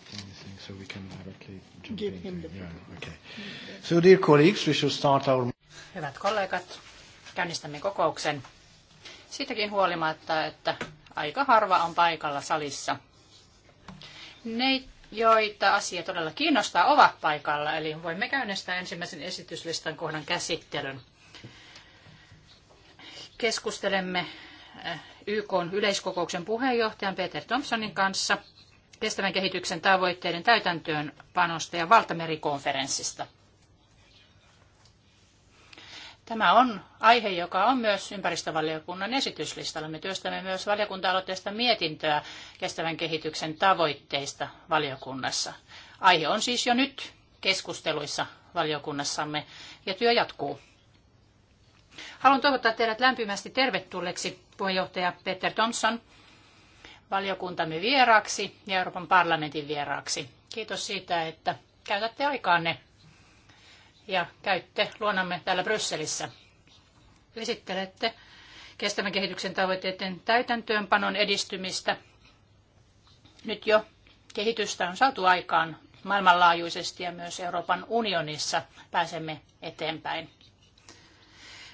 adopting this so we can directly jump Give into him the yeah, okay. So dear colleagues, we should start our... Hyvät kollegat, käynnistämme kokouksen. Siitäkin huolimatta, että aika harva on paikalla salissa. Ne, joita asia todella kiinnostaa, ovat paikalla, eli voimme käynnistää ensimmäisen esityslistan kohdan käsittelyn. Keskustelemme eh, YK yleiskokouksen puheenjohtajan Peter Thompsonin kanssa – kestävän kehityksen tavoitteiden täytäntöönpanosta ja valtamerikonferenssista. Tämä on aihe, joka on myös ympäristövaliokunnan esityslistalla. Me työstämme myös valiokunta-aloitteesta mietintöä kestävän kehityksen tavoitteista valiokunnassa. Aihe on siis jo nyt keskusteluissa valiokunnassamme ja työ jatkuu. Haluan toivottaa teidät lämpimästi tervetulleeksi puheenjohtaja Peter Thompson – valiokuntamme vieraaksi ja Euroopan parlamentin vieraaksi. Kiitos siitä, että käytätte aikaanne ja käytte luonamme täällä Brysselissä. Esittelette kestävän kehityksen tavoitteiden täytäntöönpanon edistymistä. Nyt jo kehitystä on saatu aikaan maailmanlaajuisesti ja myös Euroopan unionissa pääsemme eteenpäin.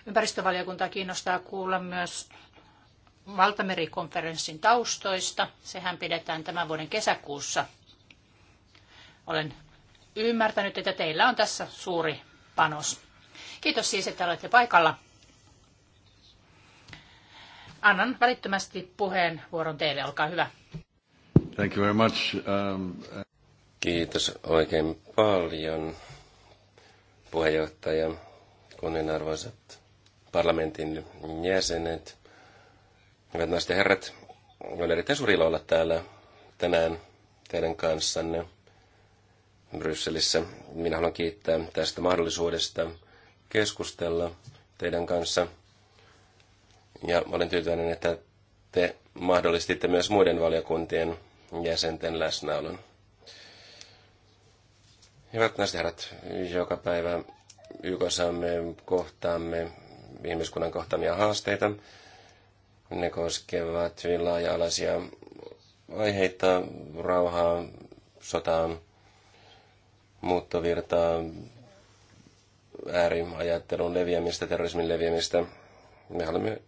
Ympäristövaliokunta kiinnostaa kuulla myös valtamerikonferenssin taustoista. Sehän pidetään tämän vuoden kesäkuussa. Olen ymmärtänyt, että teillä on tässä suuri panos. Kiitos siis, että olette paikalla. Annan välittömästi puheenvuoron teille. Olkaa hyvä. Thank you very much. Um, Kiitos oikein paljon, puheenjohtaja, kunnianarvoisat parlamentin jäsenet, Hyvät naiset ja herrat, on erittäin suuri olla täällä tänään teidän kanssanne Brysselissä. Minä haluan kiittää tästä mahdollisuudesta keskustella teidän kanssa. Ja olen tyytyväinen, että te mahdollistitte myös muiden valiokuntien jäsenten läsnäolon. Hyvät naiset herrat, joka päivä YKssa me kohtaamme ihmiskunnan kohtaamia haasteita. Ne koskevat hyvin laaja-alaisia aiheita, rauhaa, sotaa, muuttovirtaa, ääriajattelun leviämistä, terrorismin leviämistä. Me haluamme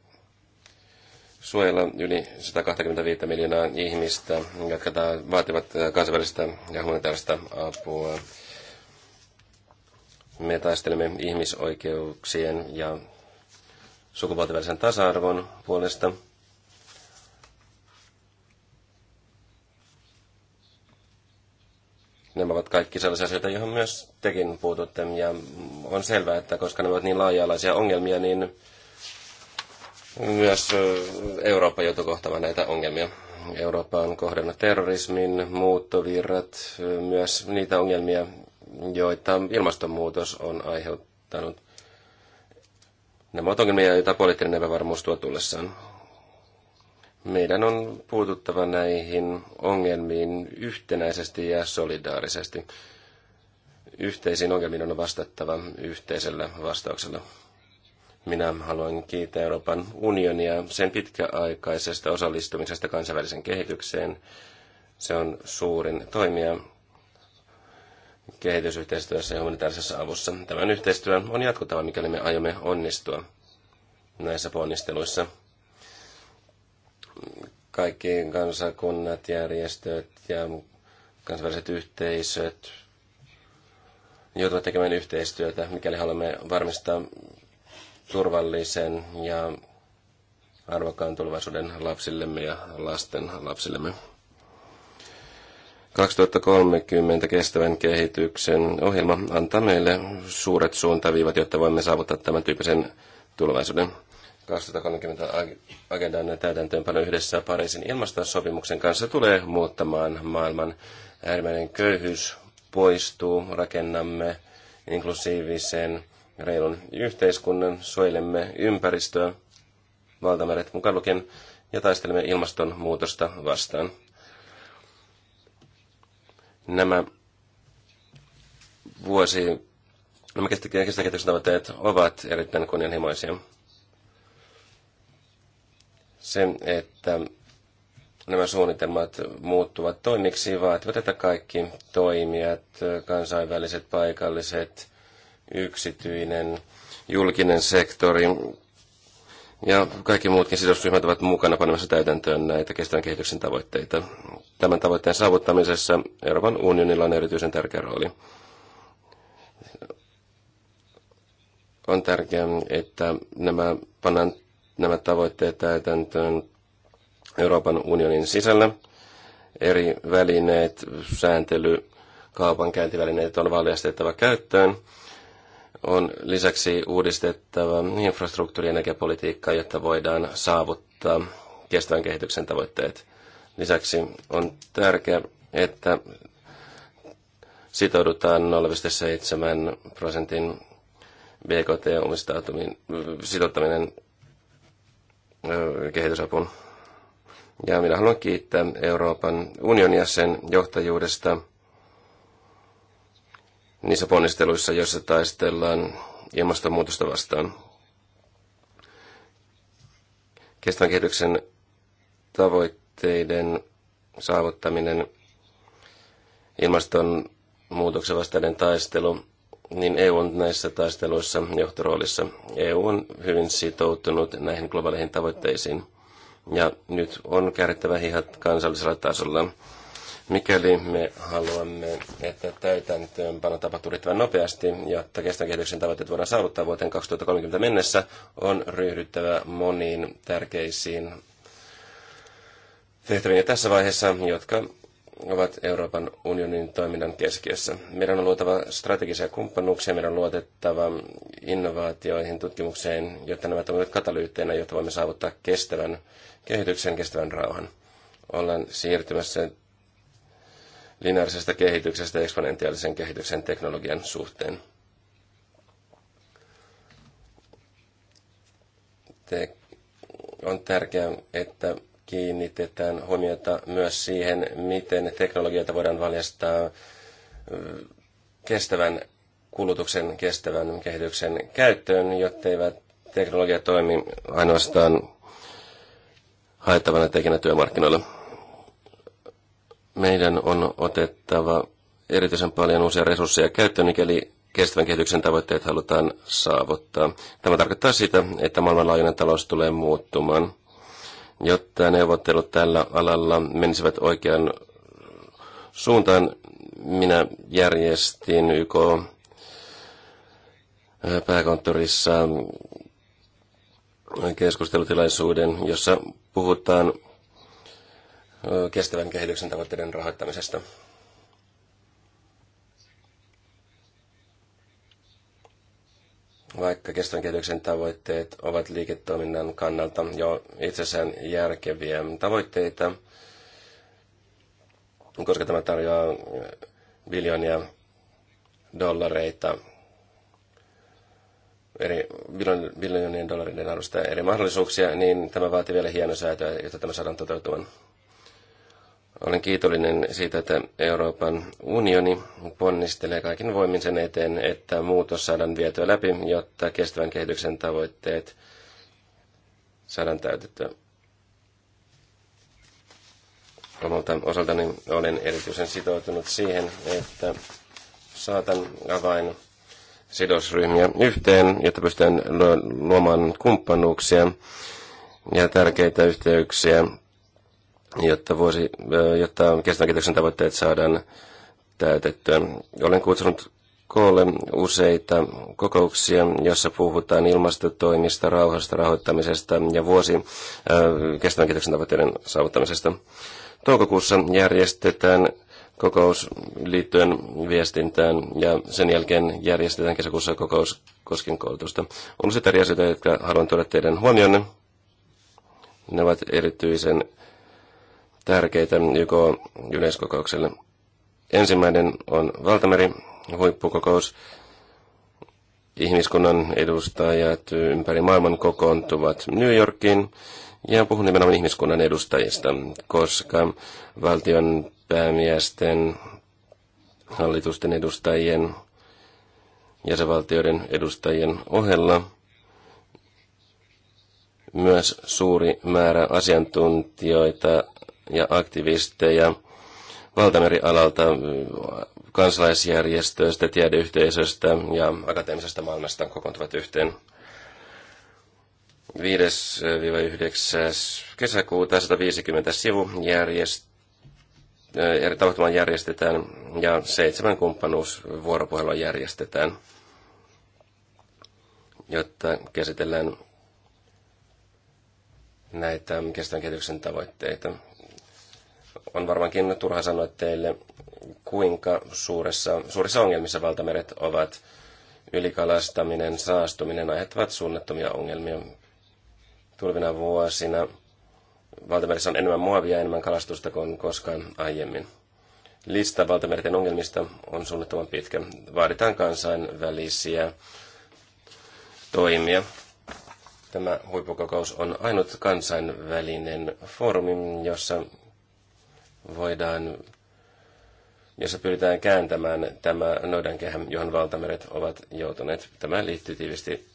suojella yli 125 miljoonaa ihmistä, jotka vaativat äh, kansainvälistä ja humanitaarista apua. Me taistelemme ihmisoikeuksien ja sukupuolten välisen tasa-arvon puolesta. Nämä ovat kaikki sellaisia asioita, joihin myös tekin puututte. Ja on selvää, että koska nämä ovat niin laaja-alaisia ongelmia, niin myös Eurooppa joutuu kohtamaan näitä ongelmia. Eurooppa on kohdannut terrorismin, muuttovirrat, myös niitä ongelmia, joita ilmastonmuutos on aiheuttanut. Nämä ovat ongelmia, joita poliittinen epävarmuus tuo tullessaan. Meidän on puututtava näihin ongelmiin yhtenäisesti ja solidaarisesti. Yhteisiin ongelmiin on vastattava yhteisellä vastauksella. Minä haluan kiittää Euroopan unionia sen pitkäaikaisesta osallistumisesta kansainväliseen kehitykseen. Se on suurin toimija kehitysyhteistyössä ja humanitaarisessa avussa. Tämän yhteistyö on jatkuttava, mikäli me aiomme onnistua näissä ponnisteluissa. Kaikki kansakunnat, järjestöt ja kansainväliset yhteisöt joutuvat tekemään yhteistyötä, mikäli haluamme varmistaa turvallisen ja arvokkaan tulevaisuuden lapsillemme ja lasten lapsillemme. 2030 kestävän kehityksen ohjelma antaa meille suuret suuntaviivat, jotta voimme saavuttaa tämän tyyppisen tulevaisuuden. 2030 agendan täytäntöönpano yhdessä Pariisin ilmastosopimuksen kanssa tulee muuttamaan maailman äärimmäinen köyhyys poistuu, rakennamme inklusiivisen reilun yhteiskunnan, suojelemme ympäristöä, valtameret mukaan lukien, ja taistelemme ilmastonmuutosta vastaan. Nämä vuosi, nämä kestävän tavoitteet ovat erittäin kunnianhimoisia. Se, että nämä suunnitelmat muuttuvat toimiksi, vaativat, että kaikki toimijat, kansainväliset, paikalliset, yksityinen, julkinen sektori ja kaikki muutkin sidosryhmät ovat mukana panemassa täytäntöön näitä kestävän kehityksen tavoitteita. Tämän tavoitteen saavuttamisessa Euroopan unionilla on erityisen tärkeä rooli. On tärkeää, että nämä pannaan nämä tavoitteet täytäntöön Euroopan unionin sisällä. Eri välineet, sääntely, kaupankäyntivälineet on valjastettava käyttöön on lisäksi uudistettava infrastruktuuri- ja energiapolitiikkaa, jotta voidaan saavuttaa kestävän kehityksen tavoitteet. Lisäksi on tärkeää, että sitoudutaan 0,7 prosentin BKT-omistautuminen, sitouttaminen kehitysapuun. Ja minä haluan kiittää Euroopan unionia sen johtajuudesta – niissä ponnisteluissa, joissa taistellaan ilmastonmuutosta vastaan. Kestävän kehityksen tavoitteiden saavuttaminen, ilmastonmuutoksen vastainen taistelu, niin EU on näissä taisteluissa johtoroolissa. EU on hyvin sitoutunut näihin globaaleihin tavoitteisiin. Ja nyt on käärittävä hihat kansallisella tasolla Mikäli me haluamme, että täytäntöönpano tapahtuu riittävän nopeasti, jotta kestävän kehityksen tavoitteet voidaan saavuttaa vuoteen 2030 mennessä, on ryhdyttävä moniin tärkeisiin tehtäviin jo tässä vaiheessa, jotka ovat Euroopan unionin toiminnan keskiössä. Meidän on luotava strategisia kumppanuuksia, meidän on luotettava innovaatioihin, tutkimukseen, jotta nämä toimivat katalyytteinä, jotta voimme saavuttaa kestävän kehityksen, kestävän rauhan. Ollaan siirtymässä lineaarisesta kehityksestä eksponentiaalisen kehityksen teknologian suhteen. Te, on tärkeää, että kiinnitetään huomiota myös siihen, miten teknologioita voidaan valjastaa kestävän kulutuksen, kestävän kehityksen käyttöön, jotta eivät teknologia toimi ainoastaan haettavana tekijänä työmarkkinoilla meidän on otettava erityisen paljon uusia resursseja käyttöön, mikäli kestävän kehityksen tavoitteet halutaan saavuttaa. Tämä tarkoittaa sitä, että maailmanlaajuinen talous tulee muuttumaan. Jotta neuvottelut tällä alalla menisivät oikeaan suuntaan, minä järjestin YK pääkonttorissa keskustelutilaisuuden, jossa puhutaan kestävän kehityksen tavoitteiden rahoittamisesta. Vaikka kestävän kehityksen tavoitteet ovat liiketoiminnan kannalta jo itsessään järkeviä tavoitteita, koska tämä tarjoaa biljoonia dollareita eri biljoonien dollareiden arvosta eri mahdollisuuksia, niin tämä vaatii vielä hienosäätöä, jotta tämä saadaan toteutumaan. Olen kiitollinen siitä, että Euroopan unioni ponnistelee kaikin voimin sen eteen, että muutos saadaan vietyä läpi, jotta kestävän kehityksen tavoitteet saadaan täytettyä. Omalta osaltani olen erityisen sitoutunut siihen, että saatan avain sidosryhmiä yhteen, jotta pystytään luomaan kumppanuuksia ja tärkeitä yhteyksiä jotta, vuosi, jotta kestävän kehityksen tavoitteet saadaan täytettyä. Olen kutsunut koolle useita kokouksia, jossa puhutaan ilmastotoimista, rauhasta, rahoittamisesta ja vuosi kestävän kehityksen tavoitteiden saavuttamisesta. Toukokuussa järjestetään kokous liittyen viestintään ja sen jälkeen järjestetään kesäkuussa kokous koskien koulutusta. On sitä eri asioita, jotka haluan tuoda teidän huomionne. Ne ovat erityisen tärkeitä YK yleiskokoukselle. Ensimmäinen on Valtameri huippukokous. Ihmiskunnan edustajat ympäri maailman kokoontuvat New Yorkiin ja puhun nimenomaan ihmiskunnan edustajista, koska valtion päämiesten, hallitusten edustajien, jäsenvaltioiden edustajien ohella – myös suuri määrä asiantuntijoita ja aktivisteja valtamerialalta, kansalaisjärjestöistä, tiedeyhteisöstä ja akateemisesta maailmasta kokoontuvat yhteen 5-9. kesäkuuta 150 sivu järjest... Eh, eri tapahtuma järjestetään ja seitsemän vuoropuhelua järjestetään, jotta käsitellään näitä kestävän kehityksen tavoitteita on varmaankin turha sanoa teille, kuinka suuressa, suurissa ongelmissa valtameret ovat. Ylikalastaminen, saastuminen aiheuttavat suunnattomia ongelmia. Tulvina vuosina valtamerissä on enemmän muovia enemmän kalastusta kuin koskaan aiemmin. Lista valtamerten ongelmista on suunnattoman pitkä. Vaaditaan kansainvälisiä toimia. Tämä huippukokous on ainut kansainvälinen foorumi, jossa voidaan, jossa pyritään kääntämään tämä noidankehä, johon valtameret ovat joutuneet. Tämä liittyy tiivisti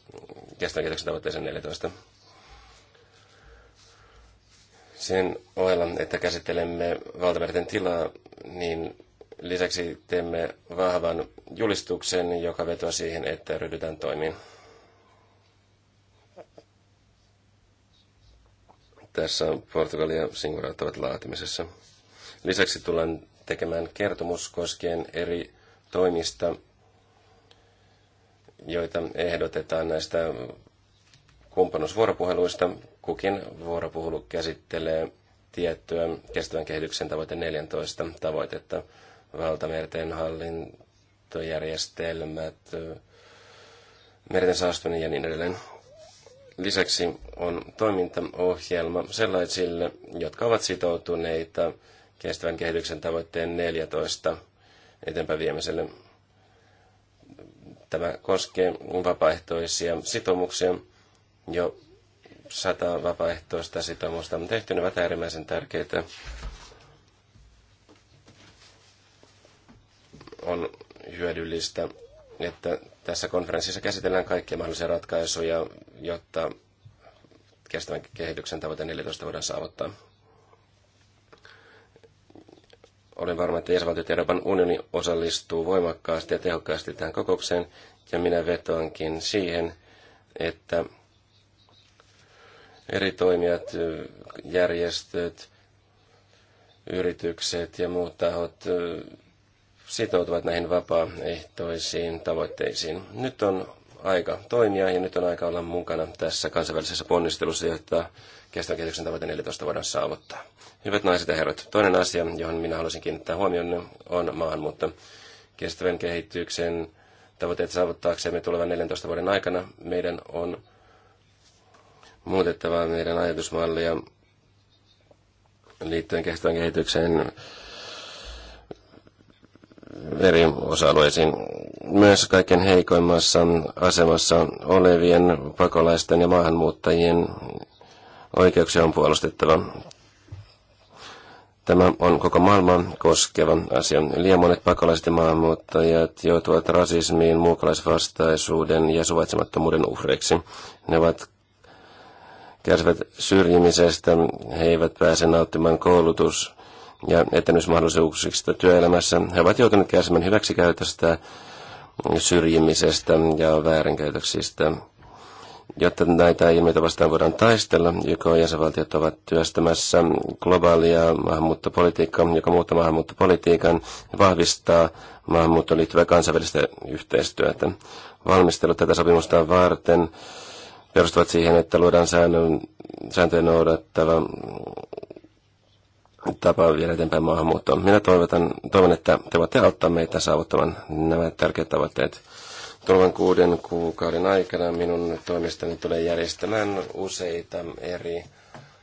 kestävän kehityksen tavoitteeseen 14. Sen ohella, että käsittelemme valtamerten tilaa, niin lisäksi teemme vahvan julistuksen, joka vetoa siihen, että ryhdytään toimiin. tässä Portugalia singuraattavat laatimisessa. Lisäksi tulen tekemään kertomus koskien eri toimista, joita ehdotetaan näistä kumppanuusvuoropuheluista. Kukin vuoropuhelu käsittelee tiettyä kestävän kehityksen tavoite 14 tavoitetta, valtamerten hallintojärjestelmät, merten saastuminen ja niin edelleen. Lisäksi on toimintaohjelma sellaisille, jotka ovat sitoutuneita kestävän kehityksen tavoitteen 14 eteenpäin viemiselle. Tämä koskee vapaaehtoisia sitoumuksia. Jo sata vapaaehtoista sitoumusta on tehty. Ne ovat äärimmäisen tärkeitä. On hyödyllistä, että tässä konferenssissa käsitellään kaikkia mahdollisia ratkaisuja, jotta kestävän kehityksen tavoite 14 voidaan saavuttaa. Olen varma, että jäsenvaltiot Euroopan unioni osallistuu voimakkaasti ja tehokkaasti tähän kokoukseen, ja minä vetoankin siihen, että eri toimijat, järjestöt, yritykset ja muut tahot sitoutuvat näihin vapaaehtoisiin tavoitteisiin. Nyt on aika toimia ja nyt on aika olla mukana tässä kansainvälisessä ponnistelussa, jotta kestävän kehityksen tavoite 14 voidaan saavuttaa. Hyvät naiset ja herrat, toinen asia, johon minä haluaisin kiinnittää huomioon, on maahanmuutto. Kestävän kehityksen tavoitteet saavuttaaksemme tulevan 14 vuoden aikana meidän on muutettava meidän ajatusmallia liittyen kestävän kehitykseen eri osa-alueisiin. Myös kaiken heikoimmassa asemassa olevien pakolaisten ja maahanmuuttajien oikeuksia on puolustettava. Tämä on koko maailman koskevan asian. Liian monet pakolaiset ja maahanmuuttajat joutuvat rasismiin, muukalaisvastaisuuden ja suvaitsemattomuuden uhreiksi. Ne ovat kärsivät syrjimisestä, he eivät pääse nauttimaan koulutus- ja etenysmahdollisuuksista työelämässä. He ovat joutuneet kärsimään hyväksikäytöstä, syrjimisestä ja väärinkäytöksistä. Jotta näitä ilmiöitä vastaan voidaan taistella, YK jäsenvaltiot ovat työstämässä globaalia maahanmuuttopolitiikkaa, joka muuttaa maahanmuuttopolitiikan ja vahvistaa maahanmuuttoon liittyvää kansainvälistä yhteistyötä. Valmistelut tätä sopimusta varten perustuvat siihen, että luodaan säännön, sääntöjen noudattava tapa viedä eteenpäin maahanmuuttoa. Minä toivotan, toivon, että te voitte auttaa meitä saavuttamaan nämä tärkeät tavoitteet. Tulevan kuuden kuukauden aikana minun toimistani tulee järjestämään useita eri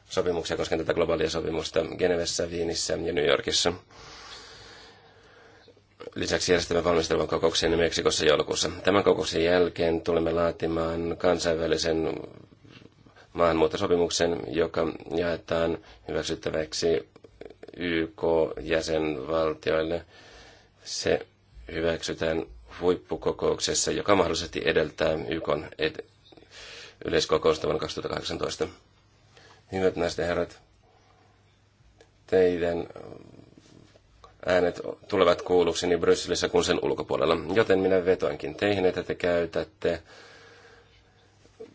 sopimuksia koskien tätä globaalia sopimusta Genevessä, Viinissä ja New Yorkissa. Lisäksi järjestämme valmistelun kokouksen Meksikossa joulukuussa. Tämän kokouksen jälkeen tulemme laatimaan kansainvälisen maahanmuuttosopimuksen, joka jaetaan hyväksyttäväksi YK-jäsenvaltioille. Se hyväksytään huippukokouksessa, joka mahdollisesti edeltää YK ed- yleiskokousta vuonna 2018. Hyvät naiset ja herrat, teidän äänet tulevat kuulluksi niin Brysselissä kuin sen ulkopuolella. Joten minä vetoankin teihin, että te käytätte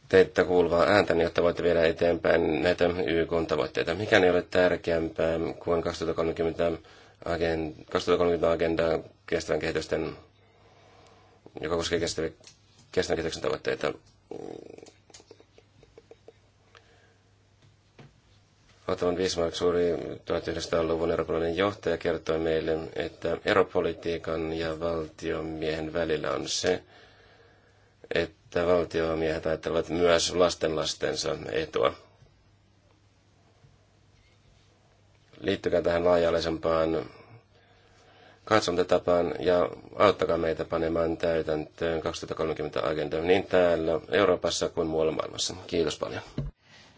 teitä kuuluvaa ääntä, niin jotta voitte viedä eteenpäin näitä YK-tavoitteita. Mikään ei ole tärkeämpää kuin 2030 agenda, 2030 agenda kestävän kehitysten joka koskee kestäviä, kestävän kehityksen tavoitteita, Ottavan Bismarck, suuri 1900-luvun eurooppalainen johtaja, kertoi meille, että eropolitiikan ja valtiomiehen välillä on se, että valtiomiehet ajattelevat myös lastensa etua. Liittykää tähän laaja-alaisempaan tapaan ja auttakaa meitä panemaan täytäntöön 2030 agenda niin täällä Euroopassa kuin muualla maailmassa. Kiitos paljon.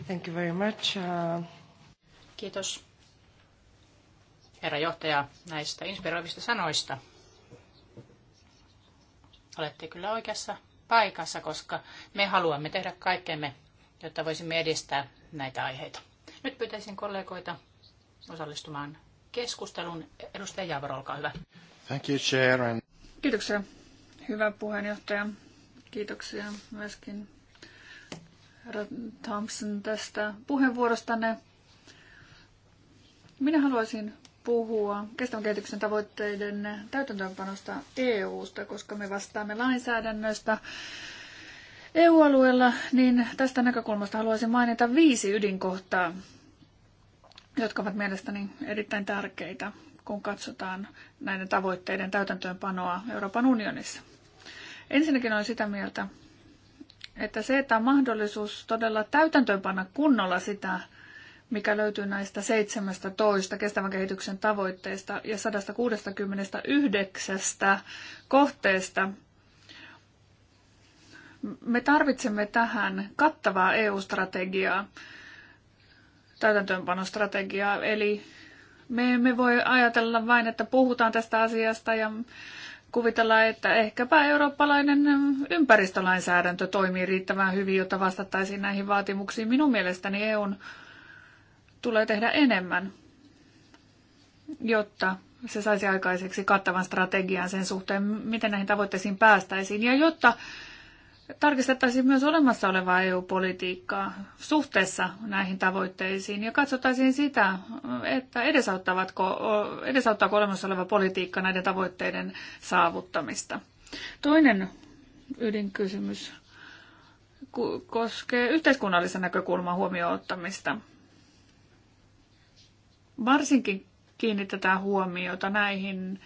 Thank you very much. Uh... Kiitos herra johtaja näistä inspiroivista sanoista. Olette kyllä oikeassa paikassa, koska me haluamme tehdä kaikkemme, jotta voisimme edistää näitä aiheita. Nyt pyytäisin kollegoita osallistumaan keskustelun. Edustaja Jaavaro, olkaa hyvä. Thank you, Chair. And... Kiitoksia, hyvä puheenjohtaja. Kiitoksia myöskin herra Thompson tästä puheenvuorostanne. Minä haluaisin puhua kestävän kehityksen tavoitteiden täytäntöönpanosta EU-sta, koska me vastaamme lainsäädännöstä EU-alueella, niin tästä näkökulmasta haluaisin mainita viisi ydinkohtaa, jotka ovat mielestäni erittäin tärkeitä, kun katsotaan näiden tavoitteiden täytäntöönpanoa Euroopan unionissa. Ensinnäkin olen sitä mieltä, että se, että on mahdollisuus todella täytäntöönpanna kunnolla sitä, mikä löytyy näistä 17 kestävän kehityksen tavoitteista ja 169 kohteesta. Me tarvitsemme tähän kattavaa EU-strategiaa, täytäntöönpanostrategiaa. Eli me emme voi ajatella vain, että puhutaan tästä asiasta ja kuvitella, että ehkäpä eurooppalainen ympäristölainsäädäntö toimii riittävän hyvin, jotta vastattaisiin näihin vaatimuksiin. Minun mielestäni EUn tulee tehdä enemmän, jotta se saisi aikaiseksi kattavan strategian sen suhteen, miten näihin tavoitteisiin päästäisiin. Ja jotta tarkistettaisiin myös olemassa olevaa EU-politiikkaa suhteessa näihin tavoitteisiin ja katsottaisiin sitä, että edesauttavatko, edesauttaako olemassa oleva politiikka näiden tavoitteiden saavuttamista. Toinen ydinkysymys koskee yhteiskunnallisen näkökulman huomioon ottamista. Varsinkin kiinnitetään huomiota näihin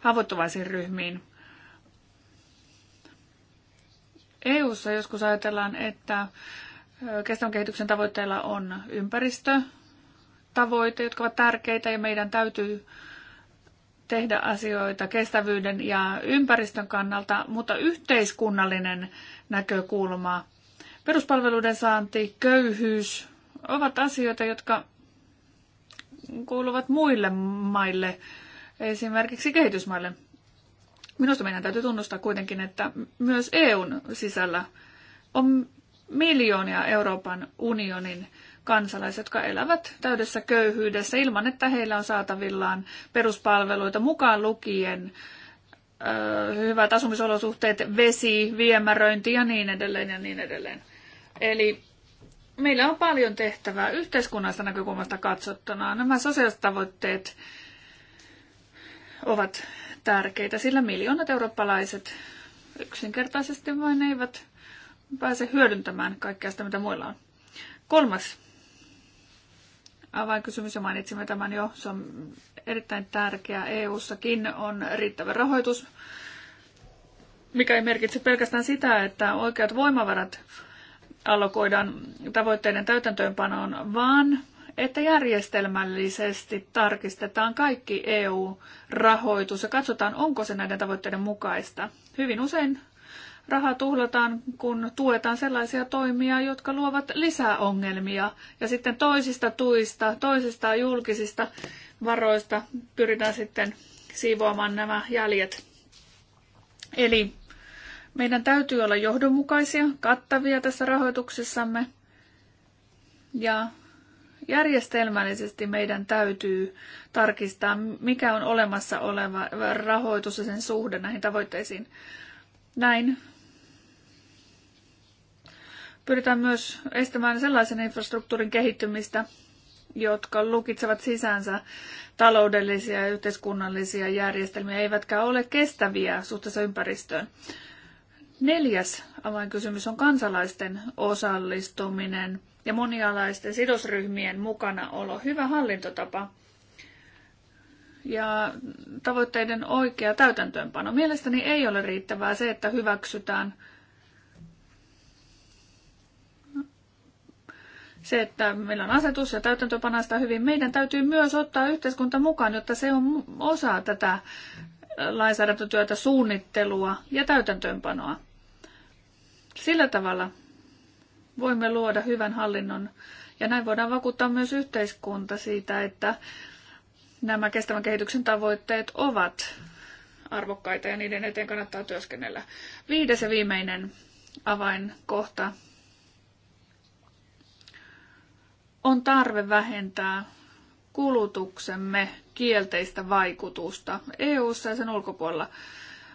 haavoittuvaisiin ryhmiin – EU:ssa joskus ajatellaan, että kestävän kehityksen tavoitteilla on ympäristötavoite, jotka ovat tärkeitä ja meidän täytyy tehdä asioita kestävyyden ja ympäristön kannalta, mutta yhteiskunnallinen näkökulma, peruspalveluiden saanti, köyhyys ovat asioita, jotka kuuluvat muille maille, esimerkiksi kehitysmaille. Minusta meidän täytyy tunnustaa kuitenkin, että myös EUn sisällä on miljoonia Euroopan unionin kansalaiset, jotka elävät täydessä köyhyydessä ilman, että heillä on saatavillaan peruspalveluita mukaan lukien ö, hyvät asumisolosuhteet, vesi, viemäröinti ja niin edelleen ja niin edelleen. Eli meillä on paljon tehtävää yhteiskunnasta näkökulmasta katsottuna. Nämä sosiaaliset tavoitteet ovat tärkeitä, sillä miljoonat eurooppalaiset yksinkertaisesti vain eivät pääse hyödyntämään kaikkea sitä, mitä muilla on. Kolmas avainkysymys, ja mainitsimme tämän jo, se on erittäin tärkeä. EU-sakin on riittävä rahoitus, mikä ei merkitse pelkästään sitä, että oikeat voimavarat allokoidaan tavoitteiden täytäntöönpanoon, vaan että järjestelmällisesti tarkistetaan kaikki EU-rahoitus ja katsotaan, onko se näiden tavoitteiden mukaista. Hyvin usein rahaa tuhlataan, kun tuetaan sellaisia toimia, jotka luovat lisää ongelmia. Ja sitten toisista tuista, toisista julkisista varoista pyritään sitten siivoamaan nämä jäljet. Eli meidän täytyy olla johdonmukaisia, kattavia tässä rahoituksessamme ja järjestelmällisesti meidän täytyy tarkistaa, mikä on olemassa oleva rahoitus ja sen suhde näihin tavoitteisiin. Näin pyritään myös estämään sellaisen infrastruktuurin kehittymistä, jotka lukitsevat sisäänsä taloudellisia ja yhteiskunnallisia järjestelmiä, eivätkä ole kestäviä suhteessa ympäristöön. Neljäs avainkysymys on kansalaisten osallistuminen ja monialaisten sidosryhmien mukanaolo, hyvä hallintotapa ja tavoitteiden oikea täytäntöönpano. Mielestäni ei ole riittävää se, että hyväksytään se, että meillä on asetus ja täytäntöönpano sitä hyvin. Meidän täytyy myös ottaa yhteiskunta mukaan, jotta se on osa tätä lainsäädäntötyötä, suunnittelua ja täytäntöönpanoa. Sillä tavalla voimme luoda hyvän hallinnon. Ja näin voidaan vakuuttaa myös yhteiskunta siitä, että nämä kestävän kehityksen tavoitteet ovat arvokkaita ja niiden eteen kannattaa työskennellä. Viides ja viimeinen avainkohta on tarve vähentää kulutuksemme kielteistä vaikutusta EU:ssa ja sen ulkopuolella.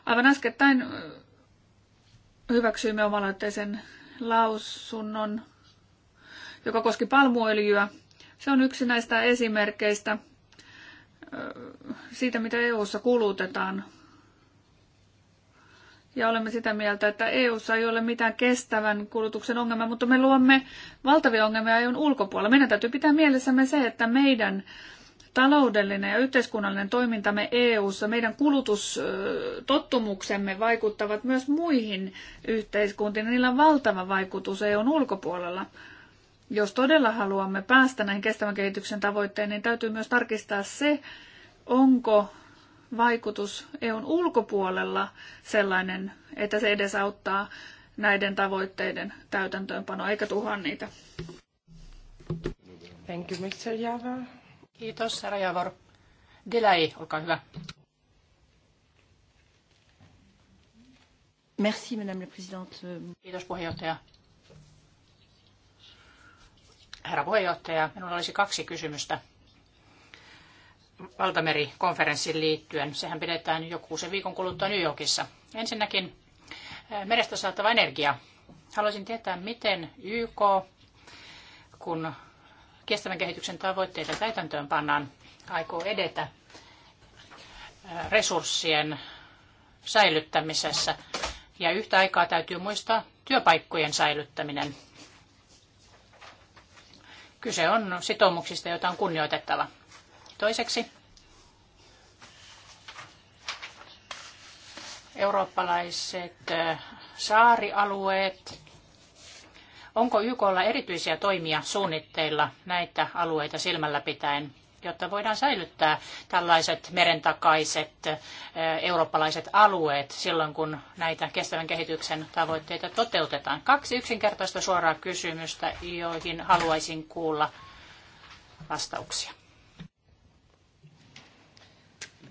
Aivan äskettäin hyväksyimme omaloitteisen lausunnon, joka koski palmuöljyä. Se on yksi näistä esimerkkeistä siitä, mitä EU:ssa kulutetaan. Ja olemme sitä mieltä, että EU:ssa ei ole mitään kestävän kulutuksen ongelmaa, mutta me luomme valtavia ongelmia EUn ulkopuolella. Meidän täytyy pitää mielessämme se, että meidän taloudellinen ja yhteiskunnallinen toimintamme EU:ssa, meidän kulutustottumuksemme vaikuttavat myös muihin yhteiskuntiin. Niillä on valtava vaikutus EUn ulkopuolella. Jos todella haluamme päästä näihin kestävän kehityksen tavoitteisiin, niin täytyy myös tarkistaa se, onko vaikutus EUn ulkopuolella sellainen, että se edesauttaa näiden tavoitteiden täytäntöönpanoa eikä tuhoa niitä. Thank you, Mr. Java. Kiitos, herra Javor. Delay, olkaa hyvä. Merci, madame la présidente. Kiitos, puheenjohtaja. Herra puheenjohtaja, minulla olisi kaksi kysymystä valtamerikonferenssiin liittyen. Sehän pidetään joku se viikon kuluttua New Yorkissa. Ensinnäkin eh, merestä saatava energia. Haluaisin tietää, miten YK, kun kestävän kehityksen tavoitteita täytäntöön pannaan, aikoo edetä resurssien säilyttämisessä. Ja yhtä aikaa täytyy muistaa työpaikkojen säilyttäminen. Kyse on sitoumuksista, joita on kunnioitettava. Toiseksi eurooppalaiset saarialueet Onko YKlla erityisiä toimia suunnitteilla näitä alueita silmällä pitäen, jotta voidaan säilyttää tällaiset merentakaiset eurooppalaiset alueet silloin, kun näitä kestävän kehityksen tavoitteita toteutetaan? Kaksi yksinkertaista suoraa kysymystä, joihin haluaisin kuulla vastauksia.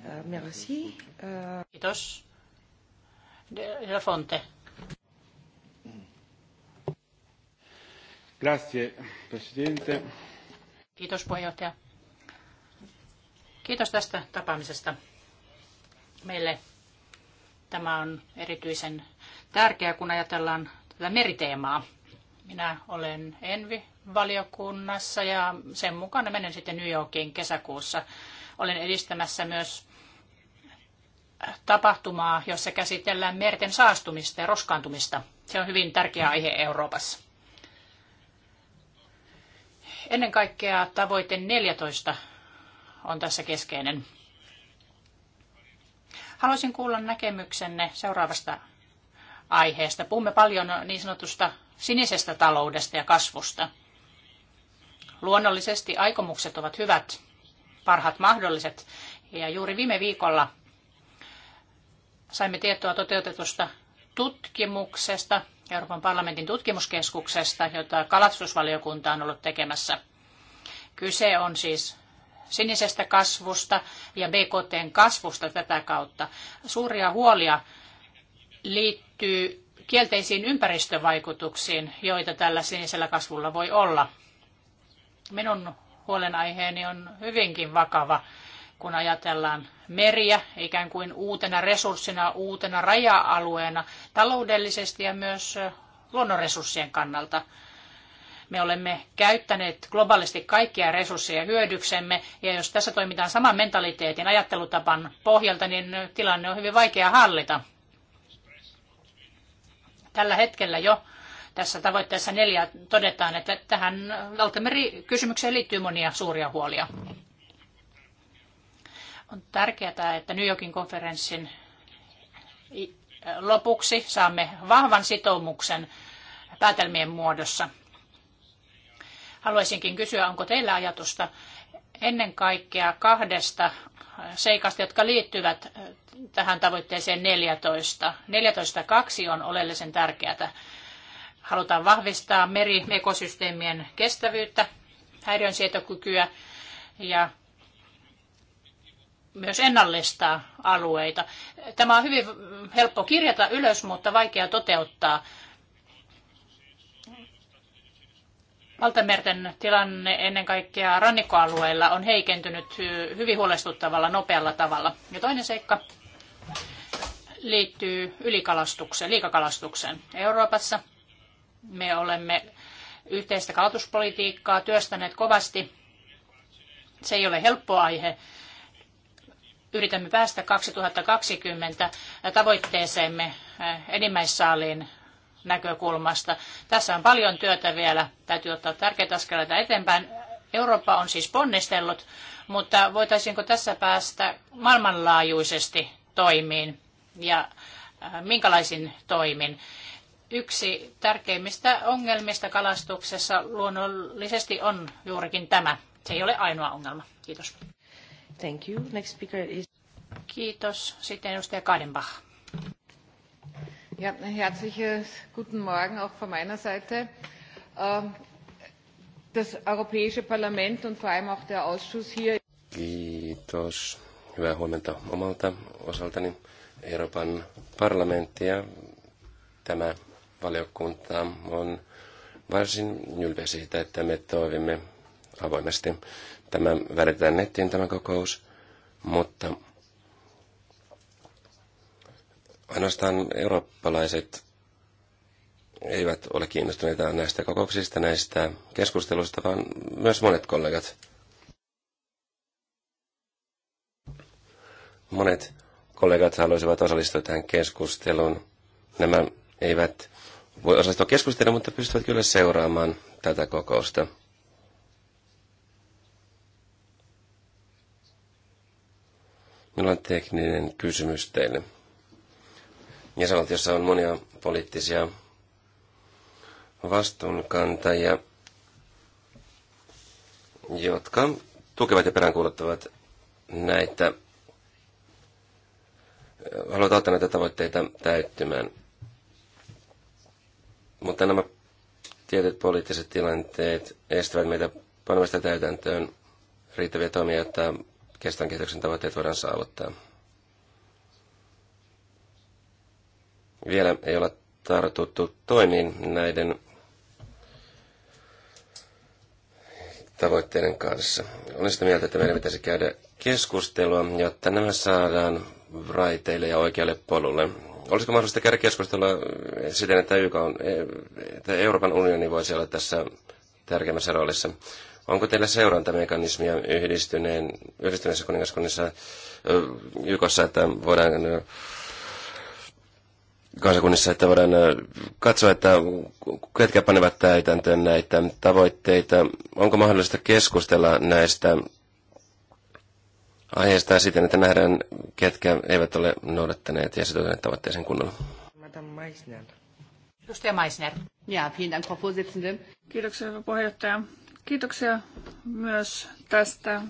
Euh, merci. Euh, Kiitos. Delfonte. Kiitos puheenjohtaja. Kiitos tästä tapaamisesta. Meille tämä on erityisen tärkeää, kun ajatellaan tätä meriteemaa. Minä olen Envi-valiokunnassa ja sen mukana menen sitten New Yorkiin kesäkuussa. Olen edistämässä myös tapahtumaa, jossa käsitellään merten saastumista ja roskaantumista. Se on hyvin tärkeä aihe Euroopassa. Ennen kaikkea tavoite 14 on tässä keskeinen. Haluaisin kuulla näkemyksenne seuraavasta aiheesta. Puhumme paljon niin sanotusta sinisestä taloudesta ja kasvusta. Luonnollisesti aikomukset ovat hyvät, parhaat mahdolliset. Ja juuri viime viikolla saimme tietoa toteutetusta tutkimuksesta – Euroopan parlamentin tutkimuskeskuksesta, jota kalastusvaliokunta on ollut tekemässä. Kyse on siis sinisestä kasvusta ja BKTn kasvusta tätä kautta. Suuria huolia liittyy kielteisiin ympäristövaikutuksiin, joita tällä sinisellä kasvulla voi olla. Minun huolenaiheeni on hyvinkin vakava kun ajatellaan meriä ikään kuin uutena resurssina, uutena raja-alueena taloudellisesti ja myös luonnonresurssien kannalta. Me olemme käyttäneet globaalisti kaikkia resursseja hyödyksemme, ja jos tässä toimitaan saman mentaliteetin ajattelutapan pohjalta, niin tilanne on hyvin vaikea hallita. Tällä hetkellä jo tässä tavoitteessa neljä todetaan, että tähän valtameri-kysymykseen liittyy monia suuria huolia. On tärkeää, että New Yorkin konferenssin lopuksi saamme vahvan sitoumuksen päätelmien muodossa. Haluaisinkin kysyä, onko teillä ajatusta ennen kaikkea kahdesta seikasta, jotka liittyvät tähän tavoitteeseen 14. 14.2 on oleellisen tärkeää. Halutaan vahvistaa meri meri-ekosysteemien kestävyyttä, häiriönsietokykyä ja myös ennallistaa alueita. Tämä on hyvin helppo kirjata ylös, mutta vaikea toteuttaa. Valtamerten tilanne ennen kaikkea rannikkoalueilla on heikentynyt hyvin huolestuttavalla nopealla tavalla. Ja toinen seikka liittyy ylikalastukseen, liikakalastukseen Euroopassa. Me olemme yhteistä kalastuspolitiikkaa työstäneet kovasti. Se ei ole helppo aihe yritämme päästä 2020 tavoitteeseemme eh, enimmäissaaliin näkökulmasta. Tässä on paljon työtä vielä. Täytyy ottaa tärkeitä askeleita eteenpäin. Eurooppa on siis ponnistellut, mutta voitaisiinko tässä päästä maailmanlaajuisesti toimiin ja eh, minkälaisin toimin? Yksi tärkeimmistä ongelmista kalastuksessa luonnollisesti on juurikin tämä. Se ei ole ainoa ongelma. Kiitos. Thank you. Next speaker is... Kiitos. Sitten edustaja Kadenbach. Ja, herzlichen guten Morgen auch von meiner Seite. Ähm, das Europäische Parlament und vor allem auch der Ausschuss hier... Kiitos. Hyvää huomenta omalta osaltani. Euroopan parlamentti ja tämä valiokunta on varsin ylpeä siitä, että me toimimme avoimesti. Tämä välitetään nettiin tämä kokous, mutta ainoastaan eurooppalaiset eivät ole kiinnostuneita näistä kokouksista, näistä keskusteluista, vaan myös monet kollegat. Monet kollegat haluaisivat osallistua tähän keskusteluun. Nämä eivät voi osallistua keskusteluun, mutta pystyvät kyllä seuraamaan tätä kokousta. Minulla on tekninen kysymys teille. Jäsenvaltiossa on monia poliittisia vastuunkantajia, jotka tukevat ja peräänkuuluttavat näitä, haluavat auttaa näitä tavoitteita täyttymään. Mutta nämä tietyt poliittiset tilanteet estävät meitä panemasta täytäntöön riittäviä toimia, jotta kestävän kehityksen tavoitteet voidaan saavuttaa. Vielä ei ole tartuttu toimiin näiden tavoitteiden kanssa. Olen sitä mieltä, että meidän pitäisi käydä keskustelua, jotta nämä saadaan raiteille ja oikealle polulle. Olisiko mahdollista käydä keskustelua siten, että, YK on, että Euroopan unioni voisi olla tässä tärkeimmässä roolissa? Onko teillä seurantamekanismia yhdistyneen, yhdistyneessä kuningaskunnissa Jukossa, että voidaan kansakunnissa, että voidaan katsoa, että ketkä panevat täytäntöön näitä tavoitteita. Onko mahdollista keskustella näistä aiheista siten, että nähdään, ketkä eivät ole noudattaneet ja sitoutuneet tavoitteeseen kunnolla. Madame Meissner. Edustaja Meissner. Ja, vielen Dank, Frau Kiitoksia, hyvä puheenjohtaja. Kiitoksia myös tästä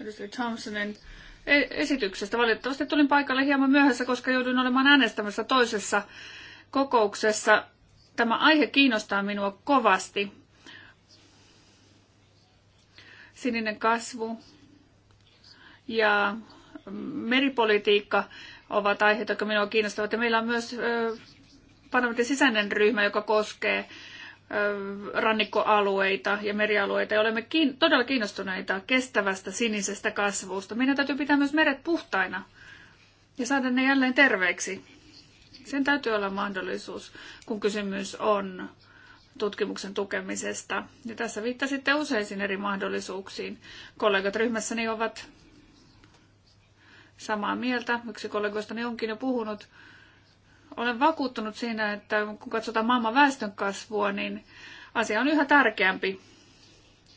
edustaja Thompsonin e- esityksestä. Valitettavasti tulin paikalle hieman myöhässä, koska joudun olemaan äänestämässä toisessa kokouksessa. Tämä aihe kiinnostaa minua kovasti. Sininen kasvu ja meripolitiikka ovat aiheita, jotka minua kiinnostavat. Ja meillä on myös parlamentin sisäinen ryhmä, joka koskee rannikkoalueita ja merialueita ja olemme kiin- todella kiinnostuneita kestävästä sinisestä kasvusta. Meidän täytyy pitää myös meret puhtaina ja saada ne jälleen terveiksi. Sen täytyy olla mahdollisuus, kun kysymys on tutkimuksen tukemisesta. Ja tässä viittasitte useisiin eri mahdollisuuksiin. Kollegat ryhmässäni ovat samaa mieltä. Yksi kollegoistani onkin jo puhunut olen vakuuttunut siinä, että kun katsotaan maailman väestön kasvua, niin asia on yhä tärkeämpi,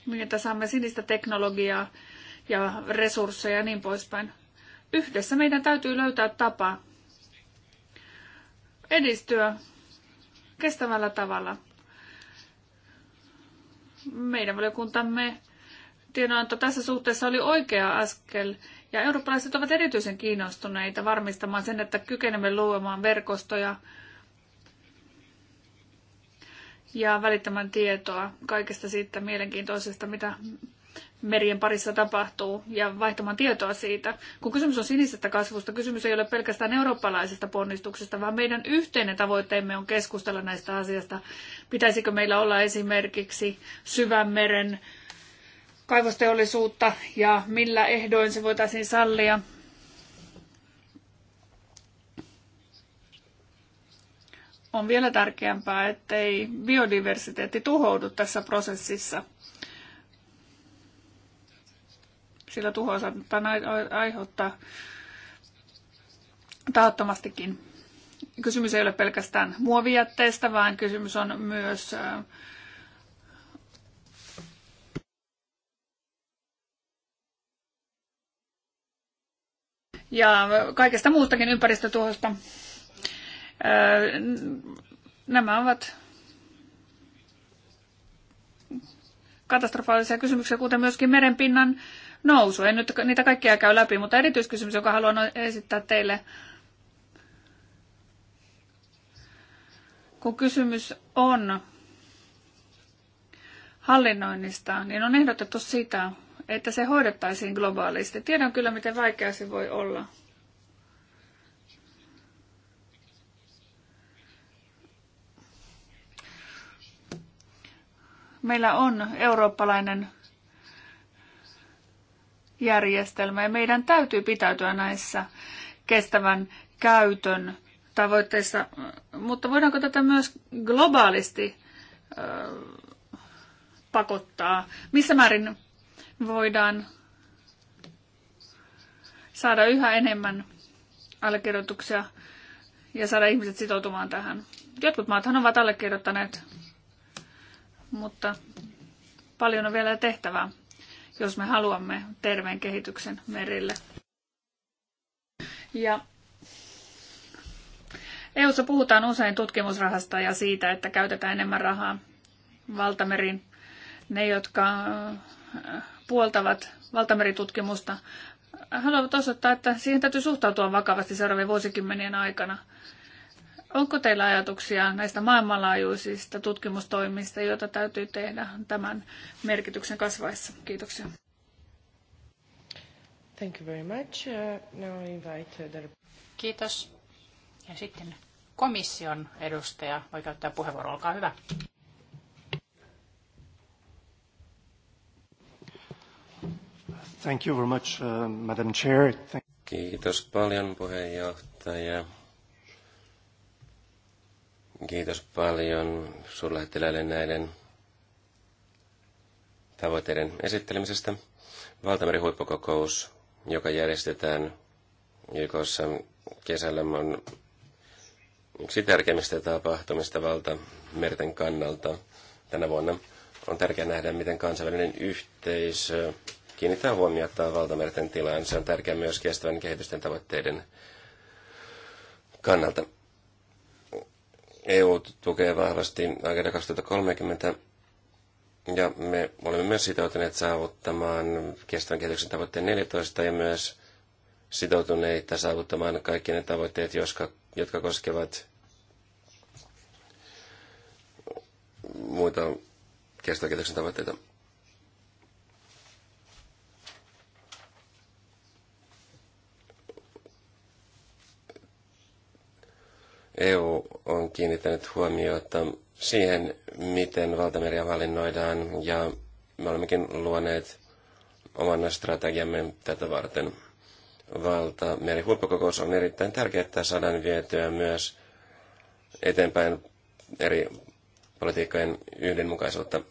niin että saamme sinistä teknologiaa ja resursseja ja niin poispäin. Yhdessä meidän täytyy löytää tapa edistyä kestävällä tavalla. Meidän valiokuntamme tiedonanto tässä suhteessa oli oikea askel ja eurooppalaiset ovat erityisen kiinnostuneita varmistamaan sen, että kykenemme luomaan verkostoja ja välittämään tietoa kaikesta siitä mielenkiintoisesta, mitä merien parissa tapahtuu ja vaihtamaan tietoa siitä. Kun kysymys on sinisestä kasvusta, kysymys ei ole pelkästään eurooppalaisesta ponnistuksesta, vaan meidän yhteinen tavoitteemme on keskustella näistä asiasta. Pitäisikö meillä olla esimerkiksi syvän meren kaivosteollisuutta ja millä ehdoin se voitaisiin sallia. On vielä tärkeämpää, ettei biodiversiteetti tuhoudu tässä prosessissa, sillä tuho saattaa aiheuttaa tahattomastikin. Kysymys ei ole pelkästään muovijätteestä, vaan kysymys on myös äh, ja kaikesta muustakin ympäristötuhosta. Nämä ovat katastrofaalisia kysymyksiä, kuten myöskin merenpinnan nousu. En nyt niitä kaikkia käy läpi, mutta erityiskysymys, joka haluan esittää teille, kun kysymys on hallinnoinnista, niin on ehdotettu sitä, että se hoidettaisiin globaalisti. Tiedän kyllä, miten vaikeaa se voi olla. Meillä on eurooppalainen järjestelmä ja meidän täytyy pitäytyä näissä kestävän käytön tavoitteissa, mutta voidaanko tätä myös globaalisti pakottaa? Missä määrin voidaan saada yhä enemmän allekirjoituksia ja saada ihmiset sitoutumaan tähän. Jotkut maathan ovat allekirjoittaneet, mutta paljon on vielä tehtävää, jos me haluamme terveen kehityksen merille. Ja EUssa puhutaan usein tutkimusrahasta ja siitä, että käytetään enemmän rahaa valtameriin. Ne, jotka puoltavat valtameritutkimusta haluavat osoittaa, että siihen täytyy suhtautua vakavasti seuraavien vuosikymmenien aikana. Onko teillä ajatuksia näistä maailmanlaajuisista tutkimustoimista, joita täytyy tehdä tämän merkityksen kasvaessa? Kiitoksia. Thank you very much. Uh, now I invite uh, the... Kiitos. Ja sitten komission edustaja voi käyttää puheenvuoron. Olkaa hyvä. Thank you very much, uh, Madam Chair. Thank Kiitos paljon puheenjohtaja. Kiitos paljon suurlähettiläille näiden tavoitteiden esittelemisestä. huippukokous, joka järjestetään YKssa kesällä, on yksi tärkeimmistä tapahtumista valtamerten kannalta tänä vuonna. On tärkeää nähdä, miten kansainvälinen yhteisö kiinnittää huomiota valtamerten tilaan. Se on tärkeää myös kestävän kehitysten tavoitteiden kannalta. EU tukee vahvasti Agenda 2030 ja me olemme myös sitoutuneet saavuttamaan kestävän kehityksen tavoitteen 14 ja myös sitoutuneita saavuttamaan kaikki ne tavoitteet, jotka, jotka koskevat muita kestävän kehityksen tavoitteita. EU on kiinnittänyt huomiota siihen, miten valtameriä hallinnoidaan, ja me olemmekin luoneet oman strategiamme tätä varten. huippukokous on erittäin tärkeää, että saadaan vietyä myös eteenpäin eri politiikkojen yhdenmukaisuutta.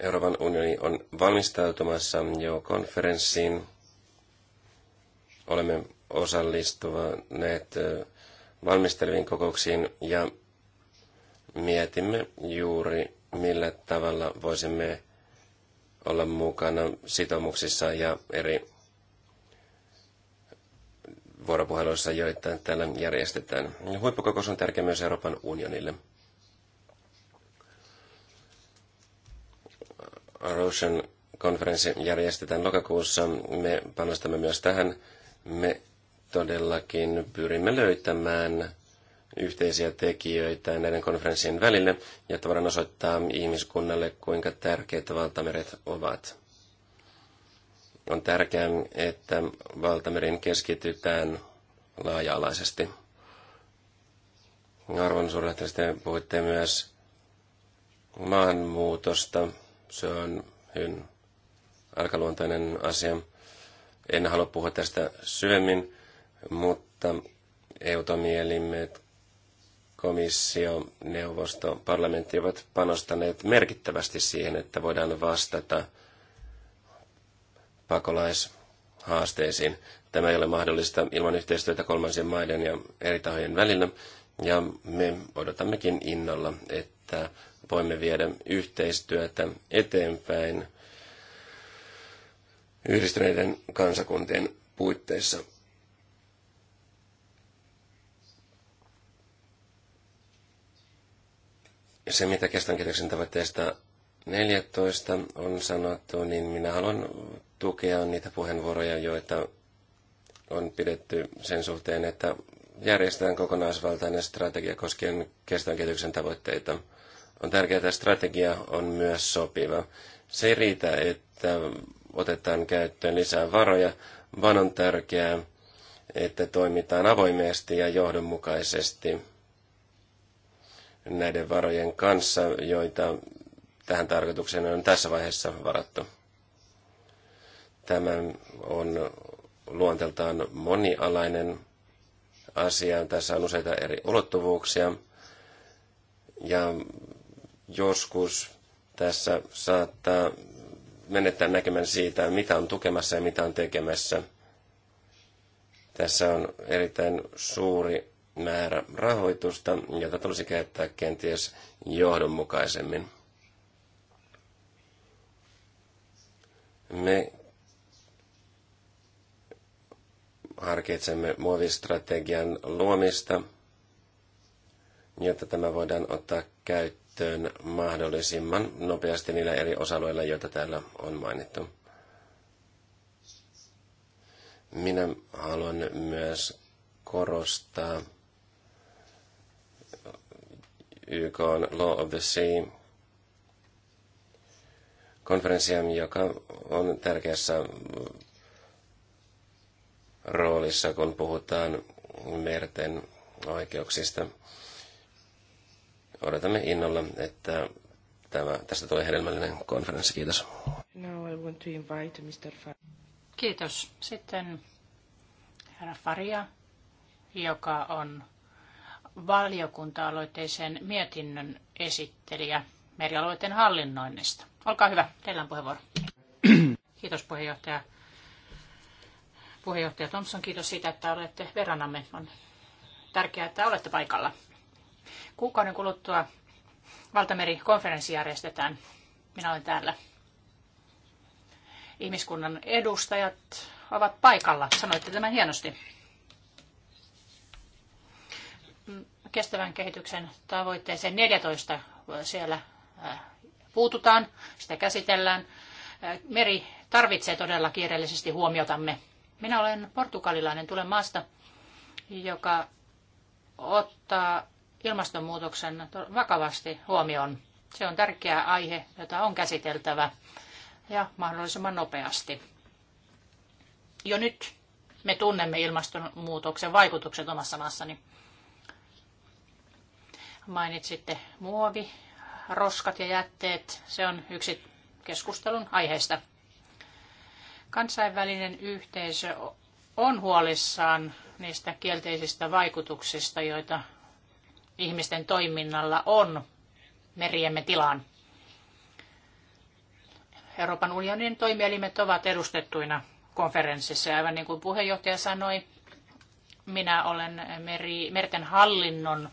Euroopan unioni on valmistautumassa jo konferenssiin, Olemme osallistuneet valmisteleviin kokouksiin ja mietimme juuri, millä tavalla voisimme olla mukana sitoumuksissa ja eri vuoropuheluissa, joita täällä järjestetään. Huippukokous on tärkeä myös Euroopan unionille. Russian konferenssi järjestetään lokakuussa. Me panostamme myös tähän me todellakin pyrimme löytämään yhteisiä tekijöitä näiden konferenssien välille, jotta voidaan osoittaa ihmiskunnalle, kuinka tärkeitä valtameret ovat. On tärkeää, että valtamerin keskitytään laaja-alaisesti. Arvon suurlähteistä puhuitte myös maanmuutosta. Se on hyvin alkaluontoinen asia. En halua puhua tästä syvemmin, mutta eutomielimet, komissio, neuvosto, parlamentti ovat panostaneet merkittävästi siihen, että voidaan vastata pakolaishaasteisiin. Tämä ei ole mahdollista ilman yhteistyötä kolmansien maiden ja eri tahojen välillä, ja me odotammekin innolla, että voimme viedä yhteistyötä eteenpäin yhdistyneiden kansakuntien puitteissa. Se, mitä kestävän kehityksen tavoitteesta 14 on sanottu, niin minä haluan tukea niitä puheenvuoroja, joita on pidetty sen suhteen, että järjestetään kokonaisvaltainen strategia koskien kestävän kehityksen tavoitteita. On tärkeää, että strategia on myös sopiva. Se ei riitä, että otetaan käyttöön lisää varoja, vaan on tärkeää, että toimitaan avoimesti ja johdonmukaisesti näiden varojen kanssa, joita tähän tarkoitukseen on tässä vaiheessa varattu. Tämä on luonteeltaan monialainen asia. Tässä on useita eri ulottuvuuksia. Ja joskus tässä saattaa menettää näkemän siitä, mitä on tukemassa ja mitä on tekemässä. Tässä on erittäin suuri määrä rahoitusta, jota tulisi käyttää kenties johdonmukaisemmin. Me harkitsemme muovistrategian luomista, jotta tämä voidaan ottaa käyttöön käyttöön mahdollisimman nopeasti niillä eri osa-alueilla, joita täällä on mainittu. Minä haluan myös korostaa YK on Law of the Sea konferenssia, joka on tärkeässä roolissa, kun puhutaan merten oikeuksista. Odotamme innolla, että tämä, tästä tulee hedelmällinen konferenssi. Kiitos. Now I want to invite Mr. Far- Kiitos. Sitten herra Faria, joka on valiokunta-aloitteisen mietinnön esittelijä merialueiden hallinnoinnista. Olkaa hyvä, teillä on puheenvuoro. Kiitos puheenjohtaja. Puheenjohtaja Thompson, kiitos siitä, että olette verranamme. On tärkeää, että olette paikalla. Kuukauden kuluttua Valtameri-konferenssi järjestetään. Minä olen täällä. Ihmiskunnan edustajat ovat paikalla. Sanoitte tämän hienosti. Kestävän kehityksen tavoitteeseen 14 siellä äh, puututaan, sitä käsitellään. Äh, meri tarvitsee todella kiireellisesti huomiotamme. Minä olen portugalilainen, tulen maasta, joka ottaa ilmastonmuutoksen vakavasti huomioon. Se on tärkeä aihe, jota on käsiteltävä ja mahdollisimman nopeasti. Jo nyt me tunnemme ilmastonmuutoksen vaikutukset omassa maassani. Mainitsitte muovi, roskat ja jätteet. Se on yksi keskustelun aiheista. Kansainvälinen yhteisö on huolissaan niistä kielteisistä vaikutuksista, joita ihmisten toiminnalla on meriemme tilaan. Euroopan unionin toimielimet ovat edustettuina konferenssissa. Aivan niin kuin puheenjohtaja sanoi, minä olen meri, merten hallinnon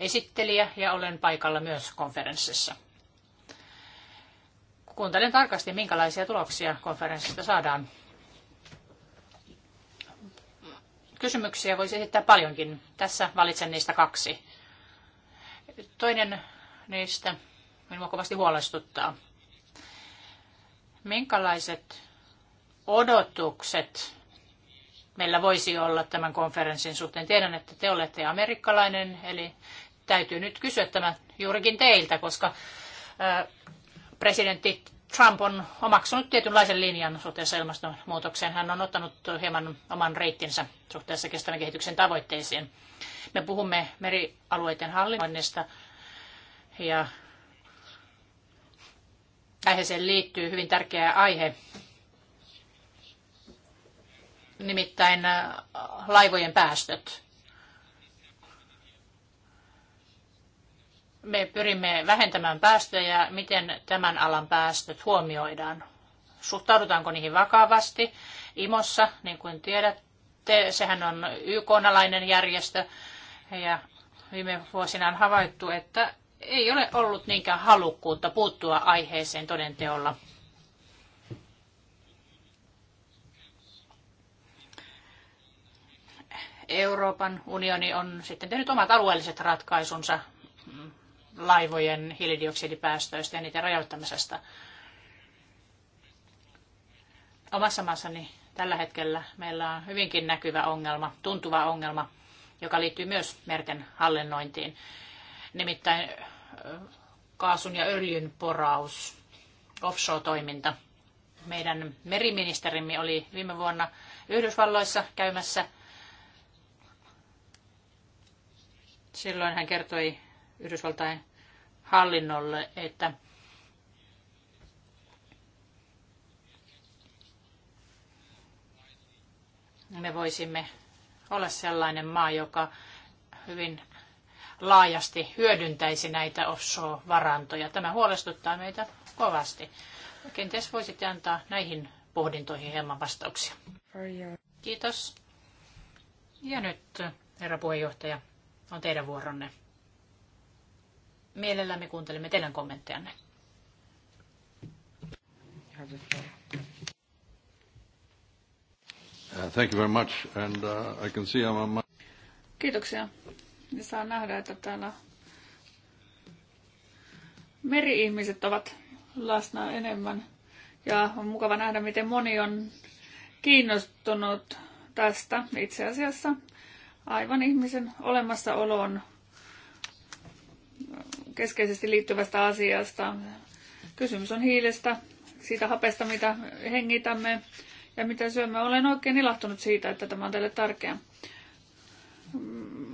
esittelijä ja olen paikalla myös konferenssissa. Kuuntelen tarkasti, minkälaisia tuloksia konferenssista saadaan. Kysymyksiä voisi esittää paljonkin. Tässä valitsen niistä kaksi. Toinen niistä minua kovasti huolestuttaa. Minkälaiset odotukset meillä voisi olla tämän konferenssin suhteen? Tiedän, että te olette amerikkalainen, eli täytyy nyt kysyä tämä juurikin teiltä, koska presidentti Trump on omaksunut tietynlaisen linjan suhteessa ilmastonmuutokseen. Hän on ottanut hieman oman reittinsä suhteessa kestävän kehityksen tavoitteisiin. Me puhumme merialueiden hallinnoinnista ja aiheeseen liittyy hyvin tärkeä aihe, nimittäin äh, laivojen päästöt. Me pyrimme vähentämään päästöjä, miten tämän alan päästöt huomioidaan. Suhtaudutaanko niihin vakavasti? IMOssa, niin kuin tiedätte, sehän on YK-alainen järjestö, ja viime vuosina on havaittu, että ei ole ollut niinkään halukkuutta puuttua aiheeseen todenteolla. Euroopan unioni on sitten tehnyt omat alueelliset ratkaisunsa laivojen hiilidioksidipäästöistä ja niiden rajoittamisesta. Omassa maassani tällä hetkellä meillä on hyvinkin näkyvä ongelma, tuntuva ongelma – joka liittyy myös merten hallinnointiin, nimittäin kaasun ja öljyn poraus, offshore-toiminta. Meidän meriministerimme oli viime vuonna Yhdysvalloissa käymässä. Silloin hän kertoi Yhdysvaltain hallinnolle, että me voisimme ole sellainen maa, joka hyvin laajasti hyödyntäisi näitä offshore-varantoja. Tämä huolestuttaa meitä kovasti. Kenties voisitte antaa näihin pohdintoihin hieman vastauksia. Kiitos. Ja nyt, herra puheenjohtaja, on teidän vuoronne. Mielellämme kuuntelemme teidän kommenttejanne. Have Uh, thank you very much, and uh, I can see I'm... Kiitoksia. Ja saa nähdä, että täällä meri-ihmiset ovat läsnä enemmän. Ja on mukava nähdä, miten moni on kiinnostunut tästä itse asiassa aivan ihmisen olemassaoloon keskeisesti liittyvästä asiasta. Kysymys on hiilestä, siitä hapesta, mitä hengitämme, ja mitä syömme. Olen oikein ilahtunut siitä, että tämä on teille tärkeä.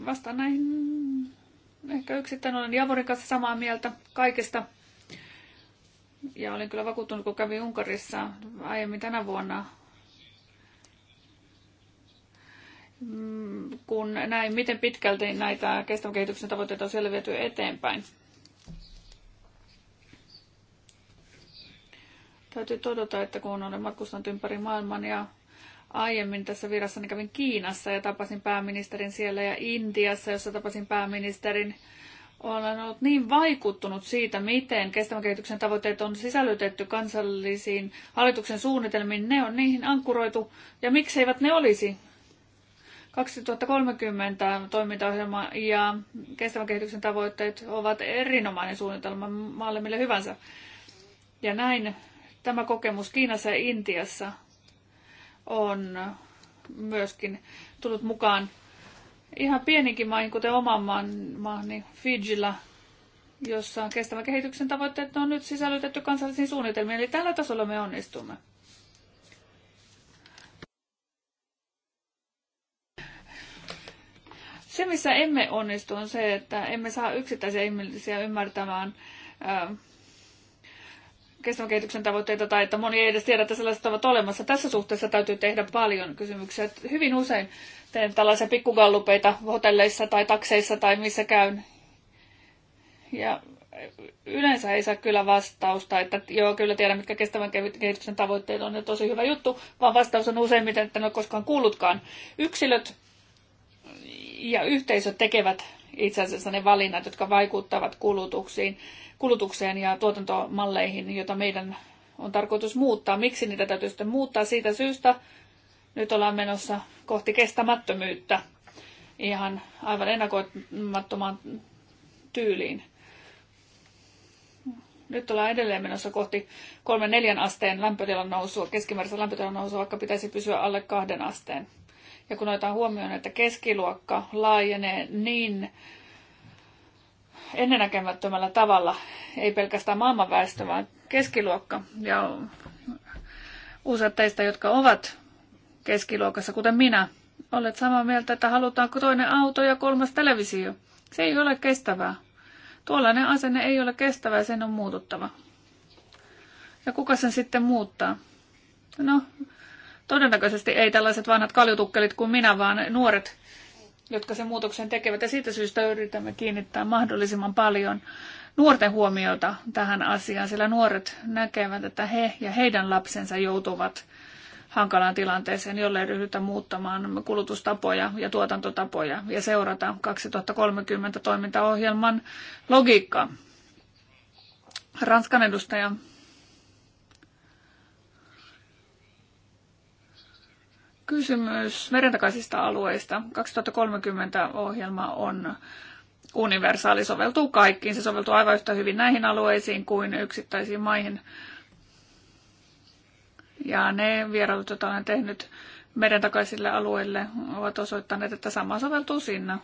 Vastaan näihin ehkä yksittäin olen Javorin kanssa samaa mieltä kaikesta. Ja olin kyllä vakuuttunut, kun kävin Unkarissa aiemmin tänä vuonna, mm, kun näin, miten pitkälti näitä kestävän kehityksen tavoitteita on selviäty eteenpäin. Täytyy todeta, että kun olen matkustanut ympäri maailman ja aiemmin tässä virassa niin kävin Kiinassa ja tapasin pääministerin siellä ja Intiassa, jossa tapasin pääministerin. Olen ollut niin vaikuttunut siitä, miten kestävän kehityksen tavoitteet on sisällytetty kansallisiin hallituksen suunnitelmiin. Ne on niihin ankkuroitu ja mikseivät ne olisi 2030 toimintaohjelma ja kestävän kehityksen tavoitteet ovat erinomainen suunnitelma maalle mille hyvänsä. Ja näin Tämä kokemus Kiinassa ja Intiassa on myöskin tullut mukaan ihan pieninkin maihin, kuten oman maan, maani Fijillä, jossa on kestävän kehityksen tavoitteet on nyt sisällytetty kansallisiin suunnitelmiin. Eli tällä tasolla me onnistumme. Se, missä emme onnistu, on se, että emme saa yksittäisiä ihmisiä ymmärtämään kestävän kehityksen tavoitteita tai että moni ei edes tiedä, että sellaiset ovat olemassa. Tässä suhteessa täytyy tehdä paljon kysymyksiä. Hyvin usein teen tällaisia pikkugallupeita hotelleissa tai takseissa tai missä käyn. Ja yleensä ei saa kyllä vastausta, että joo, kyllä tiedän, mitkä kestävän kehityksen tavoitteet on ja tosi hyvä juttu, vaan vastaus on useimmiten, että ne ole koskaan kuullutkaan. Yksilöt ja yhteisöt tekevät itse asiassa ne valinnat, jotka vaikuttavat kulutuksiin kulutukseen ja tuotantomalleihin, joita meidän on tarkoitus muuttaa. Miksi niitä täytyy sitten muuttaa? Siitä syystä nyt ollaan menossa kohti kestämättömyyttä ihan aivan ennakoimattomaan tyyliin. Nyt ollaan edelleen menossa kohti 3-4 asteen lämpötilan nousua, keskimääräistä lämpötilan nousua, vaikka pitäisi pysyä alle kahden asteen. Ja kun otetaan huomioon, että keskiluokka laajenee niin ennennäkemättömällä tavalla, ei pelkästään maailmanväestö, vaan keskiluokka. Ja useat teistä, jotka ovat keskiluokassa, kuten minä, olet samaa mieltä, että halutaanko toinen auto ja kolmas televisio. Se ei ole kestävää. Tuollainen asenne ei ole kestävää, sen on muututtava. Ja kuka sen sitten muuttaa? No, todennäköisesti ei tällaiset vanhat kaljutukkelit kuin minä, vaan nuoret jotka sen muutoksen tekevät. Ja siitä syystä yritämme kiinnittää mahdollisimman paljon nuorten huomiota tähän asiaan, sillä nuoret näkevät, että he ja heidän lapsensa joutuvat hankalaan tilanteeseen, jolle ryhdytään muuttamaan kulutustapoja ja tuotantotapoja ja seurata 2030 toimintaohjelman logiikkaa. Ranskan edustaja Kysymys merentakaisista alueista. 2030 ohjelma on universaali, soveltuu kaikkiin. Se soveltuu aivan yhtä hyvin näihin alueisiin kuin yksittäisiin maihin. Ja ne vierailut, joita olen tehnyt merentakaisille alueille, ovat osoittaneet, että sama soveltuu sinne.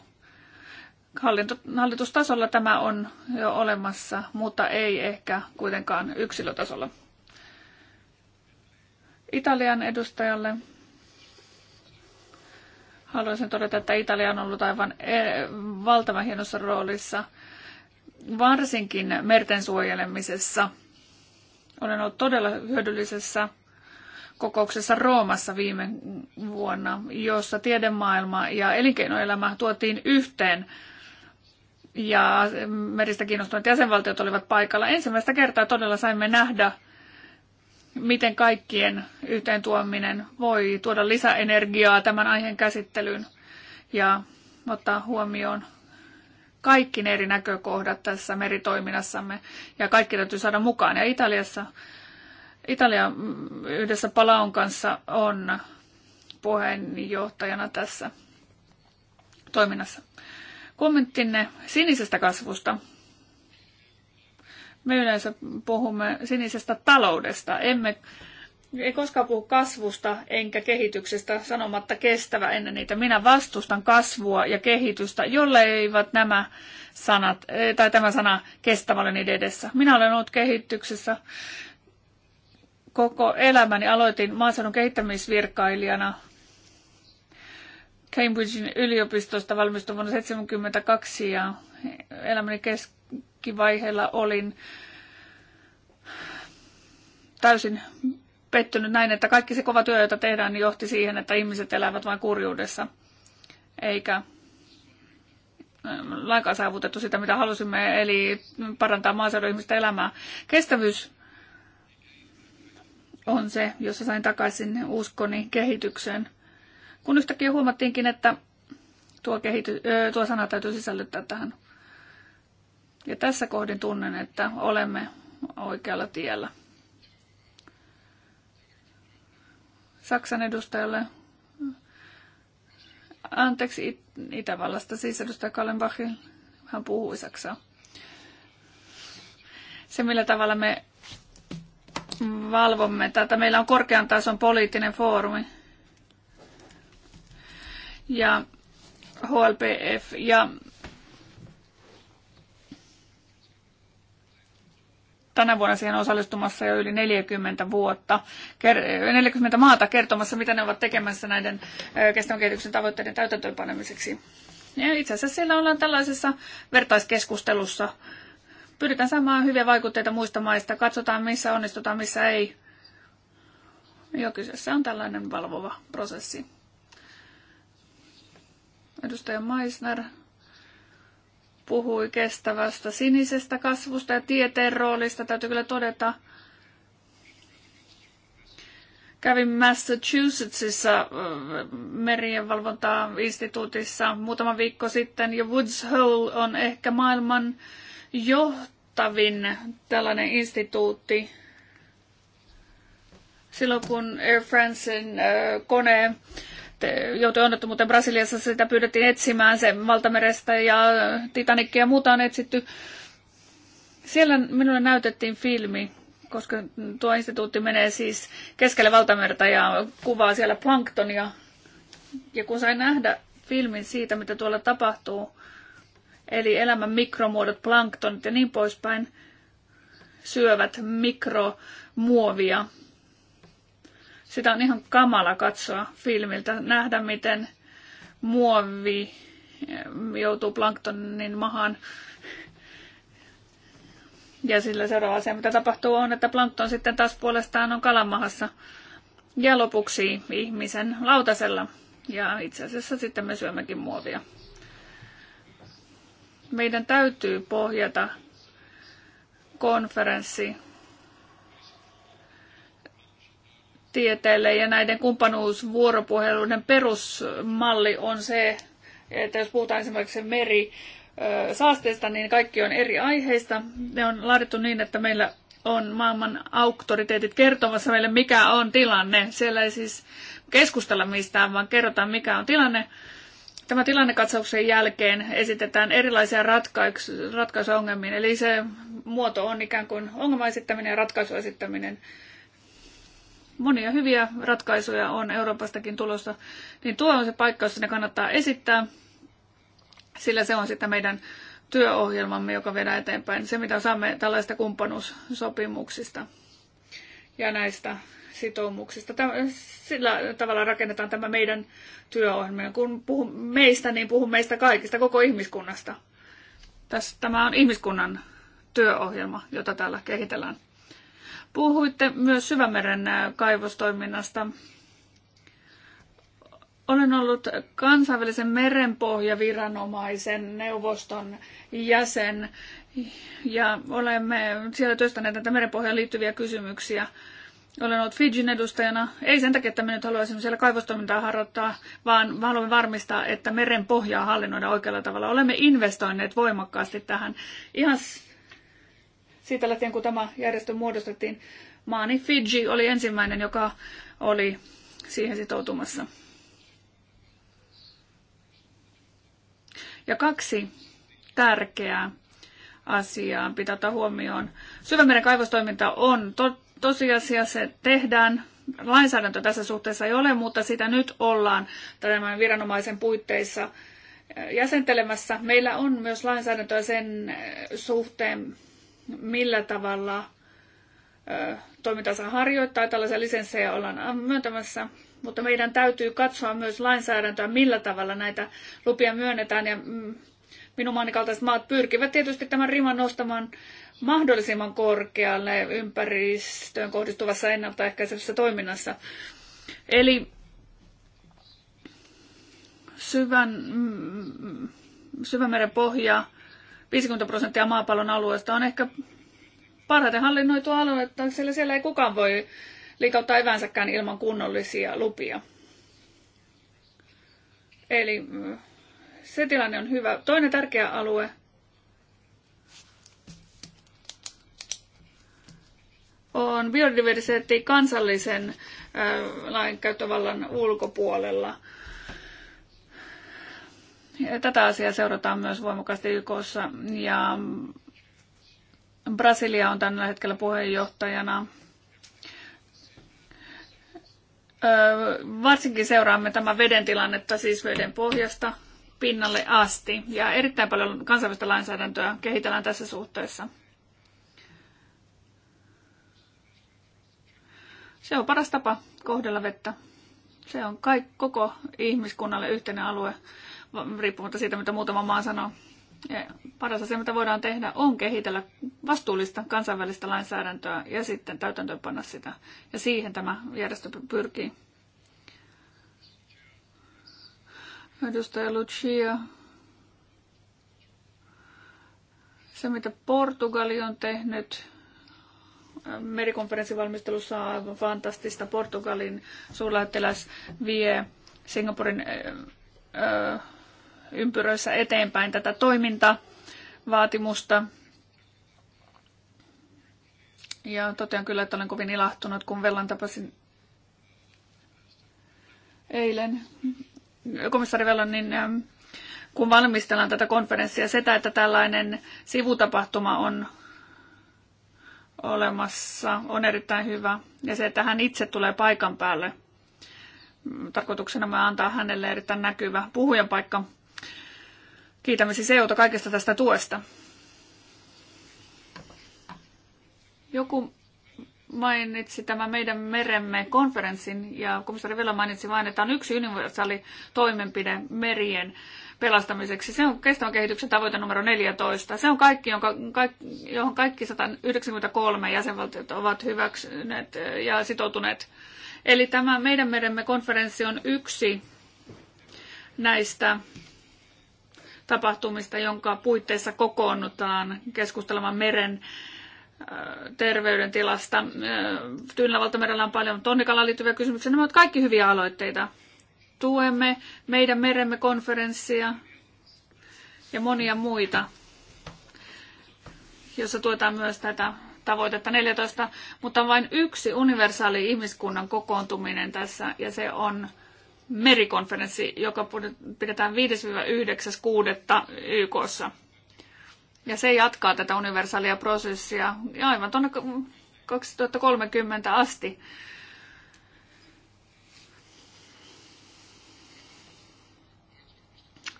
hallitustasolla tämä on jo olemassa, mutta ei ehkä kuitenkaan yksilötasolla. Italian edustajalle haluaisin todeta, että Italia on ollut aivan eh, valtavan hienossa roolissa, varsinkin merten suojelemisessa. Olen ollut todella hyödyllisessä kokouksessa Roomassa viime vuonna, jossa tiedemaailma ja elinkeinoelämä tuotiin yhteen ja meristä kiinnostuneet jäsenvaltiot olivat paikalla. Ensimmäistä kertaa todella saimme nähdä miten kaikkien yhteen tuominen voi tuoda lisäenergiaa tämän aiheen käsittelyyn ja ottaa huomioon kaikki ne eri näkökohdat tässä meritoiminnassamme ja kaikki täytyy saada mukaan. Ja Italiassa, Italia yhdessä Palaon kanssa on puheenjohtajana tässä toiminnassa. Kommenttinne sinisestä kasvusta me yleensä puhumme sinisestä taloudesta, emme ei koskaan puhu kasvusta enkä kehityksestä sanomatta kestävä ennen niitä. Minä vastustan kasvua ja kehitystä, jolle eivät nämä sanat, eh, tai tämä sana ole niiden edessä. Minä olen ollut kehityksessä koko elämäni. Aloitin maaseudun kehittämisvirkailijana Cambridgein yliopistosta valmistuin vuonna 1972 ja elämäni kes- paniikkivaiheella olin täysin pettynyt näin, että kaikki se kova työ, jota tehdään, niin johti siihen, että ihmiset elävät vain kurjuudessa, eikä ähm, lainkaan saavutettu sitä, mitä halusimme, eli parantaa maaseudun ihmisten elämää. Kestävyys on se, jossa sain takaisin uskoni kehitykseen. Kun yhtäkkiä huomattiinkin, että tuo, kehity, tuo sana täytyy sisällyttää tähän. Ja tässä kohdin tunnen, että olemme oikealla tiellä. Saksan edustajalle, anteeksi It- Itävallasta, siis edustaja Kallenbachin, hän puhui Saksaa. Se, millä tavalla me valvomme tätä, meillä on korkean tason poliittinen foorumi ja HLPF ja tänä vuonna siihen osallistumassa jo yli 40 vuotta, 40 eh, maata kertomassa, mitä ne ovat tekemässä näiden eh, kestävän kehityksen tavoitteiden täytäntöönpanemiseksi. Ja itse asiassa siellä ollaan tällaisessa vertaiskeskustelussa. Pyritään saamaan hyviä vaikutteita muista maista, katsotaan missä onnistutaan, missä ei. Jo kyseessä on tällainen valvova prosessi. Edustaja Meisner puhui kestävästä sinisestä kasvusta ja tieteen roolista. Täytyy kyllä todeta, kävin Massachusettsissa äh, merienvalvontainstituutissa muutama viikko sitten ja Woods Hole on ehkä maailman johtavin tällainen instituutti. Silloin kun Air Francein äh, kone joutui onnettomuuteen Brasiliassa, sitä pyydettiin etsimään sen valtamerestä ja Titanicia ja muuta on etsitty. Siellä minulle näytettiin filmi, koska tuo instituutti menee siis keskelle valtamerta ja kuvaa siellä planktonia. Ja kun sain nähdä filmin siitä, mitä tuolla tapahtuu, eli elämän mikromuodot, planktonit ja niin poispäin, syövät mikromuovia sitä on ihan kamala katsoa filmiltä, nähdä miten muovi eh, joutuu planktonin mahaan. Ja sillä seuraava asia, mitä tapahtuu, on, että plankton sitten taas puolestaan on kalamahassa ja lopuksi ihmisen lautasella. Ja itse asiassa sitten me syömmekin muovia. Meidän täytyy pohjata konferenssi tieteelle ja näiden kumppanuusvuoropuheluiden perusmalli on se, että jos puhutaan esimerkiksi meri saasteista, niin kaikki on eri aiheista. Ne on laadittu niin, että meillä on maailman auktoriteetit kertomassa meille, mikä on tilanne. Siellä ei siis keskustella mistään, vaan kerrotaan, mikä on tilanne. Tämä tilannekatsauksen jälkeen esitetään erilaisia ratkaisu- eli se muoto on ikään kuin ongelman esittäminen ja ratkaisuesittäminen. esittäminen monia hyviä ratkaisuja on Euroopastakin tulossa, niin tuo on se paikka, jossa ne kannattaa esittää, sillä se on sitä meidän työohjelmamme, joka viedään eteenpäin. Se, mitä saamme tällaista kumppanuussopimuksista ja näistä sitoumuksista. Sillä tavalla rakennetaan tämä meidän työohjelma. Kun puhun meistä, niin puhun meistä kaikista, koko ihmiskunnasta. tämä on ihmiskunnan työohjelma, jota täällä kehitellään. Puhuitte myös syvämeren äh, kaivostoiminnasta. Olen ollut kansainvälisen merenpohjaviranomaisen neuvoston jäsen ja olemme siellä työstäneet näitä merenpohjaan liittyviä kysymyksiä. Olen ollut Fijin edustajana, ei sen takia, että me nyt haluaisimme siellä kaivostoimintaa harjoittaa, vaan haluamme varmistaa, että meren pohjaa hallinnoidaan oikealla tavalla. Olemme investoineet voimakkaasti tähän ihan siitä lähtien, kun tämä järjestö muodostettiin, maani Fiji oli ensimmäinen, joka oli siihen sitoutumassa. Ja kaksi tärkeää asiaa pitää ottaa huomioon. Syvämeren kaivostoiminta on to- tosiasia, se tehdään. Lainsäädäntö tässä suhteessa ei ole, mutta sitä nyt ollaan tämän viranomaisen puitteissa eh, jäsentelemässä. Meillä on myös lainsäädäntöä sen eh, suhteen, millä tavalla toimintansa harjoittaa. Tällaisia lisenssejä ollaan myöntämässä, mutta meidän täytyy katsoa myös lainsäädäntöä, millä tavalla näitä lupia myönnetään. Ja mm, minun maani kaltaiset maat pyrkivät tietysti tämän riman nostamaan mahdollisimman korkealle ympäristöön kohdistuvassa ennaltaehkäisevässä toiminnassa. Eli syvän, mm, syvämeren pohja 50 prosenttia maapallon alueesta on ehkä parhaiten alue, että siellä, siellä ei kukaan voi liikauttaa evänsäkään ilman kunnollisia lupia. Eli mm, se tilanne on hyvä. Toinen tärkeä alue on biodiversiteetti kansallisen lainkäyttövallan ulkopuolella. Tätä asiaa seurataan myös voimakkaasti YKssa ja Brasilia on tällä hetkellä puheenjohtajana. Öö, varsinkin seuraamme tämä veden tilannetta, siis veden pohjasta pinnalle asti. Ja erittäin paljon kansainvälistä lainsäädäntöä kehitellään tässä suhteessa. Se on paras tapa kohdella vettä. Se on kaik- koko ihmiskunnalle yhteinen alue riippumatta siitä, mitä muutama maa sanoo. Ja paras asia, mitä voidaan tehdä, on kehitellä vastuullista kansainvälistä lainsäädäntöä ja sitten täytäntöönpanna sitä. Ja siihen tämä järjestö pyrkii. Edustaja Lucia. Se, mitä Portugali on tehnyt merikonferenssivalmistelussa on aivan fantastista. Portugalin suurlähettiläs vie Singaporen äh, äh, ympyröissä eteenpäin tätä toimintavaatimusta. Ja totean kyllä, että olen kovin ilahtunut, kun Vellan tapasin eilen komissaari Vellan, niin ähm, kun valmistellaan tätä konferenssia, sitä, että tällainen sivutapahtuma on olemassa, on erittäin hyvä. Ja se, että hän itse tulee paikan päälle, tarkoituksena me antaa hänelle erittäin näkyvä puhujan paikka Kiitämme siis EUta kaikesta tästä tuesta. Joku mainitsi tämä meidän meremme konferenssin ja komissaari vielä mainitsi vain, että on yksi universaali toimenpide merien pelastamiseksi. Se on kestävän kehityksen tavoite numero 14. Se on kaikki, jonka, kaikki, johon kaikki 193 jäsenvaltiot ovat hyväksyneet ja sitoutuneet. Eli tämä meidän meremme konferenssi on yksi näistä tapahtumista, jonka puitteissa kokoonnutaan keskustelemaan meren äh, terveydentilasta. Äh, Tyynellä on paljon tonnikalaan liittyviä kysymyksiä. Nämä ovat kaikki hyviä aloitteita. Tuemme meidän meremme konferenssia ja monia muita, jossa tuetaan myös tätä tavoitetta 14, mutta on vain yksi universaali ihmiskunnan kokoontuminen tässä, ja se on merikonferenssi, joka pidetään 5-9.6. YKssa. Ja se jatkaa tätä universaalia prosessia aivan tuonne 2030 asti.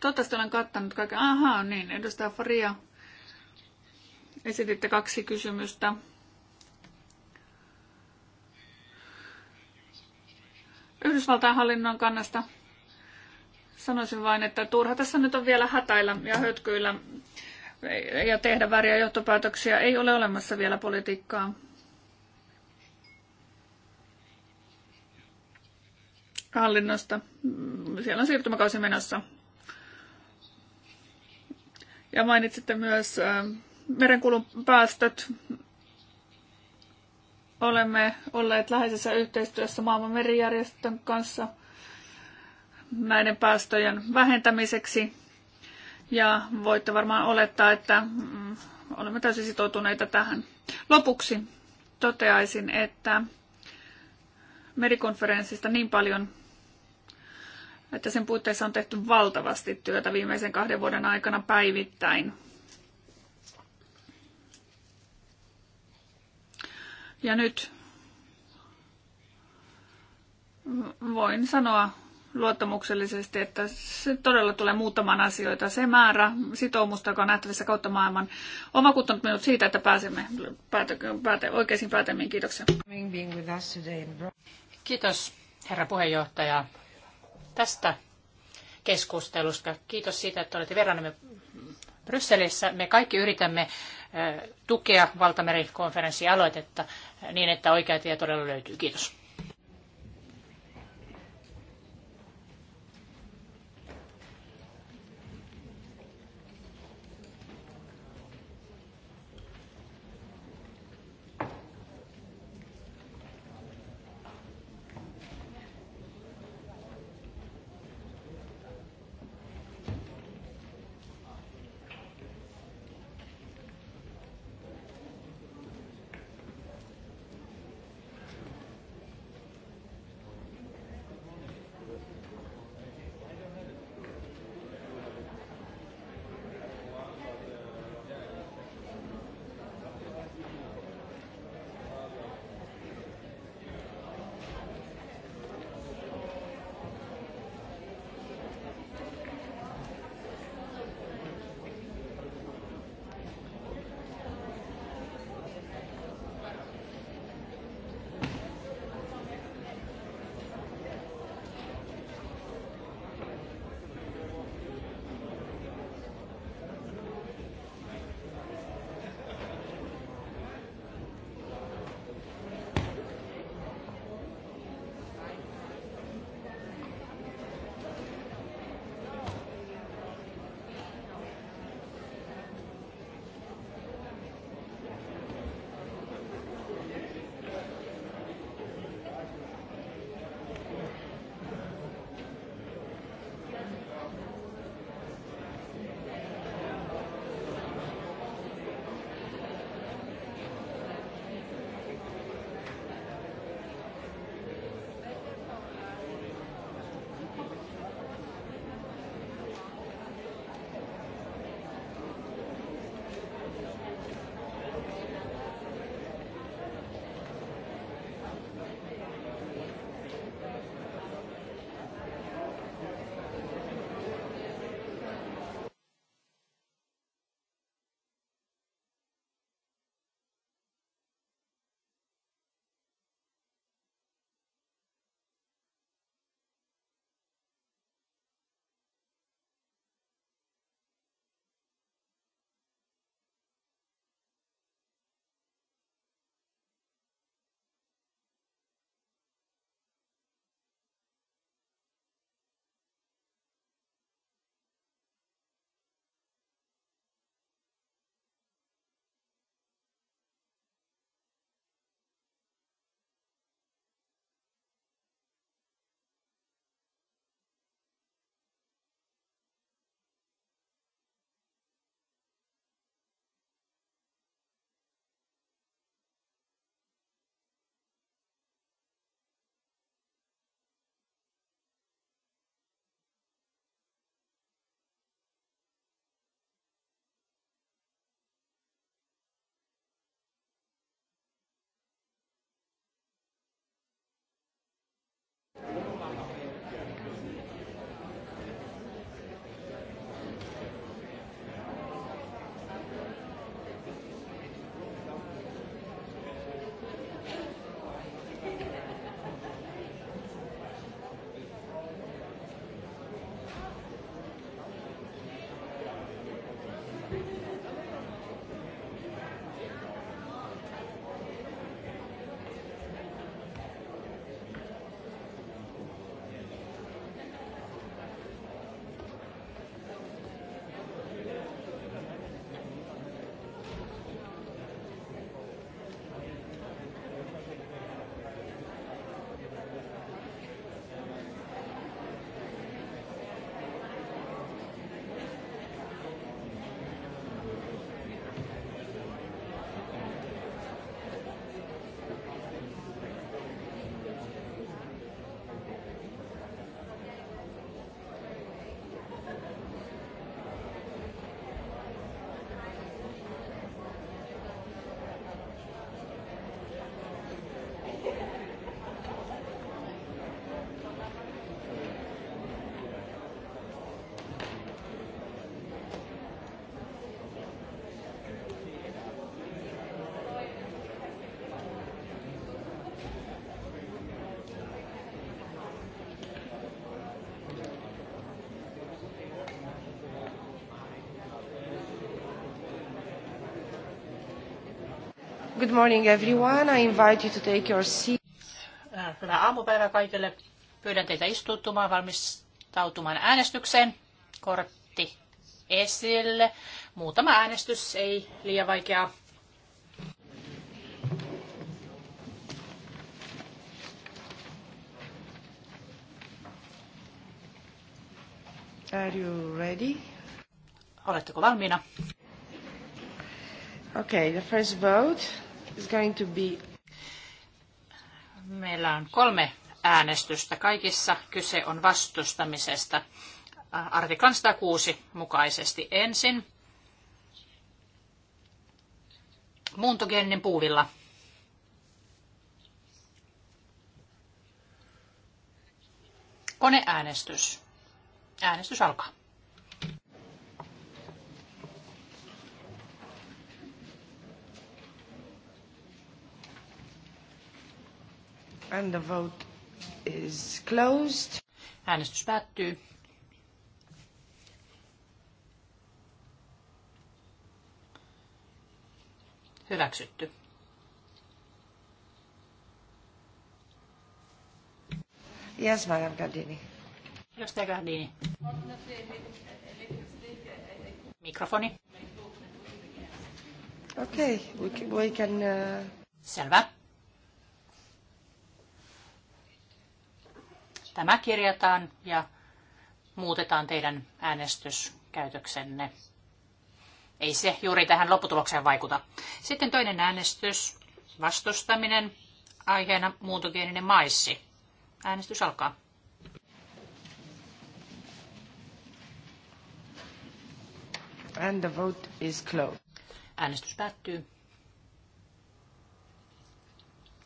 Toivottavasti olen kattanut kaiken. Ahaa, niin, edustaja Faria, esititte kaksi kysymystä Yhdysvaltain hallinnon kannasta sanoisin vain, että turha tässä nyt on vielä hätäillä ja hötkyillä ja tehdä väriä johtopäätöksiä. Ei ole olemassa vielä politiikkaa. hallinnosta. Siellä on siirtymäkausi menossa. Ja mainitsitte myös äh, merenkulun päästöt. Olemme olleet läheisessä yhteistyössä maailman merijärjestön kanssa näiden päästöjen vähentämiseksi. Ja voitte varmaan olettaa, että mm, olemme täysin sitoutuneita tähän. Lopuksi toteaisin, että merikonferenssista niin paljon, että sen puitteissa on tehty valtavasti työtä viimeisen kahden vuoden aikana päivittäin Ja nyt voin sanoa luottamuksellisesti, että se todella tulee muuttamaan asioita. Se määrä sitoumusta, joka on nähtävissä kautta maailman, on vakuuttanut minut siitä, että pääsemme päätö, päätö, oikeisiin päätelmiin. Kiitoksia. Kiitos, herra puheenjohtaja, tästä keskustelusta. Kiitos siitä, että olette verrannamme Brysselissä. Me kaikki yritämme eh, tukea Valtamerikonferenssialoitetta. aloitetta niin, että oikea tie todella löytyy. Kiitos. Good morning everyone. I invite you to take your seat. Äh, hyvää aamupäivää kaikille. Pyydän teitä istuutumaan, valmistautumaan äänestykseen. Kortti esille. Muutama äänestys, ei liian vaikeaa. Are you ready? Oletteko valmiina? Okay, the first vote is going to be... Meillä on kolme äänestystä. Kaikissa kyse on vastustamisesta äh, artiklan 106 mukaisesti ensin. Muuntogeenin puuvilla. Koneäänestys. Äänestys alkaa. And the vote is closed. Äänestys päättyy. Hyväksytty. Yes, Madam Gardini. Edustaja Gardini. Mikrofoni. Okay, we can, we can, uh... Selvä. Tämä kirjataan ja muutetaan teidän äänestyskäytöksenne. Ei se juuri tähän lopputulokseen vaikuta. Sitten toinen äänestys, vastustaminen, aiheena muuntogeeninen maissi. Äänestys alkaa. And the vote is closed. Äänestys päättyy.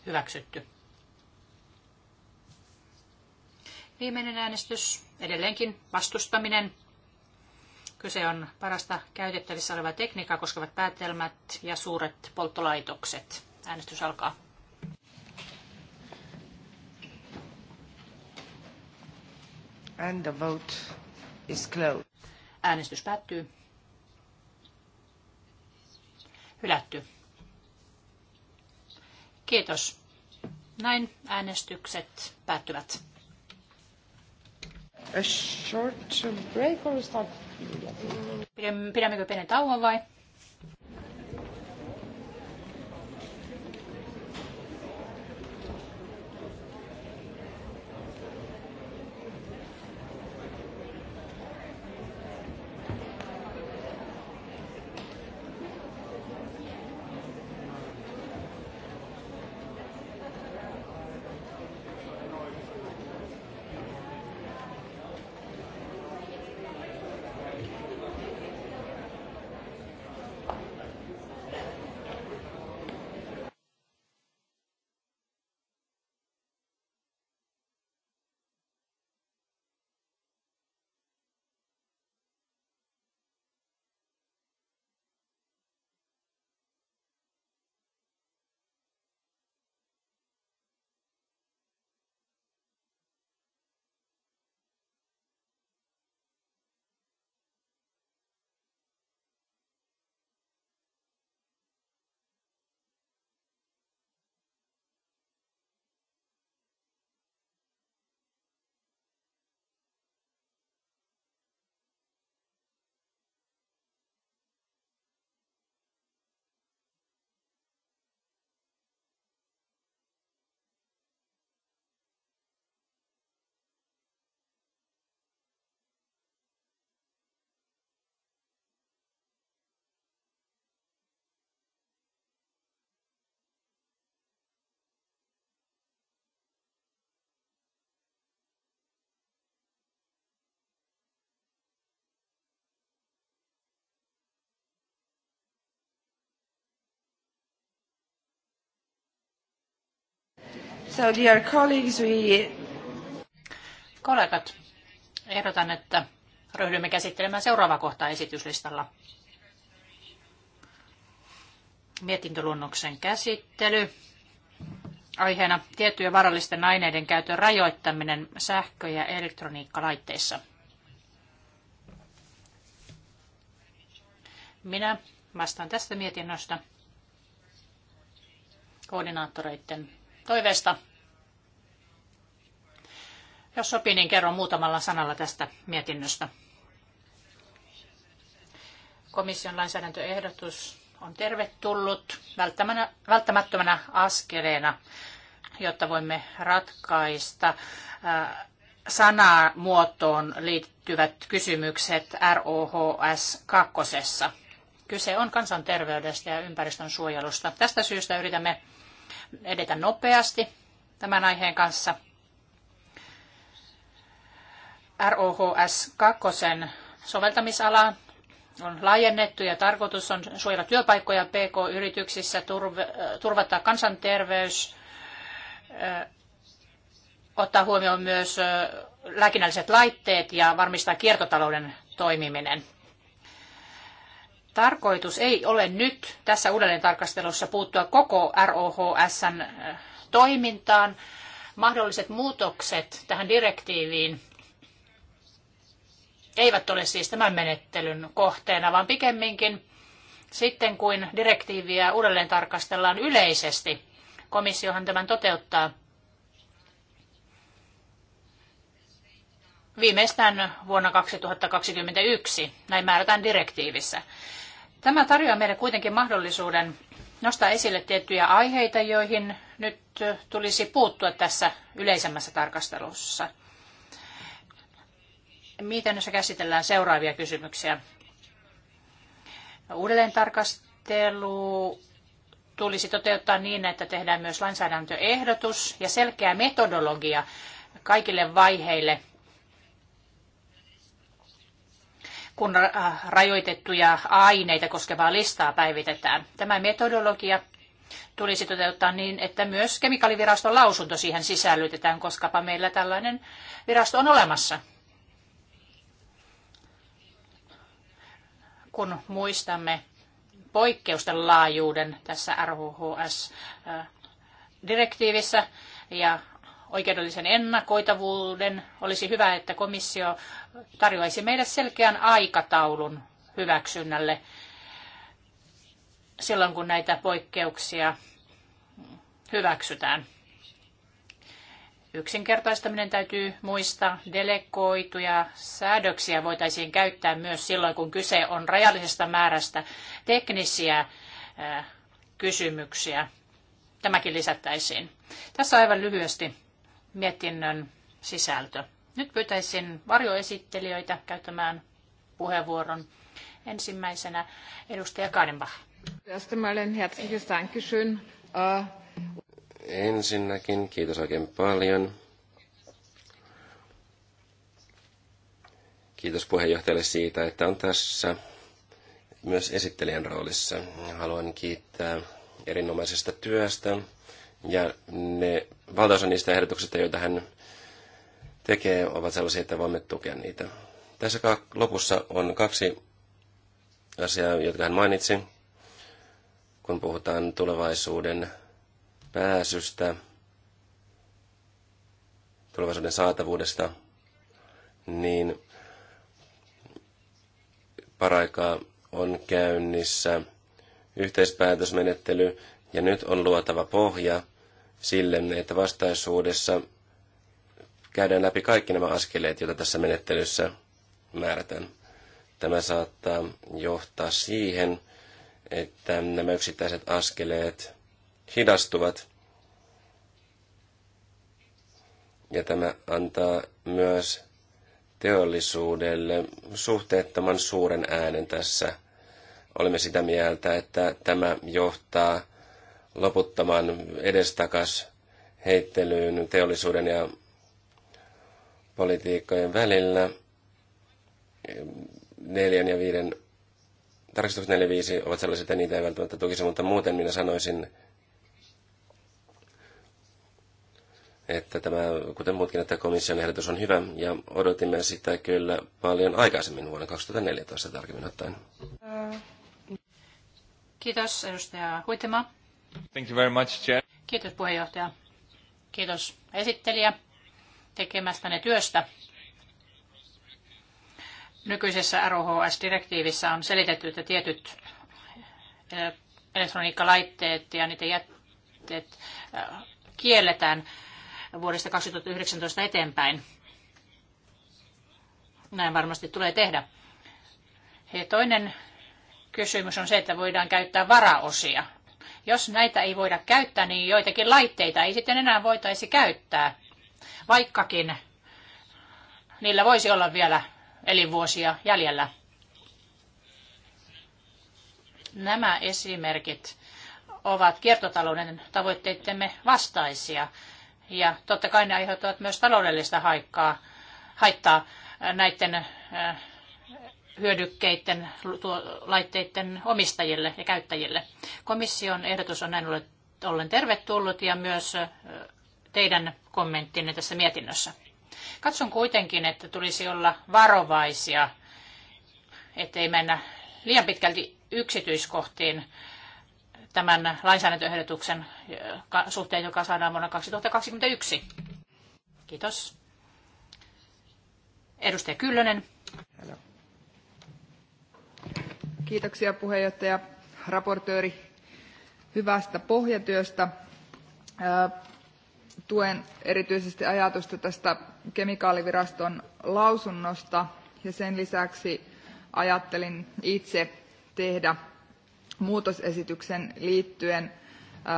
Hyväksytty. Viimeinen äänestys, edelleenkin vastustaminen. Kyse on parasta käytettävissä olevaa tekniikkaa koskevat päätelmät ja suuret polttolaitokset. Äänestys alkaa. And the vote is closed. Äänestys päättyy. Hylätty. Kiitos. Näin äänestykset päättyvät a short break or Pidämmekö pienen tauon vai? So dear colleagues, we... Kollegat, ehdotan, että ryhdymme käsittelemään seuraavaa kohtaa esityslistalla. Mietintöluonnoksen käsittely. Aiheena tiettyjen varallisten aineiden käytön rajoittaminen sähkö- ja elektroniikkalaitteissa. Minä vastaan tästä mietinnöstä koordinaattoreiden toiveesta. Jos sopii, niin kerron muutamalla sanalla tästä mietinnöstä. Komission lainsäädäntöehdotus on tervetullut välttämättömänä askeleena, jotta voimme ratkaista äh, sanamuotoon liittyvät kysymykset ROHS 2. Kyse on kansanterveydestä ja ympäristön suojelusta. Tästä syystä yritämme edetä nopeasti tämän aiheen kanssa – ROHS 2 soveltamisala on laajennettu ja tarkoitus on suojella työpaikkoja PK-yrityksissä, turvata kansanterveys, ottaa huomioon myös lääkinnälliset laitteet ja varmistaa kiertotalouden toimiminen. Tarkoitus ei ole nyt tässä uudelleen tarkastelussa puuttua koko ROHSn toimintaan. Mahdolliset muutokset tähän direktiiviin eivät ole siis tämän menettelyn kohteena, vaan pikemminkin sitten kuin direktiiviä uudelleen tarkastellaan yleisesti. Komissiohan tämän toteuttaa viimeistään vuonna 2021, näin määrätään direktiivissä. Tämä tarjoaa meille kuitenkin mahdollisuuden nostaa esille tiettyjä aiheita, joihin nyt tulisi puuttua tässä yleisemmässä tarkastelussa mietinnössä käsitellään seuraavia kysymyksiä. Uudelleen tarkastelu tulisi toteuttaa niin, että tehdään myös lainsäädäntöehdotus ja selkeä metodologia kaikille vaiheille, kun rajoitettuja aineita koskevaa listaa päivitetään. Tämä metodologia tulisi toteuttaa niin, että myös kemikaaliviraston lausunto siihen sisällytetään, koskapa meillä tällainen virasto on olemassa. kun muistamme poikkeusten laajuuden tässä RHHS-direktiivissä ja oikeudellisen ennakoitavuuden, olisi hyvä, että komissio tarjoaisi meille selkeän aikataulun hyväksynnälle silloin, kun näitä poikkeuksia hyväksytään. Yksinkertaistaminen täytyy muistaa. Delegoituja säädöksiä voitaisiin käyttää myös silloin, kun kyse on rajallisesta määrästä teknisiä kysymyksiä. Tämäkin lisättäisiin. Tässä aivan lyhyesti mietinnön sisältö. Nyt pyytäisin varjoesittelijöitä käyttämään puheenvuoron. Ensimmäisenä edustaja Kadenbach. Erst einmal ensinnäkin. Kiitos oikein paljon. Kiitos puheenjohtajalle siitä, että on tässä myös esittelijän roolissa. Haluan kiittää erinomaisesta työstä ja ne valtaosa niistä ehdotuksista, joita hän tekee, ovat sellaisia, että voimme tukea niitä. Tässä lopussa on kaksi asiaa, jotka hän mainitsi, kun puhutaan tulevaisuuden pääsystä, tulevaisuuden saatavuudesta, niin paraikaa on käynnissä yhteispäätösmenettely ja nyt on luotava pohja sille, että vastaisuudessa käydään läpi kaikki nämä askeleet, joita tässä menettelyssä määrätään. Tämä saattaa johtaa siihen, että nämä yksittäiset askeleet hidastuvat. Ja tämä antaa myös teollisuudelle suhteettoman suuren äänen tässä. Olemme sitä mieltä, että tämä johtaa loputtoman edestakas heittelyyn teollisuuden ja politiikkojen välillä. Neljän ja viiden, tarkistukset neljä viisi ovat sellaisia, että niitä ei välttämättä tukisi, mutta muuten minä sanoisin että tämä, kuten muutkin, että komission ehdotus on hyvä ja odotimme sitä kyllä paljon aikaisemmin vuonna 2014 tarkemmin ottaen. Kiitos edustaja Huitema. Thank you very much, Chair. Kiitos puheenjohtaja. Kiitos esittelijä tekemästäne työstä. Nykyisessä ROHS-direktiivissä on selitetty, että tietyt eh, elektroniikkalaitteet ja niiden jätteet eh, kielletään vuodesta 2019 eteenpäin. Näin varmasti tulee tehdä. Ja toinen kysymys on se, että voidaan käyttää varaosia. Jos näitä ei voida käyttää, niin joitakin laitteita ei sitten enää voitaisi käyttää, vaikkakin niillä voisi olla vielä elinvuosia jäljellä. Nämä esimerkit ovat kiertotalouden tavoitteittemme vastaisia. Ja totta kai ne aiheuttavat myös taloudellista haikkaa, haittaa näiden äh, hyödykkeiden, laitteiden omistajille ja käyttäjille. Komission ehdotus on näin ollen tervetullut ja myös äh, teidän kommenttinne tässä mietinnössä. Katson kuitenkin, että tulisi olla varovaisia, ettei mennä liian pitkälti yksityiskohtiin tämän lainsäädäntöehdotuksen äh, suhteen, joka saadaan vuonna 2021? Kiitos. Edustaja Kyllönen. Hello. Kiitoksia puheenjohtaja, raportööri hyvästä pohjatyöstä. Äh, tuen erityisesti ajatusta tästä kemikaaliviraston lausunnosta ja sen lisäksi ajattelin itse tehdä muutosesityksen liittyen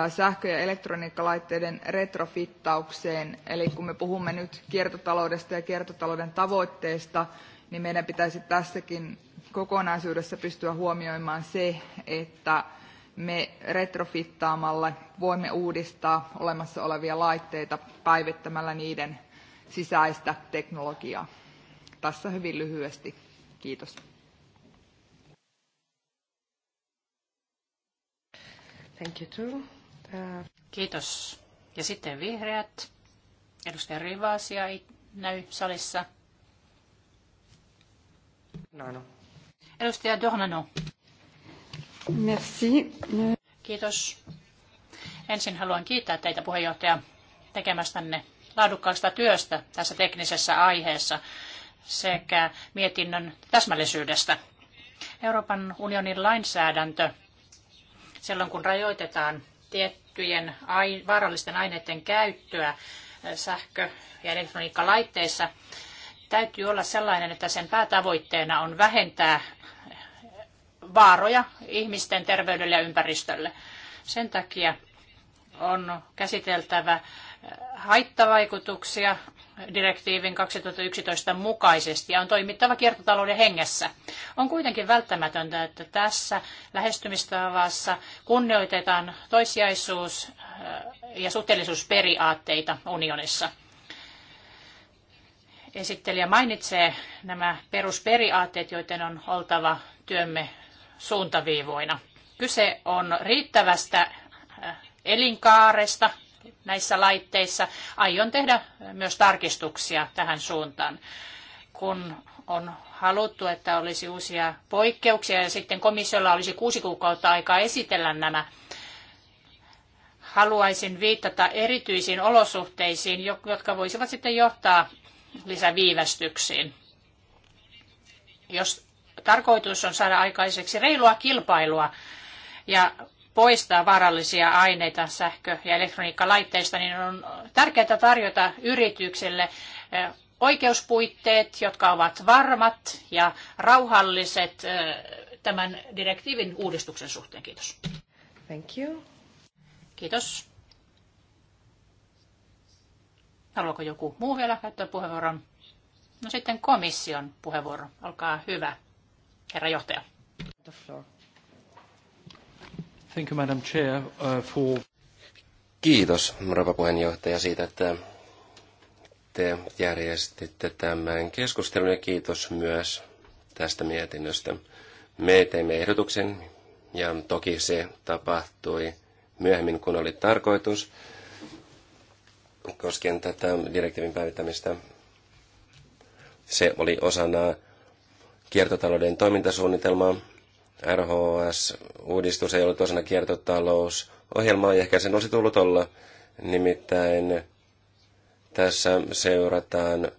sähkö- ja elektroniikkalaitteiden retrofittaukseen. Eli kun me puhumme nyt kiertotaloudesta ja kiertotalouden tavoitteista, niin meidän pitäisi tässäkin kokonaisuudessa pystyä huomioimaan se, että me retrofittaamalla voimme uudistaa olemassa olevia laitteita päivittämällä niiden sisäistä teknologiaa. Tässä hyvin lyhyesti. Kiitos. Thank you too. Uh... Kiitos. Ja sitten vihreät. Edustaja Rivasia ei näy salissa. No, no. Edustaja Dornano. Merci. Kiitos. Ensin haluan kiittää teitä puheenjohtaja tekemästänne laadukkaasta työstä tässä teknisessä aiheessa sekä mietinnön täsmällisyydestä. Euroopan unionin lainsäädäntö silloin kun rajoitetaan tiettyjen vaarallisten aineiden käyttöä äh, sähkö- ja elektroniikkalaitteissa, täytyy olla sellainen, että sen päätavoitteena on vähentää vaaroja ihmisten terveydelle ja ympäristölle. Sen takia on käsiteltävä haittavaikutuksia direktiivin 2011 mukaisesti ja on toimittava kiertotalouden hengessä. On kuitenkin välttämätöntä, että tässä lähestymistavassa kunnioitetaan toissijaisuus- äh, ja suhteellisuusperiaatteita unionissa. Esittelijä mainitsee nämä perusperiaatteet, joiden on oltava työmme suuntaviivoina. Kyse on riittävästä äh, elinkaaresta, näissä laitteissa. Aion tehdä myös tarkistuksia tähän suuntaan, kun on haluttu, että olisi uusia poikkeuksia ja sitten komissiolla olisi kuusi kuukautta aikaa esitellä nämä. Haluaisin viitata erityisiin olosuhteisiin, jotka voisivat sitten johtaa lisäviivästyksiin. Jos tarkoitus on saada aikaiseksi reilua kilpailua ja poistaa vaarallisia aineita sähkö- ja elektroniikkalaitteista, niin on tärkeää tarjota yrityksille oikeuspuitteet, jotka ovat varmat ja rauhalliset tämän direktiivin uudistuksen suhteen. Kiitos. Thank you. Kiitos. Haluaako joku muu vielä käyttää puheenvuoron? No sitten komission puheenvuoro. Olkaa hyvä, herra johtaja. The floor. Thank you, Madam Chair, uh, for... Kiitos, rouva puheenjohtaja, siitä, että te järjestitte tämän keskustelun ja kiitos myös tästä mietinnöstä. Me teimme ehdotuksen ja toki se tapahtui myöhemmin kuin oli tarkoitus koskien tätä direktiivin päivittämistä. Se oli osana kiertotalouden toimintasuunnitelmaa RHS-uudistus ei ollut osana kiertotalousohjelmaa, ja ehkä sen olisi tullut olla. Nimittäin tässä seurataan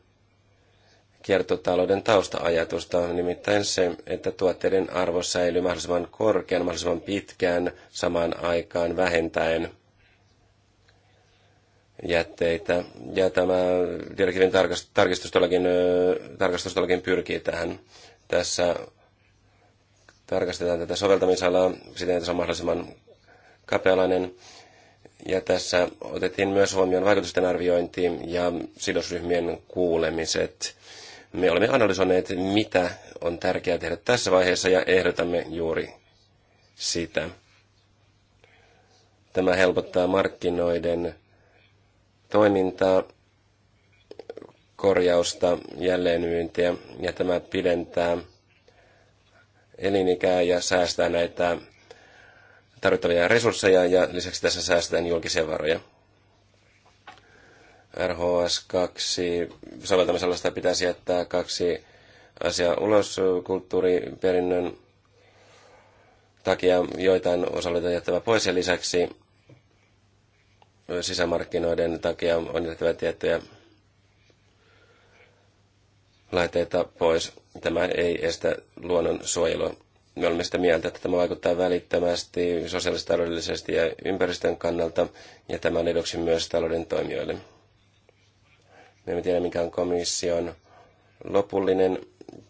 kiertotalouden taustaajatusta, nimittäin se, että tuotteiden arvo säilyy mahdollisimman korkean, mahdollisimman pitkään samaan aikaan vähentäen jätteitä. Ja tämä direktiivin tarkastus todellakin, tarkastus pyrkii tähän. Tässä tarkastetaan tätä soveltamisalaa siten, että se on mahdollisimman kapealainen. Ja tässä otettiin myös huomioon vaikutusten arviointi ja sidosryhmien kuulemiset. Me olemme analysoineet, mitä on tärkeää tehdä tässä vaiheessa ja ehdotamme juuri sitä. Tämä helpottaa markkinoiden toimintaa, korjausta, jälleenmyyntiä ja tämä pidentää elinikää ja säästää näitä tarvittavia resursseja ja lisäksi tässä säästetään julkisia varoja. RHS2 soveltamisalasta pitäisi jättää kaksi asiaa ulos kulttuuriperinnön takia joitain osallisuutta jättävä pois ja lisäksi sisämarkkinoiden takia on jätettävä tiettyjä laitteita pois. Tämä ei estä luonnonsuojelua. Me olemme sitä mieltä, että tämä vaikuttaa välittömästi sosiaalisesti, taloudellisesti ja ympäristön kannalta, ja tämä on eduksi myös talouden toimijoille. Me emme tiedä, mikä on komission lopullinen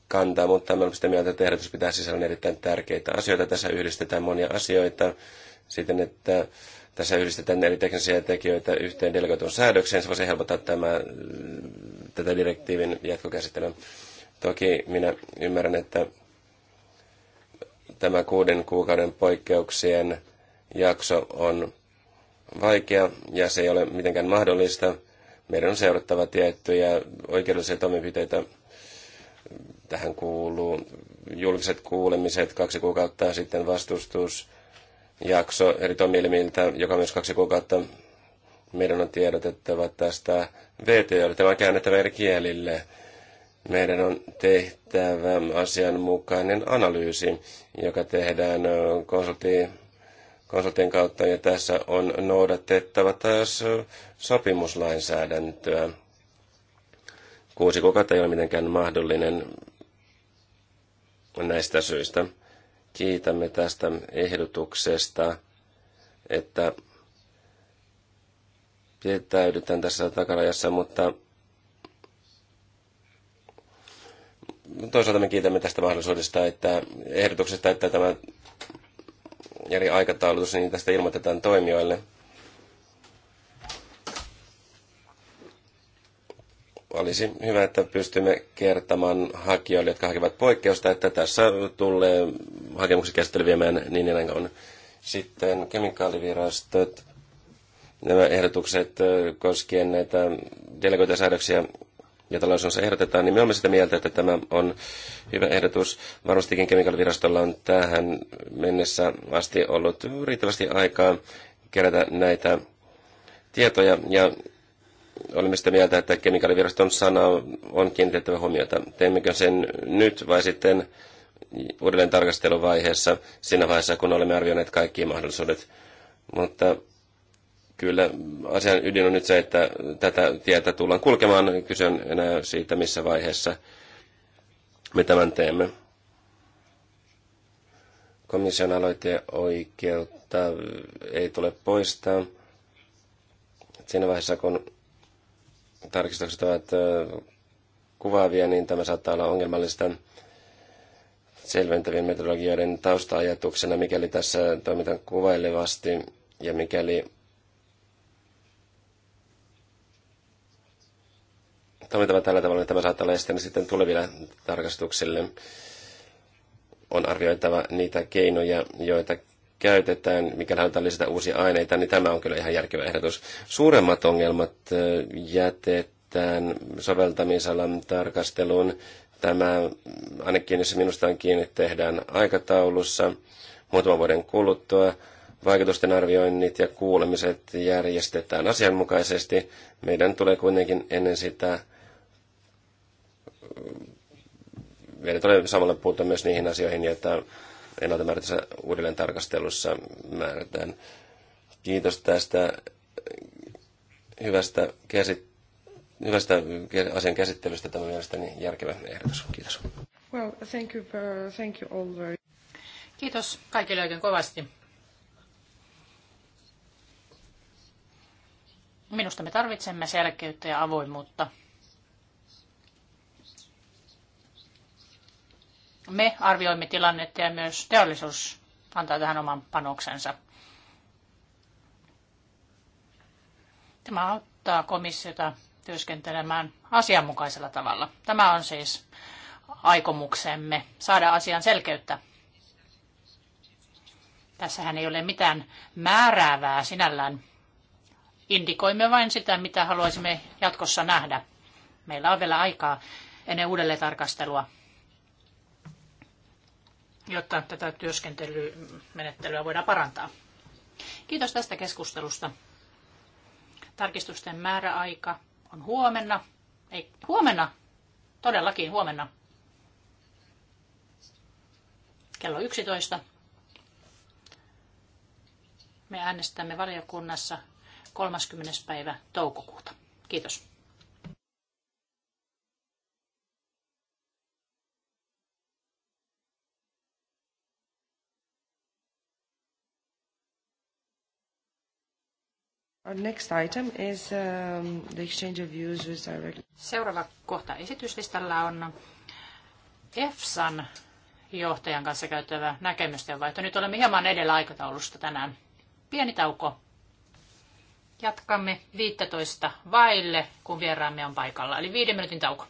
kanta, mutta me olemme sitä mieltä, että ehdotus pitää sisällä erittäin tärkeitä asioita. Tässä yhdistetään monia asioita siten, että tässä yhdistetään eri teknisiä tekijöitä yhteen delegoitun säädökseen. Se voisi helpottaa tämä, tätä direktiivin jatkokäsittelyä. Toki minä ymmärrän, että tämä kuuden kuukauden poikkeuksien jakso on vaikea ja se ei ole mitenkään mahdollista. Meidän on seurattava tiettyjä oikeudellisia toimenpiteitä. Tähän kuuluu julkiset kuulemiset kaksi kuukautta, sitten vastustusjakso eri toimielimiltä, joka myös kaksi kuukautta. Meidän on tiedotettava tästä VTOlle, tämä on käännettävä eri kielille meidän on tehtävä asianmukainen analyysi, joka tehdään konsultti, konsultin kautta, ja tässä on noudatettava taas sopimuslainsäädäntöä. Kuusi kuukautta ei ole mitenkään mahdollinen näistä syistä. Kiitämme tästä ehdotuksesta, että pitäydytään tässä takarajassa, mutta toisaalta me kiitämme tästä mahdollisuudesta, että ehdotuksesta, että tämä eri aikataulutus, niin tästä ilmoitetaan toimijoille. Olisi hyvä, että pystymme kertomaan hakijoille, jotka hakevat poikkeusta, että tässä tulee hakemuksen käsittely viemään niin ennen kuin sitten kemikaalivirastot, nämä ehdotukset äh, koskien näitä delegoita jota lausunnossa ehdotetaan, niin me olemme sitä mieltä, että tämä on hyvä ehdotus. Varmastikin kemikaalivirastolla on tähän mennessä asti ollut riittävästi aikaa kerätä näitä tietoja ja olemme sitä mieltä, että kemikaaliviraston sana on kiinnitettävä huomiota. Teemmekö sen nyt vai sitten uudelleen tarkasteluvaiheessa, siinä vaiheessa kun olemme arvioineet kaikki mahdollisuudet. Mutta Kyllä asian ydin on nyt se, että tätä tietä tullaan kulkemaan. Kyse on enää siitä, missä vaiheessa me tämän teemme. Komission aloiteoikeutta ei tule poistaa. Siinä vaiheessa, kun tarkistukset ovat kuvaavia, niin tämä saattaa olla ongelmallista selventävien metodologioiden tausta-ajatuksena, mikäli tässä toimitaan kuvailevasti ja mikäli toimintava tällä tavalla, niin tämä saattaa olla esteenä sitten tuleville tarkastuksille. On arvioitava niitä keinoja, joita käytetään, mikä halutaan lisätä uusia aineita, niin tämä on kyllä ihan järkevä ehdotus. Suuremmat ongelmat jätetään soveltamisalan tarkasteluun. Tämä ainakin, jos minusta on kiinni, tehdään aikataulussa muutaman vuoden kuluttua. Vaikutusten arvioinnit ja kuulemiset järjestetään asianmukaisesti. Meidän tulee kuitenkin ennen sitä vielä tulee samalla puuttua myös niihin asioihin, joita ennaltamäärätyssä uudelleen tarkastelussa määrätään. Kiitos tästä hyvästä, käsit- hyvästä asian käsittelystä. Tämä on mielestäni järkevä ehdotus. Kiitos. Well, thank you, for, uh, thank you all very... Kiitos kaikille oikein kovasti. Minusta me tarvitsemme selkeyttä ja avoimuutta Me arvioimme tilannetta ja myös teollisuus antaa tähän oman panoksensa. Tämä auttaa komissiota työskentelemään asianmukaisella tavalla. Tämä on siis aikomuksemme saada asian selkeyttä. Tässähän ei ole mitään määräävää sinällään. Indikoimme vain sitä, mitä haluaisimme jatkossa nähdä. Meillä on vielä aikaa ennen uudelleen tarkastelua jotta tätä työskentelymenettelyä voidaan parantaa. Kiitos tästä keskustelusta. Tarkistusten määräaika on huomenna. Ei, huomenna. Todellakin huomenna. Kello 11. Me äänestämme valiokunnassa 30. päivä toukokuuta. Kiitos. Our next item is um, the exchange of views with Seuraava kohta esityslistalla on EFSAn johtajan kanssa käytävä näkemysten vaihto. Nyt olemme hieman edellä aikataulusta tänään. Pieni tauko. Jatkamme 15 vaille, kun vieraamme on paikalla, eli viiden minuutin tauko.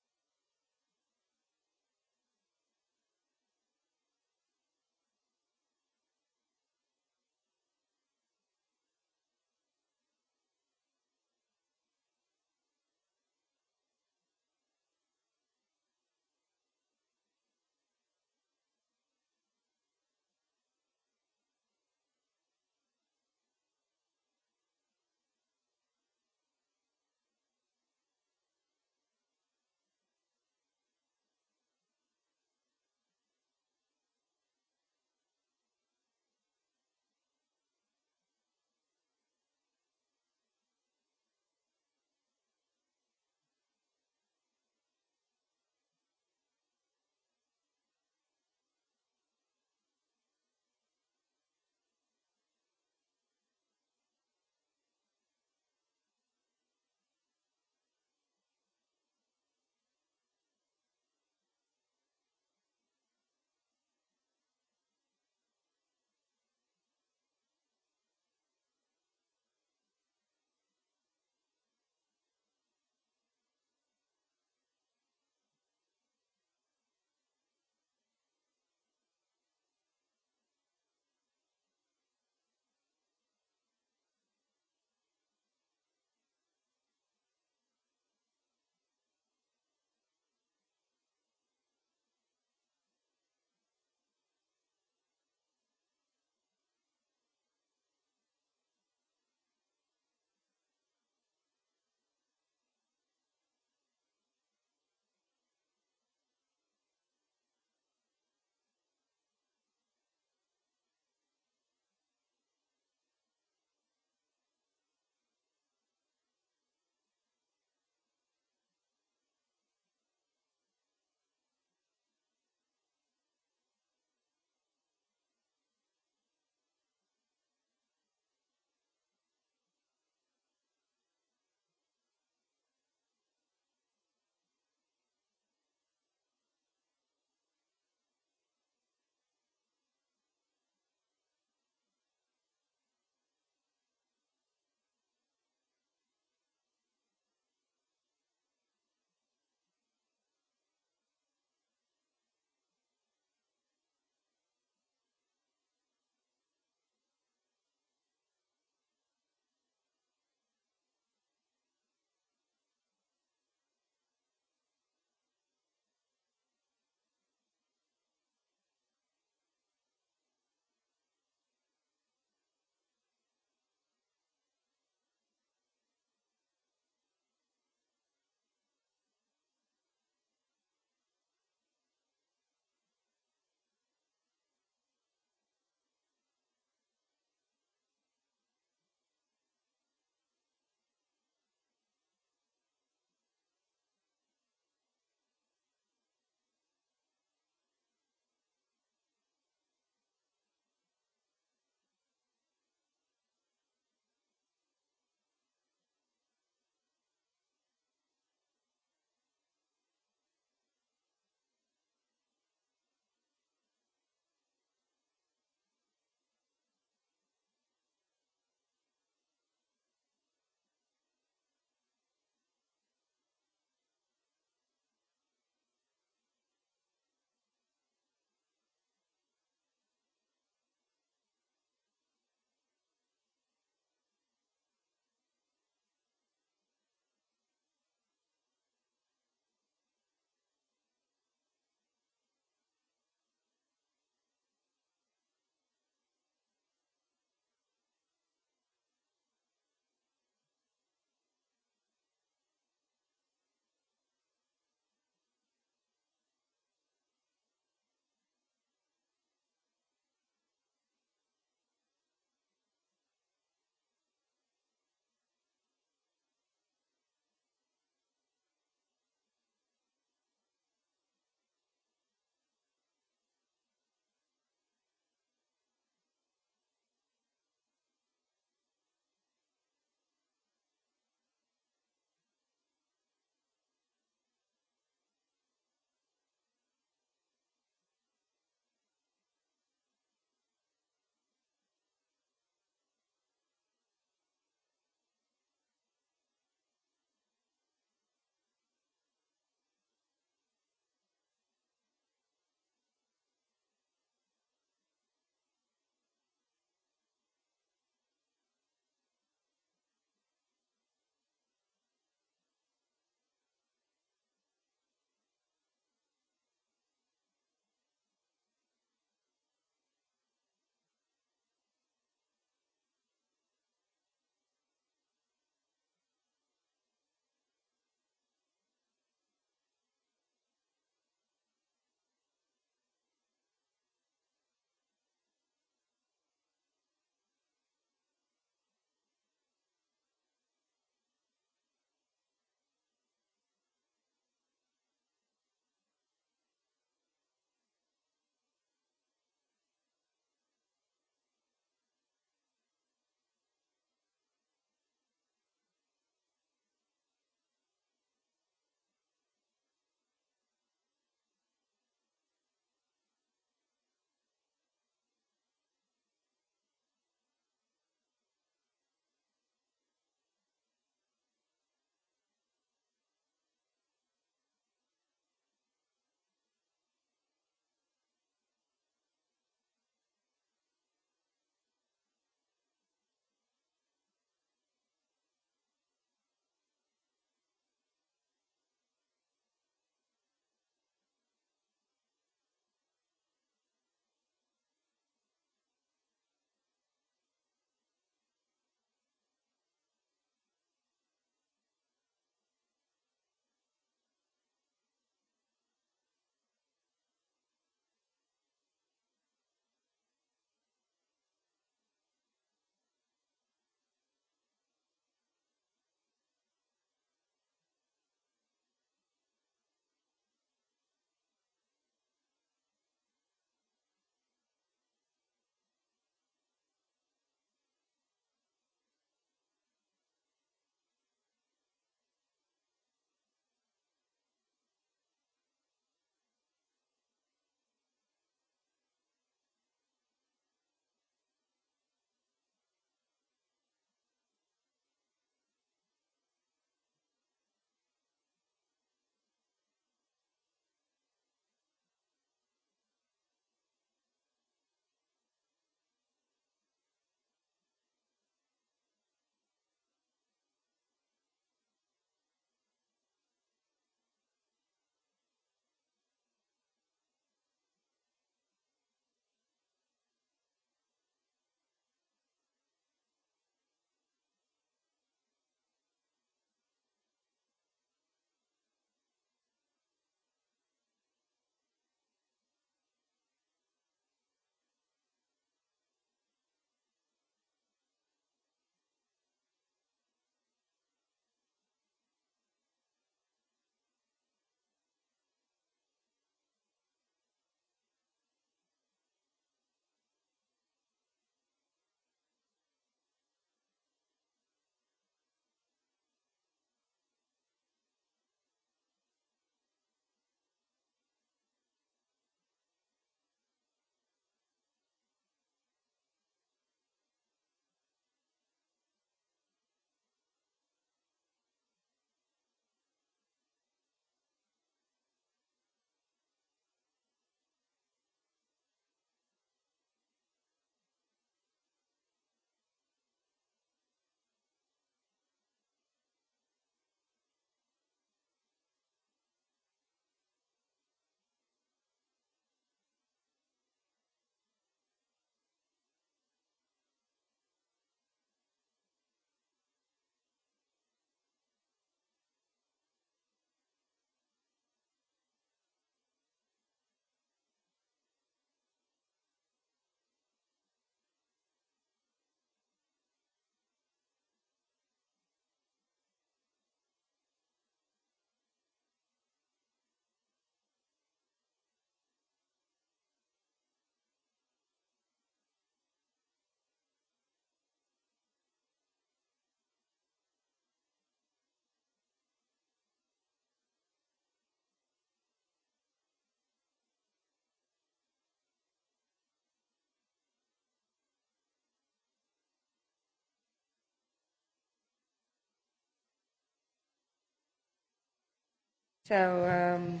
So, um,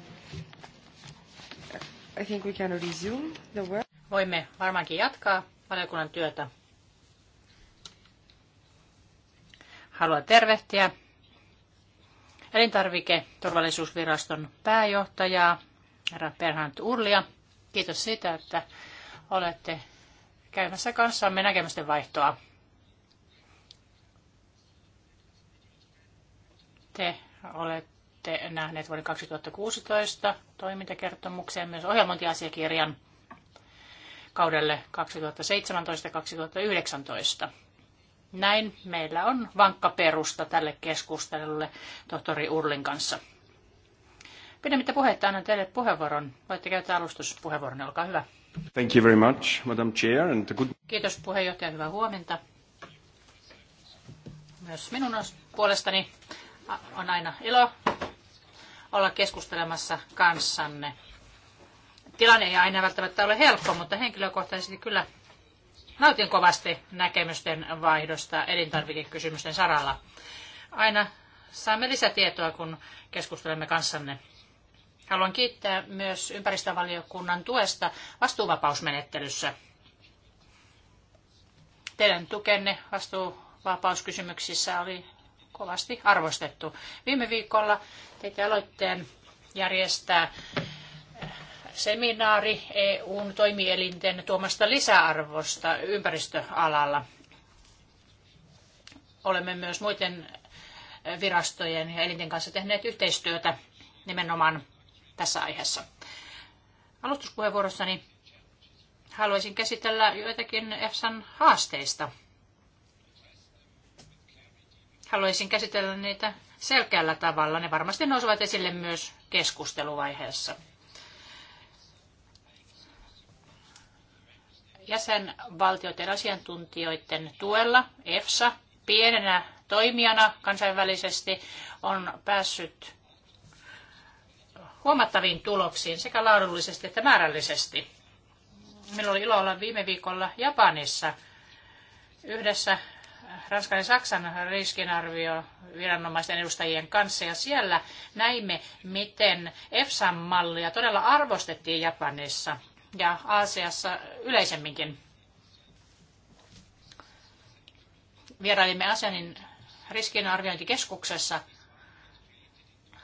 I think we can resume the work. Voimme varmaankin jatkaa valiokunnan työtä. Haluan tervehtiä elintarviketurvallisuusviraston pääjohtajaa, herra Perhant Urlia. Kiitos siitä, että olette käymässä kanssamme näkemysten vaihtoa. Te olette olette nähneet vuoden 2016 toimintakertomuksen myös ohjelmointiasiakirjan kaudelle 2017-2019. Näin meillä on vankka perusta tälle keskustelulle tohtori Urlin kanssa. Pidemmittä puhetta annan teille puheenvuoron. Voitte käyttää alustuspuheenvuoron, olkaa hyvä. Thank you very much, Madam Chair. And good... Kiitos puheenjohtaja, hyvää huomenta. Myös minun puolestani on aina ilo olla keskustelemassa kanssanne. Tilanne ei aina välttämättä ole helppo, mutta henkilökohtaisesti kyllä nautin kovasti näkemysten vaihdosta elintarvikekysymysten saralla. Aina saamme lisätietoa, kun keskustelemme kanssanne. Haluan kiittää myös ympäristövaliokunnan tuesta vastuuvapausmenettelyssä. Teidän tukenne vastuuvapauskysymyksissä oli kovasti arvostettu. Viime viikolla teitä aloitteen järjestää seminaari EUn toimielinten tuomasta lisäarvosta ympäristöalalla. Olemme myös muiden virastojen ja elinten kanssa tehneet yhteistyötä nimenomaan tässä aiheessa. Alustuspuheenvuorossani haluaisin käsitellä joitakin EFSAn haasteista – Haluaisin käsitellä niitä selkeällä tavalla. Ne varmasti nousevat esille myös keskusteluvaiheessa. Jäsenvaltioiden asiantuntijoiden tuella EFSA pienenä toimijana kansainvälisesti on päässyt huomattaviin tuloksiin sekä laadullisesti että määrällisesti. Minulla oli ilo olla viime viikolla Japanissa yhdessä Ranskan ja Saksan riskinarvio viranomaisten edustajien kanssa ja siellä näimme, miten EFSAn mallia todella arvostettiin Japanissa ja Aasiassa yleisemminkin. Vierailimme Asianin riskinarviointikeskuksessa.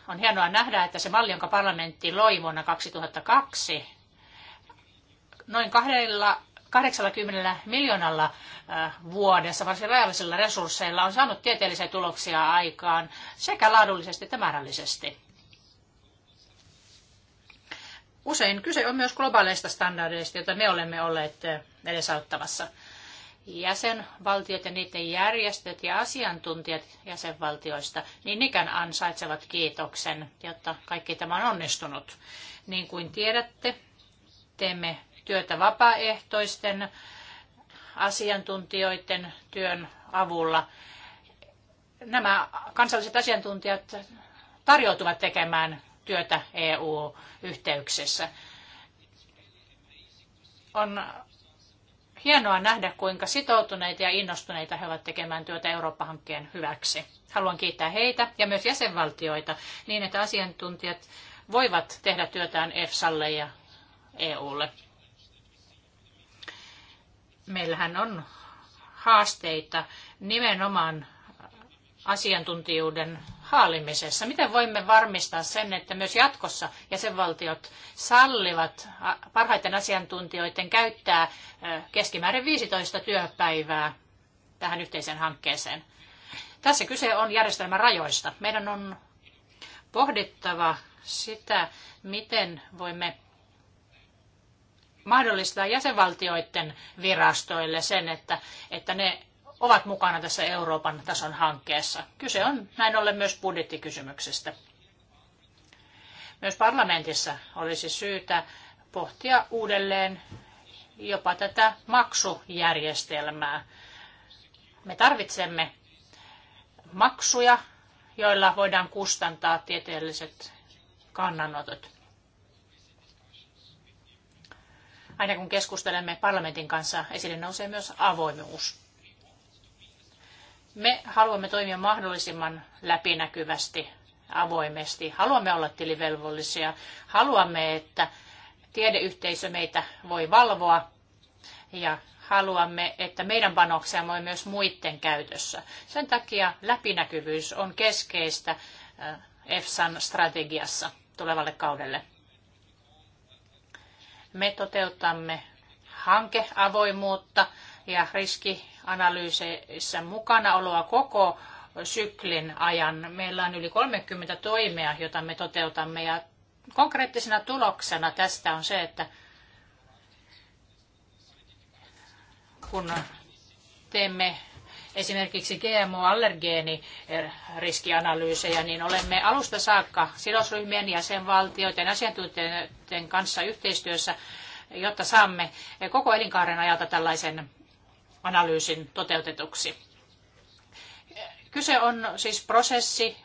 On hienoa nähdä, että se malli, jonka parlamentti loi vuonna 2002, noin kahdella 80 miljoonalla äh, vuodessa varsin rajallisilla resursseilla on saanut tieteellisiä tuloksia aikaan sekä laadullisesti että määrällisesti. Usein kyse on myös globaaleista standardeista, joita me olemme olleet äh, edesauttamassa. Jäsenvaltiot ja niiden järjestöt ja asiantuntijat jäsenvaltioista niin ikään ansaitsevat kiitoksen, jotta kaikki tämä on onnistunut. Niin kuin tiedätte, teemme työtä vapaaehtoisten asiantuntijoiden työn avulla. Nämä kansalliset asiantuntijat tarjoutuvat tekemään työtä EU-yhteyksessä. On hienoa nähdä, kuinka sitoutuneita ja innostuneita he ovat tekemään työtä Eurooppa-hankkeen hyväksi. Haluan kiittää heitä ja myös jäsenvaltioita niin, että asiantuntijat voivat tehdä työtään EFSAlle ja EUlle meillähän on haasteita nimenomaan asiantuntijuuden haalimisessa. Miten voimme varmistaa sen, että myös jatkossa jäsenvaltiot sallivat parhaiten asiantuntijoiden käyttää keskimäärin 15 työpäivää tähän yhteiseen hankkeeseen? Tässä kyse on järjestelmän rajoista. Meidän on pohdittava sitä, miten voimme mahdollistaa jäsenvaltioiden virastoille sen, että, että ne ovat mukana tässä Euroopan tason hankkeessa. Kyse on näin ollen myös budjettikysymyksestä. Myös parlamentissa olisi syytä pohtia uudelleen jopa tätä maksujärjestelmää. Me tarvitsemme maksuja, joilla voidaan kustantaa tieteelliset kannanotot. Aina kun keskustelemme parlamentin kanssa, esille nousee myös avoimuus. Me haluamme toimia mahdollisimman läpinäkyvästi, avoimesti. Haluamme olla tilivelvollisia. Haluamme, että tiedeyhteisö meitä voi valvoa ja haluamme, että meidän panoksemme on myös muiden käytössä. Sen takia läpinäkyvyys on keskeistä eh, EFSAn strategiassa tulevalle kaudelle. Me toteutamme hankeavoimuutta ja riskianalyyseissä mukanaoloa koko syklin ajan. Meillä on yli 30 toimea, jota me toteutamme ja konkreettisena tuloksena tästä on se, että kun teemme esimerkiksi GMO-allergeeniriskianalyysejä, eh, niin olemme alusta saakka sidosryhmien, valtioiden asiantuntijoiden kanssa yhteistyössä, jotta saamme koko elinkaaren ajalta tällaisen analyysin toteutetuksi. Kyse on siis prosessi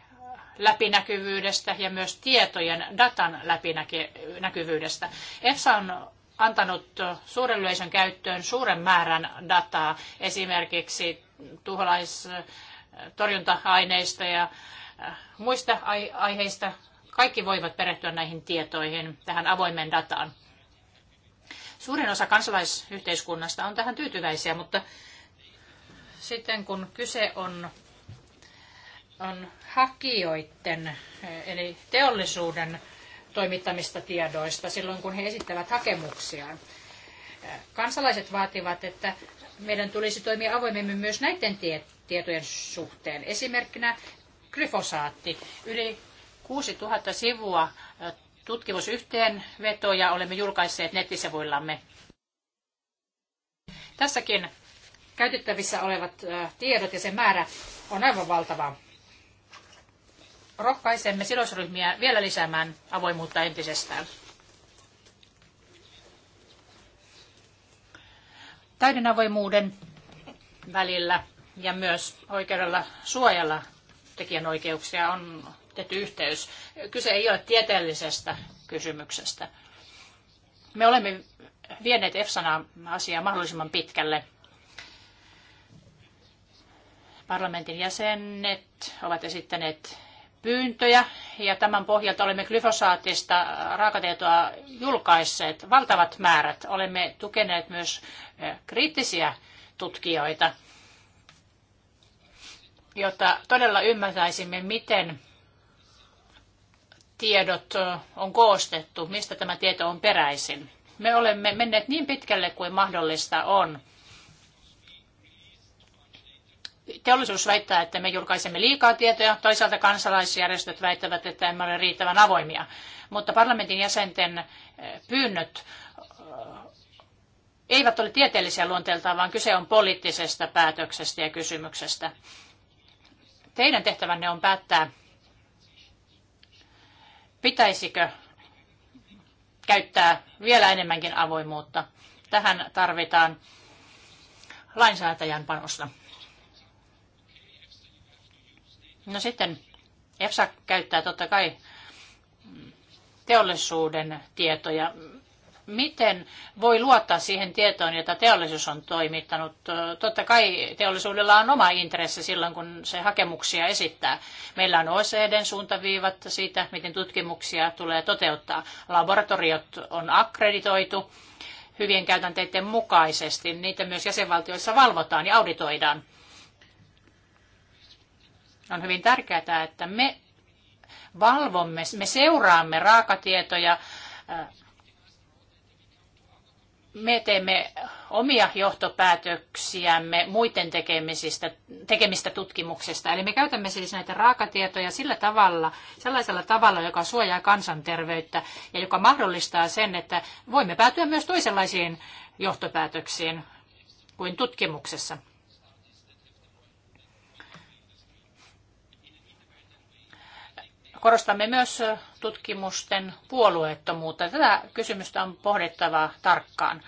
läpinäkyvyydestä ja myös tietojen datan läpinäkyvyydestä. EFSA on antanut suuren yleisön käyttöön suuren määrän dataa, esimerkiksi tuholaistorjunta-aineista ja äh, muista aiheista. Kaikki voivat perehtyä näihin tietoihin, tähän avoimen dataan. Suurin osa kansalaisyhteiskunnasta on tähän tyytyväisiä, mutta sitten kun kyse on, on hakijoiden, eli teollisuuden toimittamista tiedoista silloin, kun he esittävät hakemuksiaan. Kansalaiset vaativat, että meidän tulisi toimia avoimemmin myös näiden tietojen suhteen. Esimerkkinä glyfosaatti. Yli 6000 sivua tutkimusyhteenvetoja olemme julkaisseet nettisivuillamme. Tässäkin käytettävissä olevat tiedot ja sen määrä on aivan valtava. Rohkaisemme sidosryhmiä vielä lisäämään avoimuutta entisestään. täyden avoimuuden välillä ja myös oikeudella suojella tekijänoikeuksia on tehty yhteys. Kyse ei ole tieteellisestä kysymyksestä. Me olemme vieneet EFSANA asiaa mahdollisimman pitkälle. Parlamentin jäsenet ovat esittäneet pyyntöjä ja tämän pohjalta olemme glyfosaatista raakatietoa julkaisseet valtavat määrät. Olemme tukeneet myös kriittisiä tutkijoita, jotta todella ymmärtäisimme, miten tiedot on koostettu, mistä tämä tieto on peräisin. Me olemme menneet niin pitkälle kuin mahdollista on teollisuus väittää, että me julkaisemme liikaa tietoja, toisaalta kansalaisjärjestöt väittävät, että emme ole riittävän avoimia. Mutta parlamentin jäsenten eh, pyynnöt eh, eivät ole tieteellisiä luonteeltaan, vaan kyse on poliittisesta päätöksestä ja kysymyksestä. Teidän tehtävänne on päättää, pitäisikö käyttää vielä enemmänkin avoimuutta. Tähän tarvitaan lainsäätäjän panosta. No sitten EFSA käyttää totta kai teollisuuden tietoja. Miten voi luottaa siihen tietoon, jota teollisuus on toimittanut? Totta kai teollisuudella on oma intressi silloin, kun se hakemuksia esittää. Meillä on OECDn suuntaviivat siitä, miten tutkimuksia tulee toteuttaa. Laboratoriot on akkreditoitu hyvien käytänteiden mukaisesti. Niitä myös jäsenvaltioissa valvotaan ja auditoidaan. On hyvin tärkeää, että me valvomme, me seuraamme raakatietoja, me teemme omia johtopäätöksiämme muiden tekemisistä, tekemistä tutkimuksesta. Eli me käytämme siis näitä raakatietoja sillä tavalla, sellaisella tavalla, joka suojaa kansanterveyttä ja joka mahdollistaa sen, että voimme päätyä myös toisenlaisiin johtopäätöksiin kuin tutkimuksessa. korostamme myös tutkimusten puolueettomuutta. Tätä kysymystä on pohdittava tarkkaan.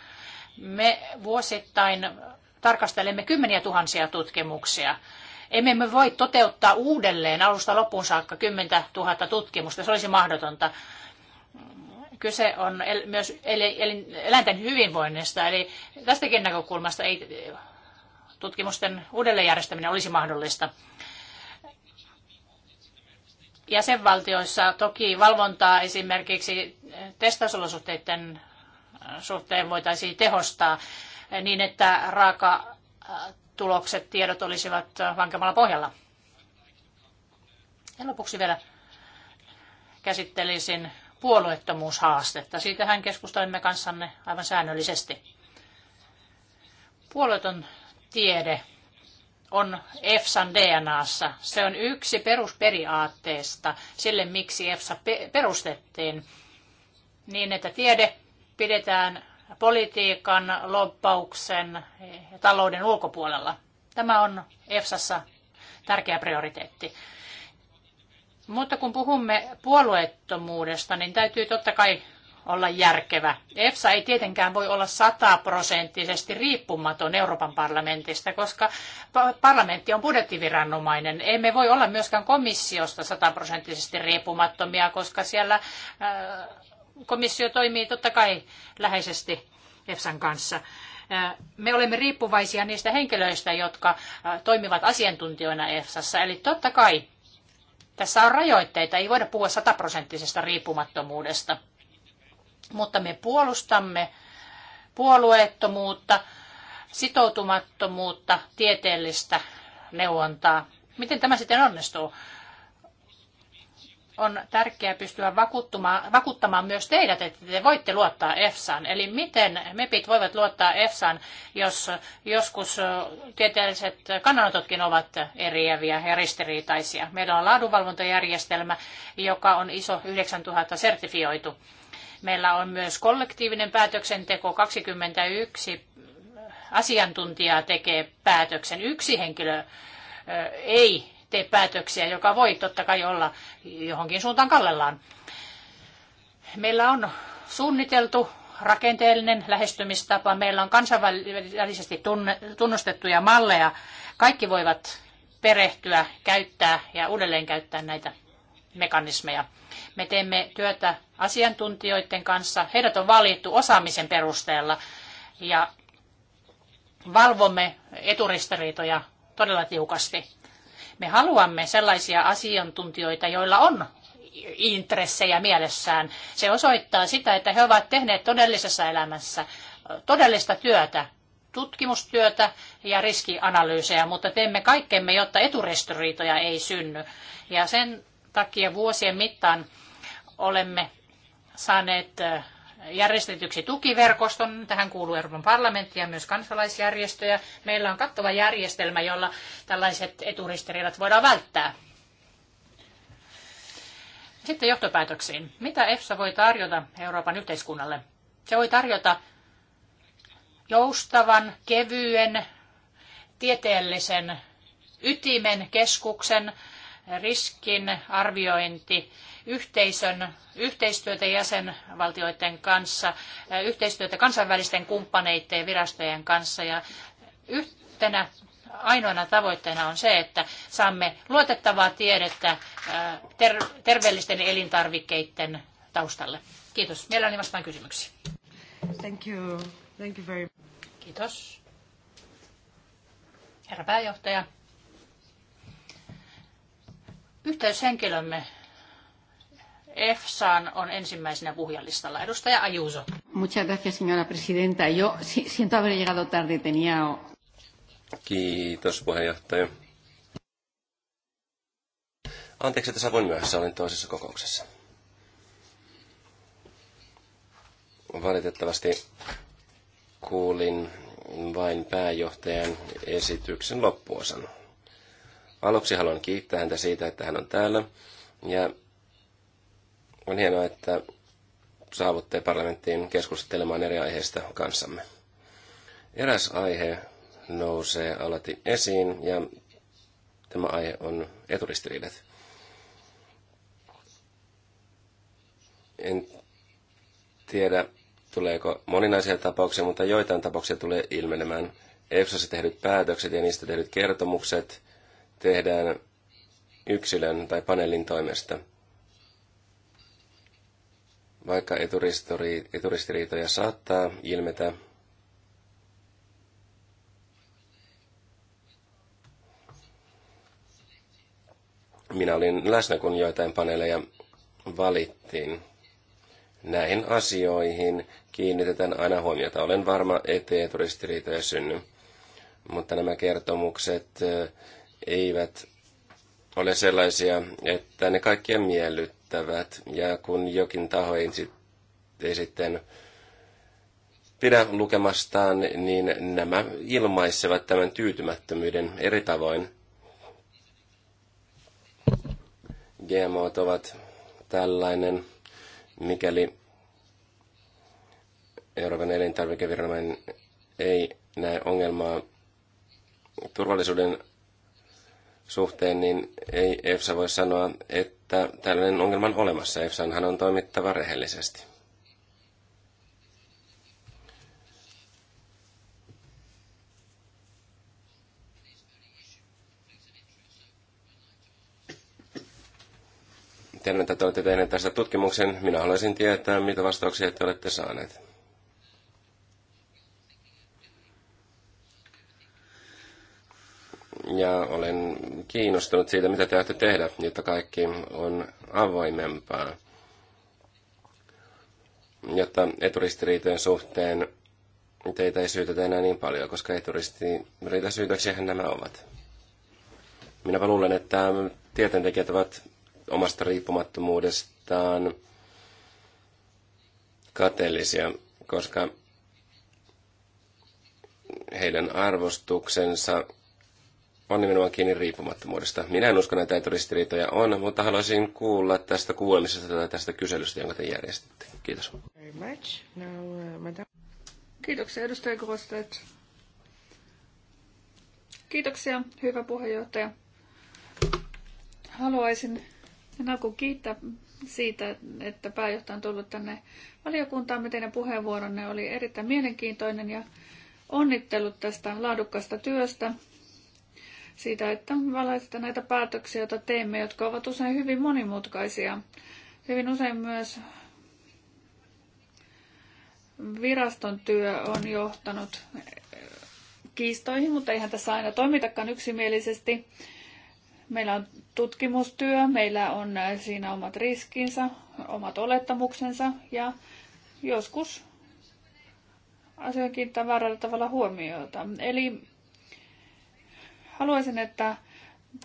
Me vuosittain tarkastelemme kymmeniä tuhansia tutkimuksia. Emme me voi toteuttaa uudelleen alusta loppuun saakka 10 000 tutkimusta, se olisi mahdotonta. Kyse on el- myös el- el- eläinten hyvinvoinnista, eli tästäkin näkökulmasta ei tutkimusten uudelleenjärjestäminen olisi mahdollista jäsenvaltioissa toki valvontaa esimerkiksi testausolosuhteiden suhteen voitaisiin tehostaa niin, että raaka tulokset tiedot olisivat vankemmalla pohjalla. Ja lopuksi vielä käsittelisin puolueettomuushaastetta. Siitähän keskustelimme kanssanne aivan säännöllisesti. Puolueeton tiede on EFSAn DNAssa. Se on yksi perusperiaatteesta sille, miksi EFSA perustettiin, niin että tiede pidetään politiikan, loppauksen ja talouden ulkopuolella. Tämä on EFSassa tärkeä prioriteetti. Mutta kun puhumme puolueettomuudesta, niin täytyy totta kai olla järkevä. EFSA ei tietenkään voi olla sataprosenttisesti riippumaton Euroopan parlamentista, koska parlamentti on budjettiviranomainen. Emme voi olla myöskään komissiosta sataprosenttisesti riippumattomia, koska siellä äh, komissio toimii totta kai läheisesti EFSAn kanssa. Äh, me olemme riippuvaisia niistä henkilöistä, jotka äh, toimivat asiantuntijoina EFSassa. Eli totta kai tässä on rajoitteita, ei voida puhua sataprosenttisesta riippumattomuudesta mutta me puolustamme puolueettomuutta, sitoutumattomuutta, tieteellistä neuvontaa. Miten tämä sitten onnistuu? On tärkeää pystyä vakuuttamaan myös teidät, että te voitte luottaa EFSAan. Eli miten MEPit voivat luottaa EFSAan, jos joskus tieteelliset kannanototkin ovat eriäviä ja ristiriitaisia. Meillä on laadunvalvontajärjestelmä, joka on ISO 9000 sertifioitu. Meillä on myös kollektiivinen päätöksenteko 21 asiantuntijaa tekee päätöksen. Yksi henkilö ei tee päätöksiä, joka voi totta kai olla johonkin suuntaan kallellaan. Meillä on suunniteltu rakenteellinen lähestymistapa. Meillä on kansainvälisesti tunnustettuja malleja. Kaikki voivat perehtyä, käyttää ja uudelleen käyttää näitä mekanismeja. Me teemme työtä asiantuntijoiden kanssa. Heidät on valittu osaamisen perusteella ja valvomme eturistiriitoja todella tiukasti. Me haluamme sellaisia asiantuntijoita, joilla on intressejä mielessään. Se osoittaa sitä, että he ovat tehneet todellisessa elämässä todellista työtä, tutkimustyötä ja riskianalyysejä, mutta teemme kaikkemme, jotta eturistiriitoja ei synny. Ja sen takia vuosien mittaan olemme saaneet järjestetyksi tukiverkoston. Tähän kuuluu Euroopan parlamentti ja myös kansalaisjärjestöjä. Meillä on kattava järjestelmä, jolla tällaiset eturistiriidat voidaan välttää. Sitten johtopäätöksiin. Mitä EFSA voi tarjota Euroopan yhteiskunnalle? Se voi tarjota joustavan, kevyen, tieteellisen ytimen, keskuksen, riskin arviointi, yhteisön, yhteistyötä jäsenvaltioiden kanssa, äh, yhteistyötä kansainvälisten kumppaneiden ja virastojen kanssa. Ja yhtenä ainoana tavoitteena on se, että saamme luotettavaa tiedettä äh, ter- terveellisten elintarvikkeiden taustalle. Kiitos. Mielelläni vastaan kysymyksiin. Thank you. Thank you very... Kiitos. Herra pääjohtaja. Yhteyshenkilömme EFSAan on ensimmäisenä puhujalistalla. Edustaja Ajuso. Muchas gracias, señora presidenta. Yo siento haber llegado tarde, tenía... Kiitos, puheenjohtaja. Anteeksi, että savuin myöhässä, olin toisessa kokouksessa. Valitettavasti kuulin vain pääjohtajan esityksen loppuosan. Aluksi haluan kiittää häntä siitä, että hän on täällä. Ja on hienoa, että saavutte parlamenttiin keskustelemaan eri aiheista kanssamme. Eräs aihe nousee alati esiin ja tämä aihe on eturistiriidat. En tiedä, tuleeko moninaisia tapauksia, mutta joitain tapauksia tulee ilmenemään. EFSAssa tehdyt päätökset ja niistä tehdyt kertomukset – tehdään yksilön tai paneelin toimesta. Vaikka eturistiriitoja saattaa ilmetä, minä olin läsnä, kun joitain paneeleja valittiin. Näihin asioihin kiinnitetään aina huomiota. Olen varma, ettei eturistiriitoja synny. Mutta nämä kertomukset eivät ole sellaisia, että ne kaikkia miellyttävät. Ja kun jokin taho ei, sit, ei sitten pidä lukemastaan, niin nämä ilmaisevat tämän tyytymättömyyden eri tavoin. GMO ovat tällainen, mikäli Euroopan elintarvikeviranomainen ei näe ongelmaa turvallisuuden suhteen, niin ei EFSA voi sanoa, että tällainen ongelma on olemassa. EFSAnhan on toimittava rehellisesti. Tiedän, että te olette tehneet tästä tutkimuksen. Minä haluaisin tietää, mitä vastauksia te olette saaneet. ja olen kiinnostunut siitä, mitä te olette tehdä, jotta kaikki on avoimempaa. Jotta eturistiriitojen suhteen teitä ei syytetä enää niin paljon, koska eturistiriitasyytöksiähän nämä ovat. vaan luulen, että tieteentekijät ovat omasta riippumattomuudestaan kateellisia, koska heidän arvostuksensa on nimenomaan kiinni riippumattomuudesta. Minä en usko näitä ristiriitoja on, mutta haluaisin kuulla tästä kuulemisesta tai tästä kyselystä, jonka te järjestitte. Kiitos. Uh, Kiitoksia edustaja Grostet. Kiitoksia, hyvä puheenjohtaja. Haluaisin alkuun kiittää siitä, että pääjohtaja on tullut tänne valiokuntaan. Teidän puheenvuoronne oli erittäin mielenkiintoinen ja onnittelut tästä laadukkaasta työstä siitä, että valaisitte näitä päätöksiä, joita teemme, jotka ovat usein hyvin monimutkaisia. Hyvin usein myös viraston työ on johtanut kiistoihin, mutta eihän tässä aina toimitakaan yksimielisesti. Meillä on tutkimustyö, meillä on siinä omat riskinsä, omat olettamuksensa ja joskus asioinkin tavalla huomiota. Eli Haluaisin, että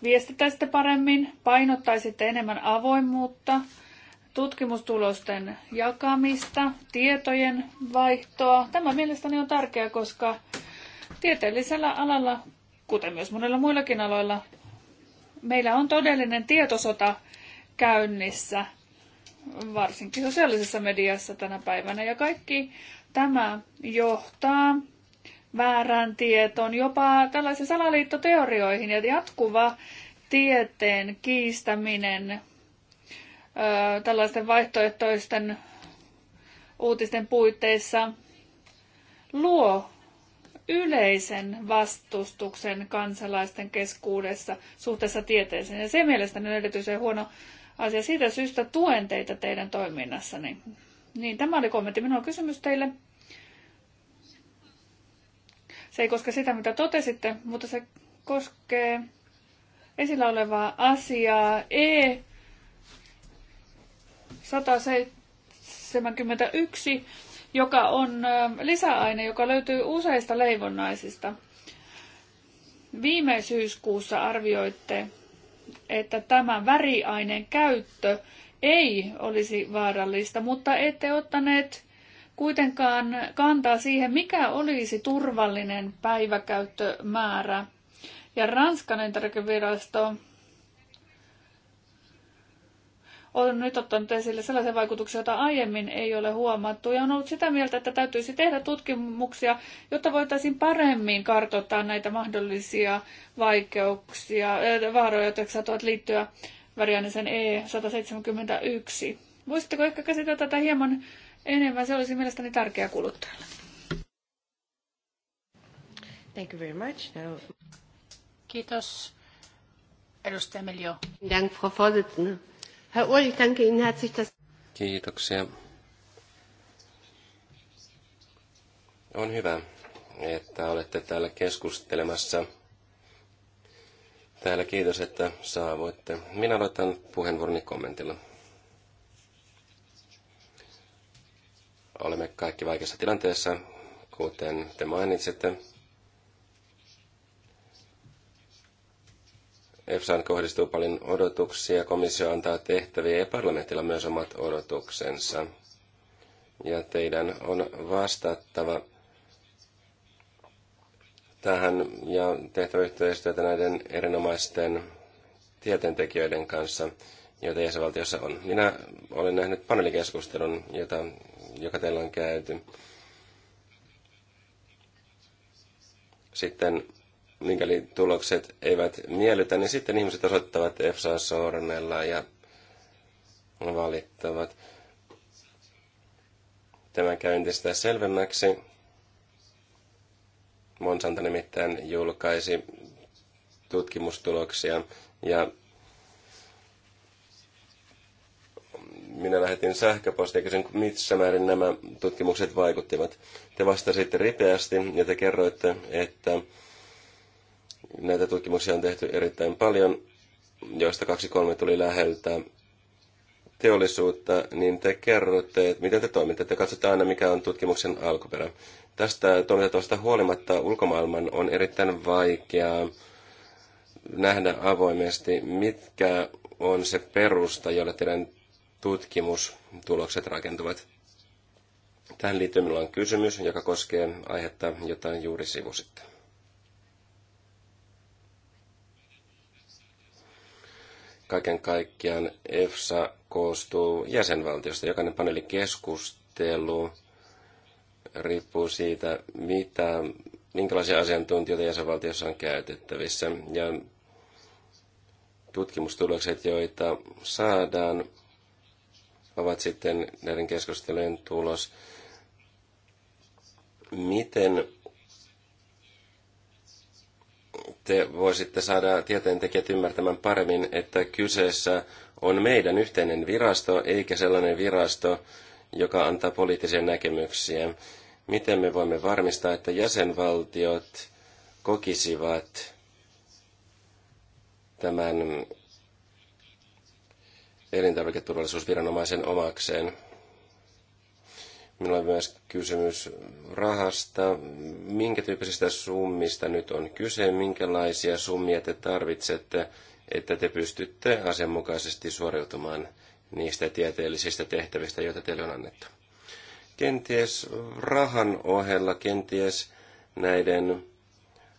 viestittäisitte paremmin, painottaisitte enemmän avoimuutta, tutkimustulosten jakamista, tietojen vaihtoa. Tämä mielestäni on tärkeää, koska tieteellisellä alalla, kuten myös monilla muillakin aloilla, meillä on todellinen tietosota käynnissä, varsinkin sosiaalisessa mediassa tänä päivänä. Ja kaikki tämä johtaa väärään tietoon, jopa tällaisiin salaliittoteorioihin ja jatkuva tieteen kiistäminen ö, tällaisten vaihtoehtoisten uutisten puitteissa luo yleisen vastustuksen kansalaisten keskuudessa suhteessa tieteeseen. Ja se mielestäni on erityisen huono asia. Siitä syystä tuen teitä teidän toiminnassanne. Niin, tämä oli kommentti. Minulla on kysymys teille. Se ei koske sitä, mitä totesitte, mutta se koskee esillä olevaa asiaa E 171, joka on lisäaine, joka löytyy useista leivonnaisista. Viime syyskuussa arvioitte, että tämän väriaineen käyttö ei olisi vaarallista, mutta ette ottaneet kuitenkaan kantaa siihen, mikä olisi turvallinen päiväkäyttömäärä. Ja Ranskan elintarvikevirasto on nyt ottanut esille sellaisia vaikutuksia, joita aiemmin ei ole huomattu. Ja on ollut sitä mieltä, että täytyisi tehdä tutkimuksia, jotta voitaisiin paremmin kartoittaa näitä mahdollisia vaikeuksia, äh, vaaroja, jotka saattavat liittyä väriaineeseen E171. Voisitteko ehkä käsitellä tätä hieman enemmän. Se olisi mielestäni tärkeää kuluttajalle. Thank you very much. Now... Kiitos. Edustaja Melio. Dank, Frau Vorsitzende. Herr Uhl, ich danke Ihnen herzlich, dass... Kiitoksia. On hyvä, että olette täällä keskustelemassa. Täällä kiitos, että saavuitte. Minä aloitan puheenvuoroni kommentilla. Olemme kaikki vaikeassa tilanteessa, kuten te mainitsitte. EFSAan kohdistuu paljon odotuksia, komissio antaa tehtäviä ja parlamentilla myös omat odotuksensa. Ja teidän on vastattava tähän ja tehtävä yhteistyötä näiden erinomaisten tieteentekijöiden kanssa, joita jäsenvaltiossa on. Minä olen nähnyt paneelikeskustelun, jota joka teillä on käyty. Sitten mikäli tulokset eivät miellytä, niin sitten ihmiset osoittavat EFSA sormella ja valittavat. Tämä käynti sitä selvemmäksi. Monsanto nimittäin julkaisi tutkimustuloksia ja minä lähetin sähköpostia ja kysyin, missä määrin nämä tutkimukset vaikuttivat. Te vastasitte ripeästi ja te kerroitte, että näitä tutkimuksia on tehty erittäin paljon, joista kaksi kolme tuli läheltä teollisuutta, niin te kerrotte, että miten te toimitte. Te katsotte aina, mikä on tutkimuksen alkuperä. Tästä toimintatavasta huolimatta ulkomaailman on erittäin vaikeaa nähdä avoimesti, mitkä on se perusta, jolla teidän tutkimustulokset rakentuvat. Tähän liittyen minulla on kysymys, joka koskee aihetta, jota juuri sivusitte. Kaiken kaikkiaan EFSA koostuu jäsenvaltiosta. Jokainen paneelikeskustelu riippuu siitä, mitä, minkälaisia asiantuntijoita jäsenvaltiossa on käytettävissä. Ja tutkimustulokset, joita saadaan, ovat sitten näiden keskustelujen tulos. Miten te voisitte saada tieteentekijät ymmärtämään paremmin, että kyseessä on meidän yhteinen virasto, eikä sellainen virasto, joka antaa poliittisia näkemyksiä. Miten me voimme varmistaa, että jäsenvaltiot kokisivat tämän elintarviketurvallisuusviranomaisen omakseen. Minulla on myös kysymys rahasta. Minkä tyyppisistä summista nyt on kyse? Minkälaisia summia te tarvitsette, että te pystytte asianmukaisesti suoriutumaan niistä tieteellisistä tehtävistä, joita teille on annettu? Kenties rahan ohella, kenties näiden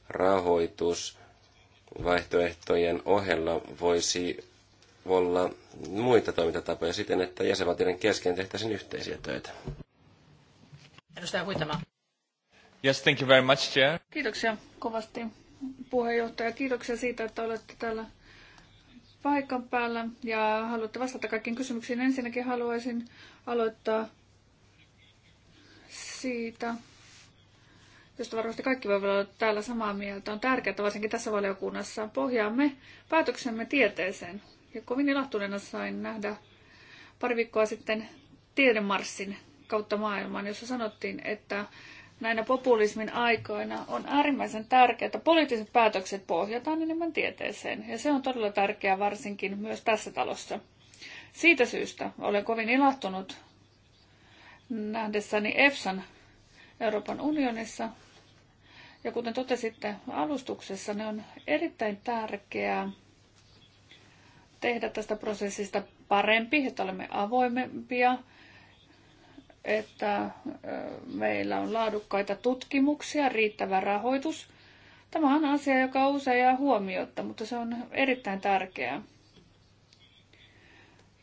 rahoitusvaihtoehtojen ohella voisi olla muita toimintatapoja siten, että jäsenvaltioiden kesken tehtäisiin yhteisiä töitä. Edustaja Huitama. Yes, thank you very much, Chair. Kiitoksia kovasti puheenjohtaja. Kiitoksia siitä, että olette täällä paikan päällä ja haluatte vastata kaikkiin kysymyksiin. Ensinnäkin haluaisin aloittaa siitä, josta varmasti kaikki voi olla täällä samaa mieltä. On tärkeää, varsinkin tässä valiokunnassa, pohjaamme päätöksemme tieteeseen. Ja kovin ilahtuneena sain nähdä pari viikkoa sitten tiedemarssin kautta maailman, jossa sanottiin, että näinä populismin aikoina on äärimmäisen tärkeää, että poliittiset päätökset pohjataan enemmän tieteeseen. Ja se on todella tärkeää varsinkin myös tässä talossa. Siitä syystä olen kovin ilahtunut nähdessäni EFSAn Euroopan unionissa. Ja kuten totesitte alustuksessa, ne on erittäin tärkeää tehdä tästä prosessista parempi, että olemme avoimempia, että meillä on laadukkaita tutkimuksia, riittävä rahoitus. Tämä on asia, joka usein jää huomiotta, mutta se on erittäin tärkeää.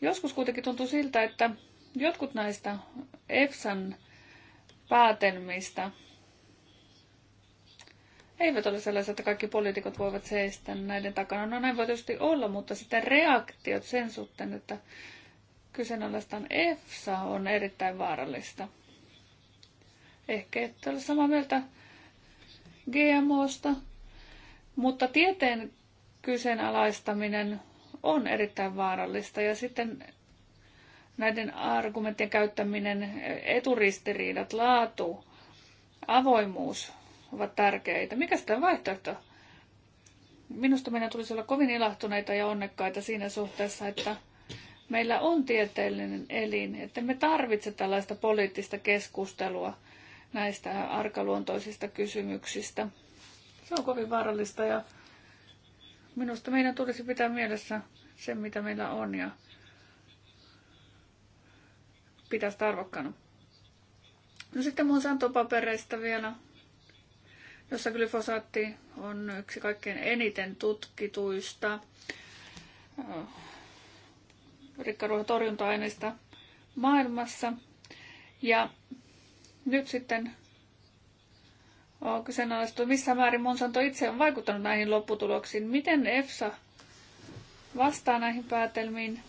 Joskus kuitenkin tuntuu siltä, että jotkut näistä EFSAn päätelmistä eivät ole sellaisia, että kaikki poliitikot voivat seistä näiden takana. No näin voi tietysti olla, mutta sitten reaktiot sen suhteen, että kyseenalaistaan EFSA on erittäin vaarallista. Ehkä ette ole samaa mieltä GMOsta, mutta tieteen kyseenalaistaminen on erittäin vaarallista ja sitten näiden argumenttien käyttäminen, eturistiriidat, laatu, avoimuus, ovat tärkeitä. Mikä sitä on vaihtoehto? Minusta meidän tulisi olla kovin ilahtuneita ja onnekkaita siinä suhteessa, että meillä on tieteellinen elin, että me tarvitse tällaista poliittista keskustelua näistä arkaluontoisista kysymyksistä. Se on kovin vaarallista ja minusta meidän tulisi pitää mielessä se, mitä meillä on ja pitää sitä No sitten mun santopapereista vielä jossa glyfosaatti on yksi kaikkein eniten tutkituista äh, rikkaruohotorjunta aineista maailmassa. Ja nyt sitten on kyseenalaistu, missä määrin Monsanto itse on vaikuttanut näihin lopputuloksiin. Miten EFSA vastaa näihin päätelmiin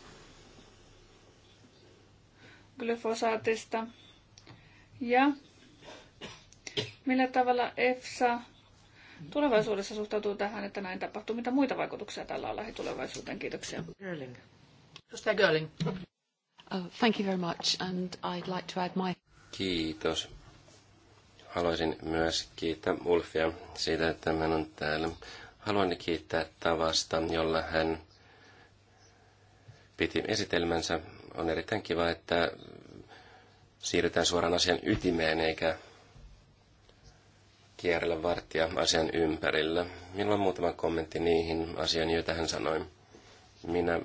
glyfosaatista? Ja Millä tavalla EFSA tulevaisuudessa suhtautuu tähän, että näin tapahtuu? Mitä muita vaikutuksia tällä on lähitulevaisuuteen? Kiitoksia. Görling. Edustaja Görling. Oh, thank you very much, and I'd like to add my... Kiitos. Haluaisin myös kiittää Ulfia siitä, että hän on täällä. Haluan kiittää tavasta, jolla hän piti esitelmänsä. On erittäin kiva, että siirrytään suoraan asian ytimeen eikä kierrellä varttia asian ympärillä. Minulla on muutama kommentti niihin asioihin, joita hän sanoi. Minä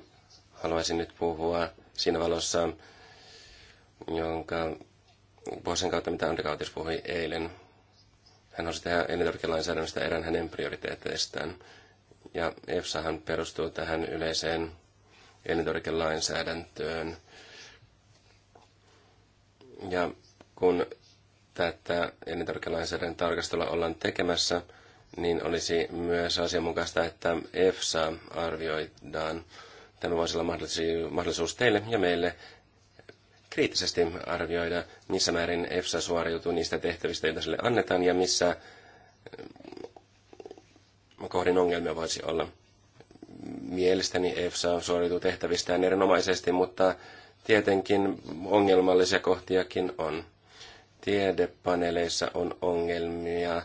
haluaisin nyt puhua siinä valossa, jonka vuosien kautta, mitä Andri Kautis puhui eilen. Hän halusi tehdä energialainsäädännöstä erään hänen prioriteeteistään. Ja EFSAhan perustuu tähän yleiseen elintarvikelainsäädäntöön. Ja kun tätä elintarvikelainsäädännön tarkastelua ollaan tekemässä, niin olisi myös asianmukaista, että EFSA arvioidaan. Tämä voisi olla mahdollisuus teille ja meille kriittisesti arvioida, missä määrin EFSA suoriutuu niistä tehtävistä, joita sille annetaan, ja missä mm, kohdin ongelmia voisi olla. Mielestäni EFSA suoriutuu tehtävistään erinomaisesti, mutta tietenkin ongelmallisia kohtiakin on tiedepaneeleissa on ongelmia.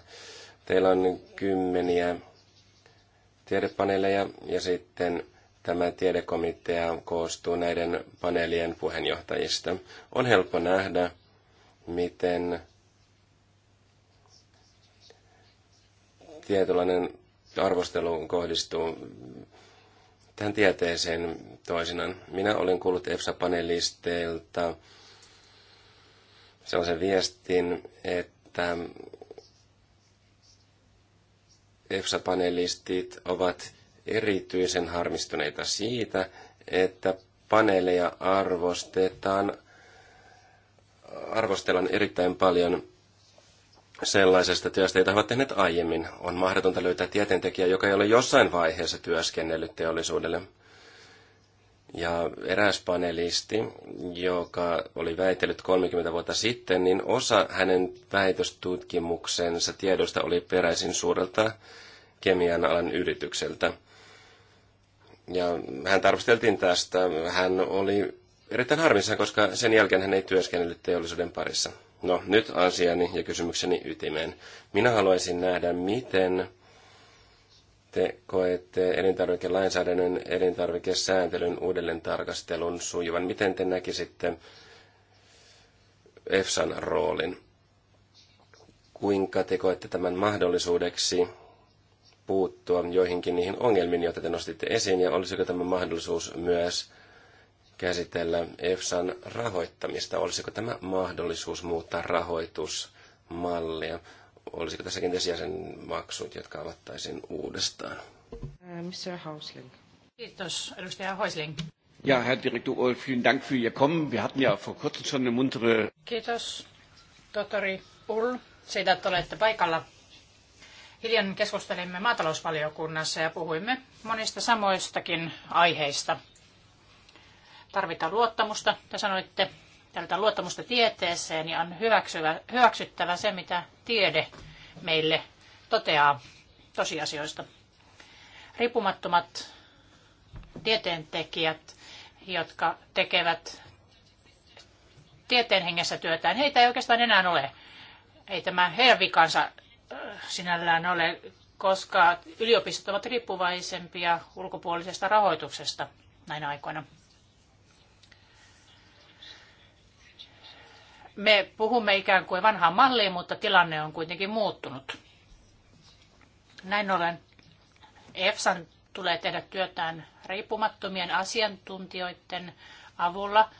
Teillä on kymmeniä tiedepaneeleja ja sitten tämä tiedekomitea koostuu näiden paneelien puheenjohtajista. On helppo nähdä, miten tietynlainen arvostelu kohdistuu tähän tieteeseen toisinaan. Minä olen kuullut EFSA-panelisteilta sellaisen viestin, että EFSA-panelistit ovat erityisen harmistuneita siitä, että paneeleja arvostetaan, arvostellaan erittäin paljon sellaisesta työstä, jota he ovat tehneet aiemmin. On mahdotonta löytää tieteentekijä, joka ei ole jossain vaiheessa työskennellyt teollisuudelle. Ja eräs panelisti, joka oli väitellyt 30 vuotta sitten, niin osa hänen väitöstutkimuksensa tiedosta oli peräisin suurelta kemian alan yritykseltä. Ja hän tarkasteltiin tästä. Hän oli erittäin harmissaan, koska sen jälkeen hän ei työskennellyt teollisuuden parissa. No, nyt asiani ja kysymykseni ytimeen. Minä haluaisin nähdä, miten te koette elintarvikelainsäädännön, elintarvikesääntelyn uudelleen tarkastelun sujuvan. Miten te näkisitte EFSAn roolin? Kuinka te koette tämän mahdollisuudeksi puuttua joihinkin niihin ongelmiin, joita te nostitte esiin, ja olisiko tämä mahdollisuus myös käsitellä EFSAn rahoittamista? Olisiko tämä mahdollisuus muuttaa rahoitusmallia? olisiko tässä kenties jäsenmaksut, jotka avattaisiin uudestaan? Äh, Mr. Hausling. Kiitos, edustaja Häusling. Ja, Herr Direktor Ohl, vielen Dank für Ihr Kommen. Wir hatten ja vor kurzem schon eine muntere... Kiitos, Totori Ull, siitä, että olette paikalla. Hiljan keskustelimme maatalousvaliokunnassa ja puhuimme monista samoistakin aiheista. Tarvitaan luottamusta, te sanoitte, tältä luottamusta tieteeseen ja on hyväksyvä, hyväksyttävä se, mitä tiede meille toteaa tosiasioista. Riippumattomat tieteentekijät, jotka tekevät tieteen hengessä työtään, heitä ei oikeastaan enää ole. Ei tämä heidän vikansa äh, sinällään ole, koska yliopistot ovat riippuvaisempia ulkopuolisesta rahoituksesta näinä aikoina. Me puhumme ikään kuin vanhaan malliin, mutta tilanne on kuitenkin muuttunut. Näin ollen EFSAn tulee tehdä työtään riippumattomien asiantuntijoiden avulla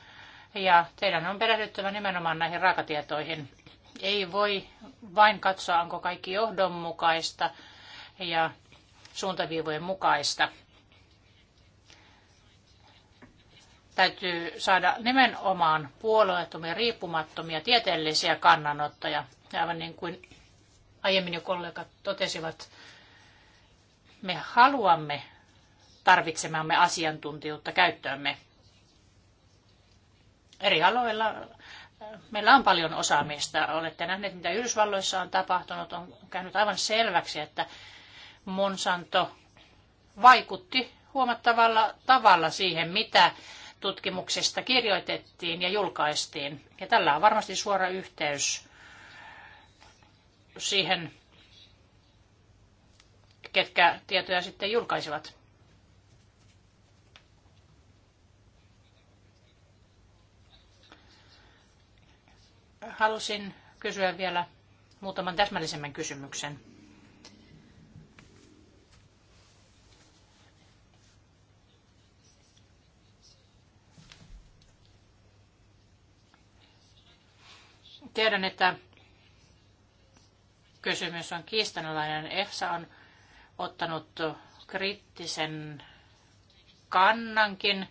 ja teidän on perehdyttävä nimenomaan näihin raakatietoihin. Ei voi vain katsoa, onko kaikki johdonmukaista ja suuntaviivojen mukaista. täytyy saada nimenomaan puolueettomia, riippumattomia, tieteellisiä kannanottoja. Ja aivan niin kuin aiemmin jo kollegat totesivat, me haluamme tarvitsemamme asiantuntijuutta käyttöömme. Eri aloilla äh, meillä on paljon osaamista. Olette nähneet, mitä Yhdysvalloissa on tapahtunut. On käynyt aivan selväksi, että Monsanto vaikutti huomattavalla tavalla siihen, mitä Tutkimuksesta kirjoitettiin ja julkaistiin. Ja tällä on varmasti suora yhteys siihen, ketkä tietoja sitten julkaisivat. Halusin kysyä vielä muutaman täsmällisemmän kysymyksen. Tiedän, että kysymys on kiistanalainen. EFSA on ottanut kriittisen kannankin.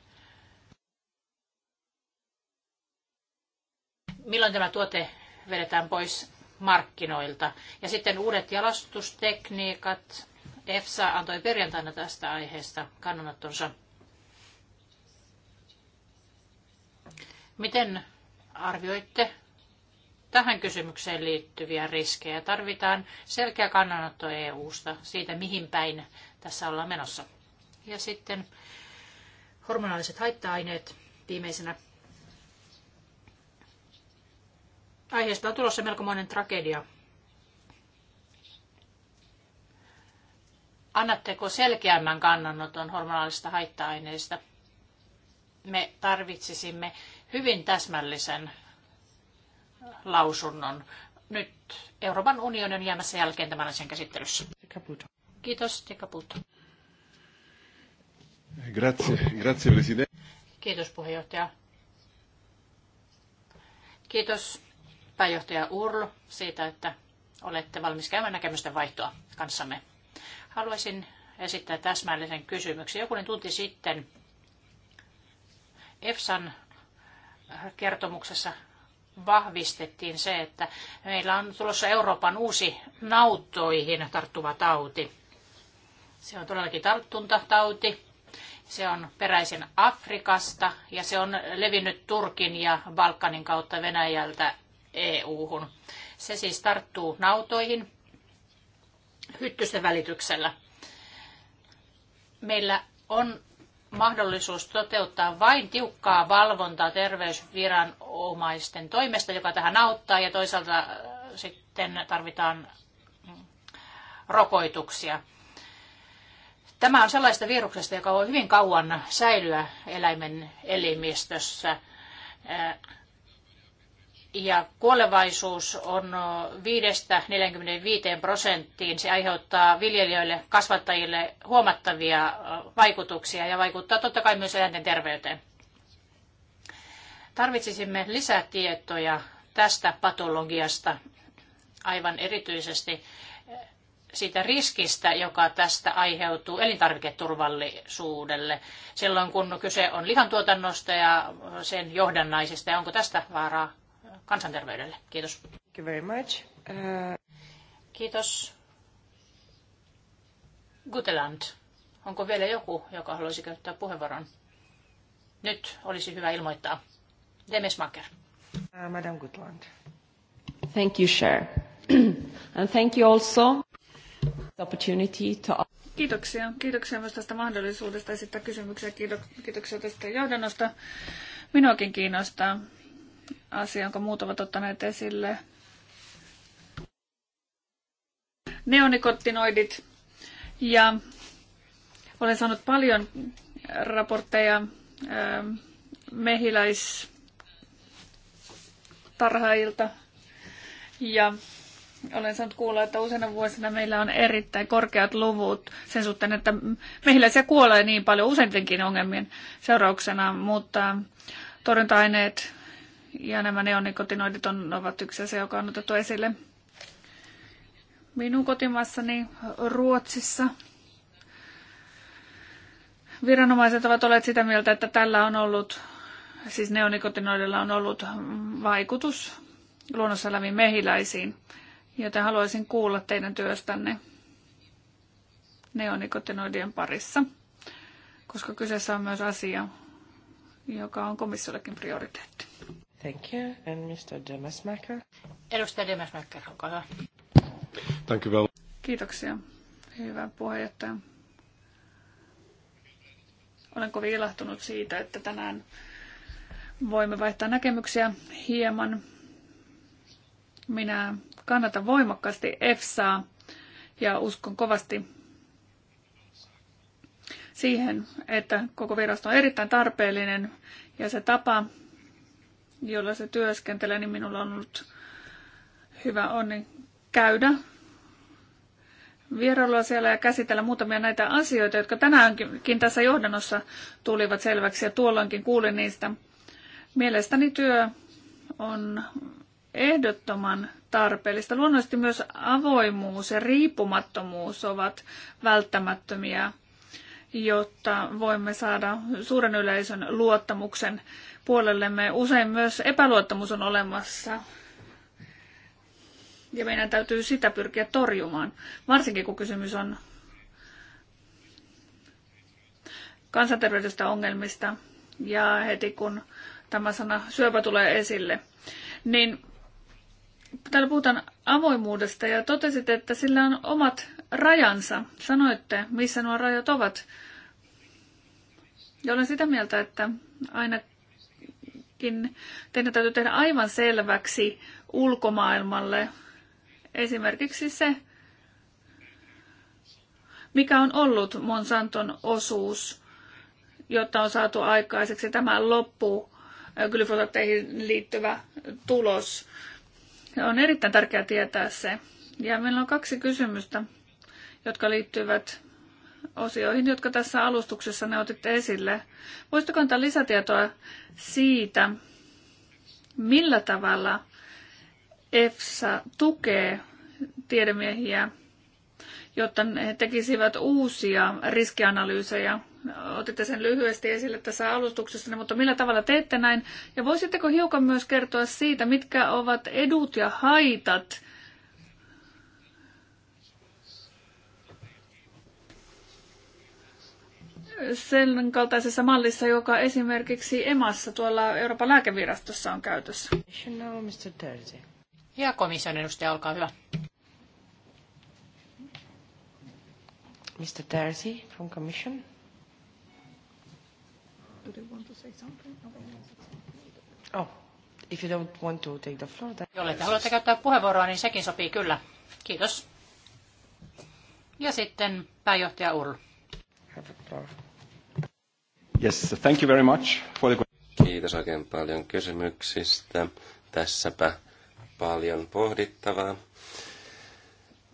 Milloin tämä tuote vedetään pois markkinoilta? Ja sitten uudet jalastustekniikat. EFSA antoi perjantaina tästä aiheesta kannanottonsa. Miten arvioitte tähän kysymykseen liittyviä riskejä. Tarvitaan selkeä kannanotto EU-sta siitä, mihin päin tässä ollaan menossa. Ja sitten hormonaaliset haitta-aineet viimeisenä. Aiheesta on tulossa melkomoinen tragedia. Annatteko selkeämmän kannanoton hormonaalista haitta-aineista? Me tarvitsisimme hyvin täsmällisen lausunnon. Nyt Euroopan unionin jäämässä jälkeen tämän asian käsittelyssä. Kiitos, Tekaputo. Grazie, grazie presidente. Kiitos puheenjohtaja. Kiitos pääjohtaja Urlo siitä, että olette valmis käymään näkemysten vaihtoa kanssamme. Haluaisin esittää täsmällisen kysymyksen. Jokunen tunti sitten EFSAn kertomuksessa vahvistettiin se, että meillä on tulossa Euroopan uusi nautoihin tarttuva tauti. Se on todellakin tarttuntatauti. Se on peräisin Afrikasta ja se on levinnyt Turkin ja Balkanin kautta Venäjältä EU-hun. Se siis tarttuu nautoihin hyttysten välityksellä. Meillä on mahdollisuus toteuttaa vain tiukkaa valvontaa terveysviranomaisten toimesta, joka tähän auttaa, ja toisaalta äh, sitten tarvitaan mm, rokoituksia. Tämä on sellaista viruksesta, joka voi hyvin kauan säilyä eläimen elimistössä. Äh, ja kuolevaisuus on 5-45 prosenttiin. Se aiheuttaa viljelijöille, kasvattajille huomattavia vaikutuksia ja vaikuttaa totta kai myös eläinten terveyteen. Tarvitsisimme lisätietoja tästä patologiasta, aivan erityisesti siitä riskistä, joka tästä aiheutuu elintarviketurvallisuudelle silloin, kun kyse on lihantuotannosta ja sen johdannaisista. Ja onko tästä vaaraa kansanterveydelle. Kiitos. Thank you very much. Uh... Kiitos. Guteland, onko vielä joku, joka haluaisi käyttää puheenvuoron? Nyt olisi hyvä ilmoittaa. Demesmaker. Uh, Madam Gutland. Thank you, Chair. And thank you also the opportunity to... Kiitoksia. Kiitoksia myös tästä mahdollisuudesta esittää kysymyksiä. Kiitoksia tästä johdannosta. Minuakin kiinnostaa asia, jonka muut ovat ottaneet esille. Neonikottinoidit. Ja olen saanut paljon raportteja ähm, mehiläistarhailta. Ja olen saanut kuulla, että useina vuosina meillä on erittäin korkeat luvut sen suhteen, että mehiläisiä kuolee niin paljon useintenkin ongelmien seurauksena, mutta torjunta-aineet ja nämä neonikotinoidit on, ovat yksi asia, joka on otettu esille. Minun kotimaassani Ruotsissa viranomaiset ovat olleet sitä mieltä, että tällä on ollut, siis neonikotinoidilla on ollut vaikutus luonnossa läpi mehiläisiin, joten haluaisin kuulla teidän työstänne neonikotinoidien parissa, koska kyseessä on myös asia, joka on komissiollekin prioriteetti. Thank you. And Mr. Demasmaker. Edustaja Demasmaker, olkaa hyvä. Thank you Kiitoksia. Hyvä puheenjohtaja. Olen kovin ilahtunut siitä, että tänään voimme vaihtaa näkemyksiä hieman. Minä kannatan voimakkaasti EFSAa ja uskon kovasti siihen, että koko virasto on erittäin tarpeellinen ja se tapa, jolla se työskentelee, niin minulla on ollut hyvä onni käydä vierailua siellä ja käsitellä muutamia näitä asioita, jotka tänäänkin tässä johdannossa tulivat selväksi ja tuolloinkin kuulin niistä. Mielestäni työ on ehdottoman tarpeellista. Luonnollisesti myös avoimuus ja riippumattomuus ovat välttämättömiä, jotta voimme saada suuren yleisön luottamuksen puolellemme usein myös epäluottamus on olemassa. Ja meidän täytyy sitä pyrkiä torjumaan, varsinkin kun kysymys on kansanterveydestä ongelmista ja heti kun tämä sana syöpä tulee esille, niin täällä puhutaan avoimuudesta ja totesit, että sillä on omat rajansa. Sanoitte, missä nuo rajat ovat. Ja olen sitä mieltä, että aina kuitenkin teidän täytyy tehdä aivan selväksi ulkomaailmalle esimerkiksi se, mikä on ollut Monsanton osuus, jotta on saatu aikaiseksi tämä loppu glyfosateihin liittyvä tulos. On erittäin tärkeää tietää se. Ja meillä on kaksi kysymystä, jotka liittyvät osioihin, jotka tässä alustuksessa ne otitte esille. Voisitko antaa lisätietoa siitä, millä tavalla EFSA tukee tiedemiehiä, jotta he tekisivät uusia riskianalyysejä? Otitte sen lyhyesti esille tässä alustuksessa, mutta millä tavalla teette näin? Ja voisitteko hiukan myös kertoa siitä, mitkä ovat edut ja haitat – sen kaltaisessa mallissa, joka esimerkiksi EMassa tuolla Euroopan lääkevirastossa on käytössä. Ja komission edustaja, olkaa hyvä. Mr. Terzi from Commission. Do they want to say something? Oh, if you don't want to take the floor, then... Jolle te haluatte käyttää puheenvuoroa, niin sekin sopii kyllä. Kiitos. Ja sitten pääjohtaja Url. Have a floor. Yes, thank you very much for the... Kiitos oikein paljon kysymyksistä. Tässäpä paljon pohdittavaa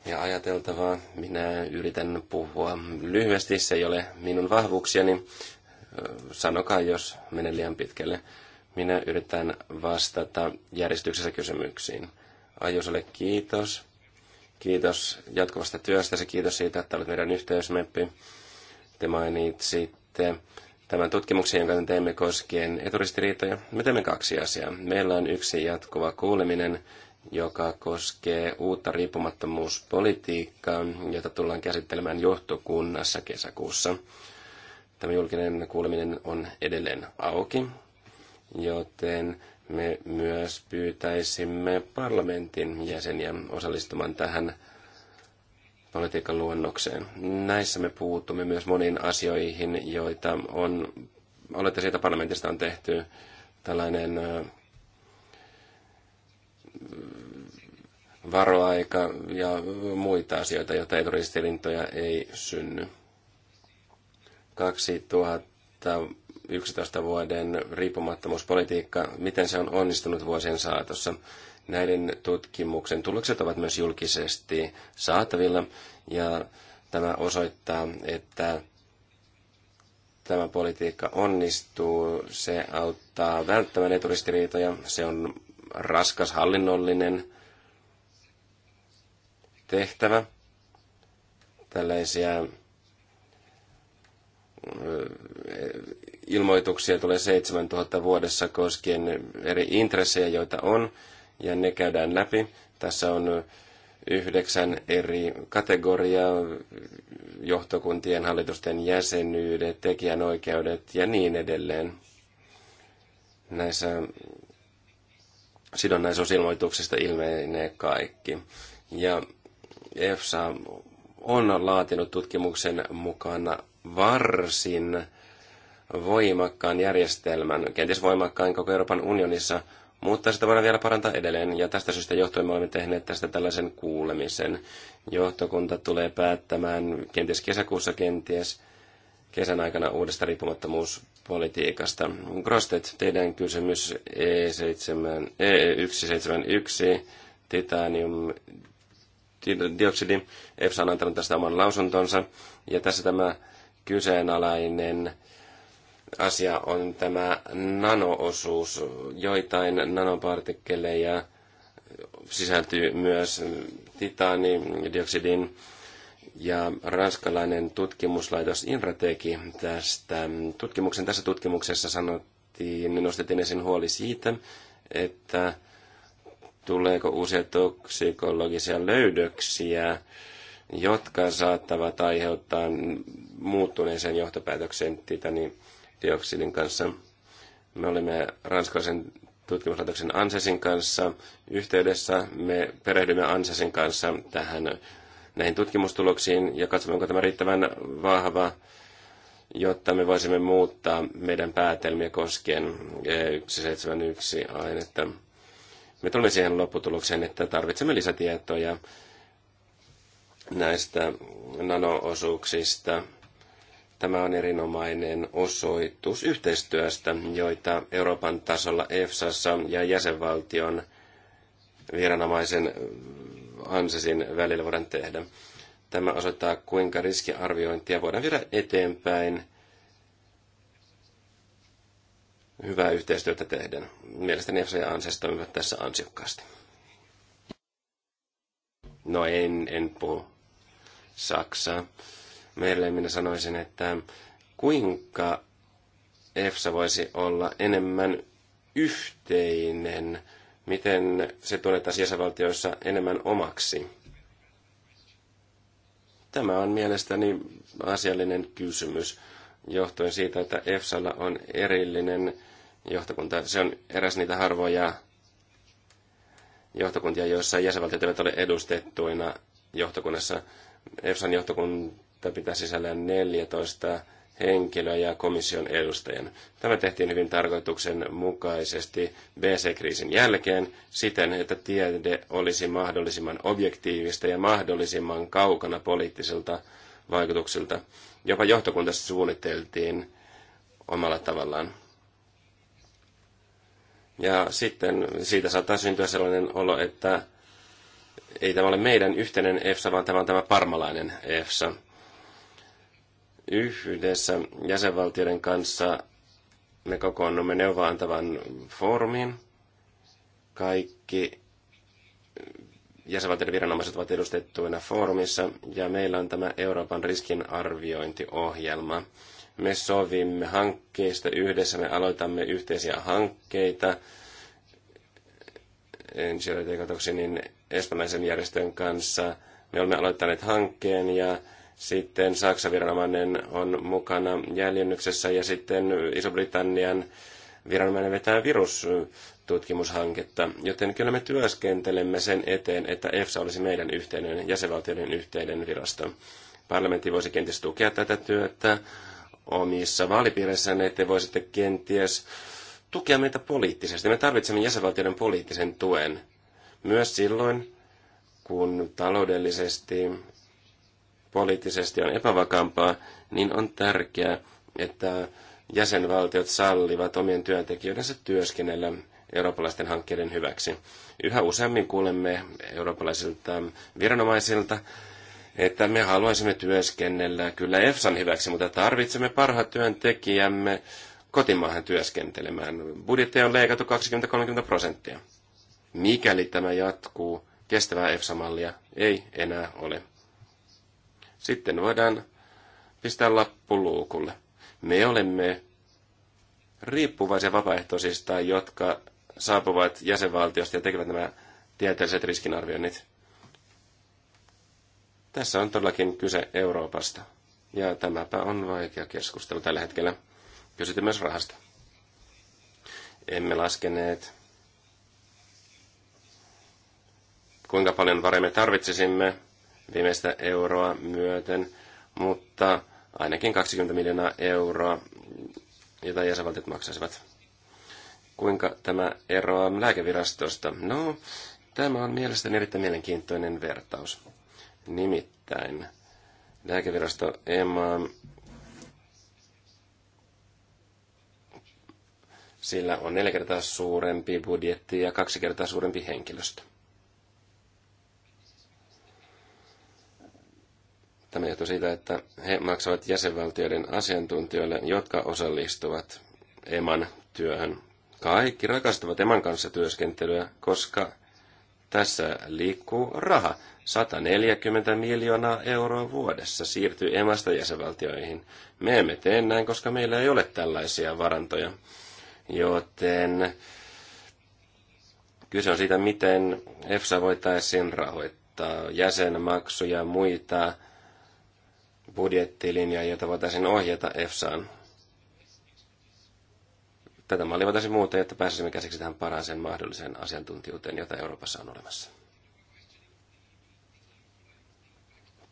ja ajateltavaa. Minä yritän puhua lyhyesti, se ei ole minun vahvuuksiani. Sanokaa, jos menen liian pitkälle. Minä yritän vastata järjestyksessä kysymyksiin. Ajoselle kiitos. Kiitos jatkuvasta työstäsi, kiitos siitä, että olet meidän yhteysmeppi. Te mainitsitte tämän tutkimuksen, jonka teemme koskien eturistiriitoja, me teemme kaksi asiaa. Meillä on yksi jatkuva kuuleminen, joka koskee uutta riippumattomuuspolitiikkaa, jota tullaan käsittelemään johtokunnassa kesäkuussa. Tämä julkinen kuuleminen on edelleen auki, joten me myös pyytäisimme parlamentin jäseniä osallistumaan tähän politiikan luonnokseen. Näissä me puutumme myös moniin asioihin, joita on, olette siitä parlamentista on tehty tällainen varoaika ja muita asioita, joita eturistiriintoja ei synny. 2011 vuoden riippumattomuuspolitiikka, miten se on onnistunut vuosien saatossa? Näiden tutkimuksen tulokset ovat myös julkisesti saatavilla ja tämä osoittaa, että tämä politiikka onnistuu. Se auttaa välttämään eturistiriitoja. Se on raskas hallinnollinen tehtävä. Tällaisia ilmoituksia tulee 7000 vuodessa koskien eri intressejä, joita on ja ne käydään läpi. Tässä on yhdeksän eri kategoriaa, johtokuntien hallitusten jäsenyydet, tekijänoikeudet ja niin edelleen. Näissä sidonnaisuusilmoituksista ilmenee kaikki. Ja EFSA on laatinut tutkimuksen mukana varsin voimakkaan järjestelmän, kenties voimakkaan koko Euroopan unionissa, mutta sitä voidaan vielä parantaa edelleen, ja tästä syystä johtuen me olemme tehneet tästä tällaisen kuulemisen. Johtokunta tulee päättämään kenties kesäkuussa, kenties kesän aikana uudesta riippumattomuuspolitiikasta. Grostet, teidän kysymys E7, E171, titanium, dioksidi. EFSA on antanut tästä oman lausuntonsa, ja tässä tämä kyseenalainen asia on tämä nanoosuus. Joitain nanopartikkeleja sisältyy myös titaanidioksidin ja ranskalainen tutkimuslaitos Inrateki tästä tutkimuksen. Tässä tutkimuksessa sanottiin, nostettiin esiin huoli siitä, että tuleeko uusia toksikologisia löydöksiä, jotka saattavat aiheuttaa muuttuneeseen johtopäätökseen titanin hiilidioksidin kanssa. Me olimme ranskalaisen tutkimuslaitoksen ANSESin kanssa yhteydessä. Me perehdymme ANSESin kanssa tähän näihin tutkimustuloksiin ja katsomme, onko tämä riittävän vahva, jotta me voisimme muuttaa meidän päätelmiä koskien 171 ainetta. Me tulemme siihen lopputulokseen, että tarvitsemme lisätietoja näistä nanoosuuksista Tämä on erinomainen osoitus yhteistyöstä, joita Euroopan tasolla EFSassa ja jäsenvaltion viranomaisen ansesin välillä voidaan tehdä. Tämä osoittaa, kuinka riskiarviointia voidaan viedä eteenpäin hyvää yhteistyötä tehden. Mielestäni EFSA ja ANSES toimivat tässä ansiokkaasti. No en, en puhu Saksaa. Merle minä sanoisin, että kuinka EFSA voisi olla enemmän yhteinen, miten se tunnetaan jäsenvaltioissa enemmän omaksi? Tämä on mielestäni asiallinen kysymys, johtuen siitä, että EFSAlla on erillinen johtokunta. Se on eräs niitä harvoja johtokuntia, joissa jäsenvaltiot eivät ole edustettuina johtokunnassa. EFSAn johtokunta että pitää sisällään 14 henkilöä ja komission edustajan. Tämä tehtiin hyvin tarkoituksenmukaisesti BC-kriisin jälkeen siten, että tiede olisi mahdollisimman objektiivista ja mahdollisimman kaukana poliittisilta vaikutuksilta. Jopa johtokunta suunniteltiin omalla tavallaan. Ja sitten siitä saattaa syntyä sellainen olo, että ei tämä ole meidän yhteinen EFSA, vaan tämä on tämä parmalainen EFSA – yhdessä jäsenvaltioiden kanssa me kokoonnumme neuvoantavan foorumiin. Kaikki jäsenvaltioiden viranomaiset ovat edustettuina foorumissa ja meillä on tämä Euroopan riskinarviointiohjelma. Me sovimme hankkeista yhdessä, me aloitamme yhteisiä hankkeita Engineering niin espanjaisen järjestön kanssa. Me olemme aloittaneet hankkeen ja sitten Saksan viranomainen on mukana jäljennyksessä ja sitten Iso-Britannian viranomainen vetää virustutkimushanketta. Joten kyllä me työskentelemme sen eteen, että EFSA olisi meidän yhteinen, jäsenvaltioiden yhteinen virasto. Parlamentti voisi kenties tukea tätä työtä omissa vaalipiireissänne, että voisitte kenties tukea meitä poliittisesti. Me tarvitsemme jäsenvaltioiden poliittisen tuen myös silloin, kun taloudellisesti poliittisesti on epävakaampaa, niin on tärkeää, että jäsenvaltiot sallivat omien työntekijöidensä työskennellä eurooppalaisten hankkeiden hyväksi. Yhä useammin kuulemme eurooppalaisilta viranomaisilta, että me haluaisimme työskennellä kyllä EFSAn hyväksi, mutta tarvitsemme parhaat työntekijämme kotimaahan työskentelemään. Budjetti on leikattu 20-30 prosenttia. Mikäli tämä jatkuu, kestävää EFSA-mallia ei enää ole. Sitten voidaan pistää lappu luukulle. Me olemme riippuvaisia vapaaehtoisista, jotka saapuvat jäsenvaltiosta ja tekevät nämä tieteelliset riskinarvioinnit. Tässä on todellakin kyse Euroopasta. Ja tämäpä on vaikea keskustelu tällä hetkellä. Kysytte myös rahasta. Emme laskeneet, kuinka paljon varemme tarvitsisimme viimeistä euroa myöten, mutta ainakin 20 miljoonaa euroa, jota jäsenvaltiot maksaisivat. Kuinka tämä eroaa lääkevirastosta? No, tämä on mielestäni erittäin mielenkiintoinen vertaus. Nimittäin lääkevirasto EMA sillä on neljä kertaa suurempi budjetti ja kaksi kertaa suurempi henkilöstö. Tämä johtuu siitä, että he maksavat jäsenvaltioiden asiantuntijoille, jotka osallistuvat EMAN työhön. Kaikki rakastavat EMAN kanssa työskentelyä, koska tässä liikkuu raha. 140 miljoonaa euroa vuodessa siirtyy emasta jäsenvaltioihin. Me emme tee näin, koska meillä ei ole tällaisia varantoja. Joten kyse on siitä, miten EFSA voitaisiin rahoittaa jäsenmaksuja, ja muita budjettilinjaa, jota voitaisiin ohjata EFSAan. Tätä mallia voitaisiin muuta, jotta pääsisimme käsiksi tähän parhaaseen mahdolliseen asiantuntijuuteen, jota Euroopassa on olemassa.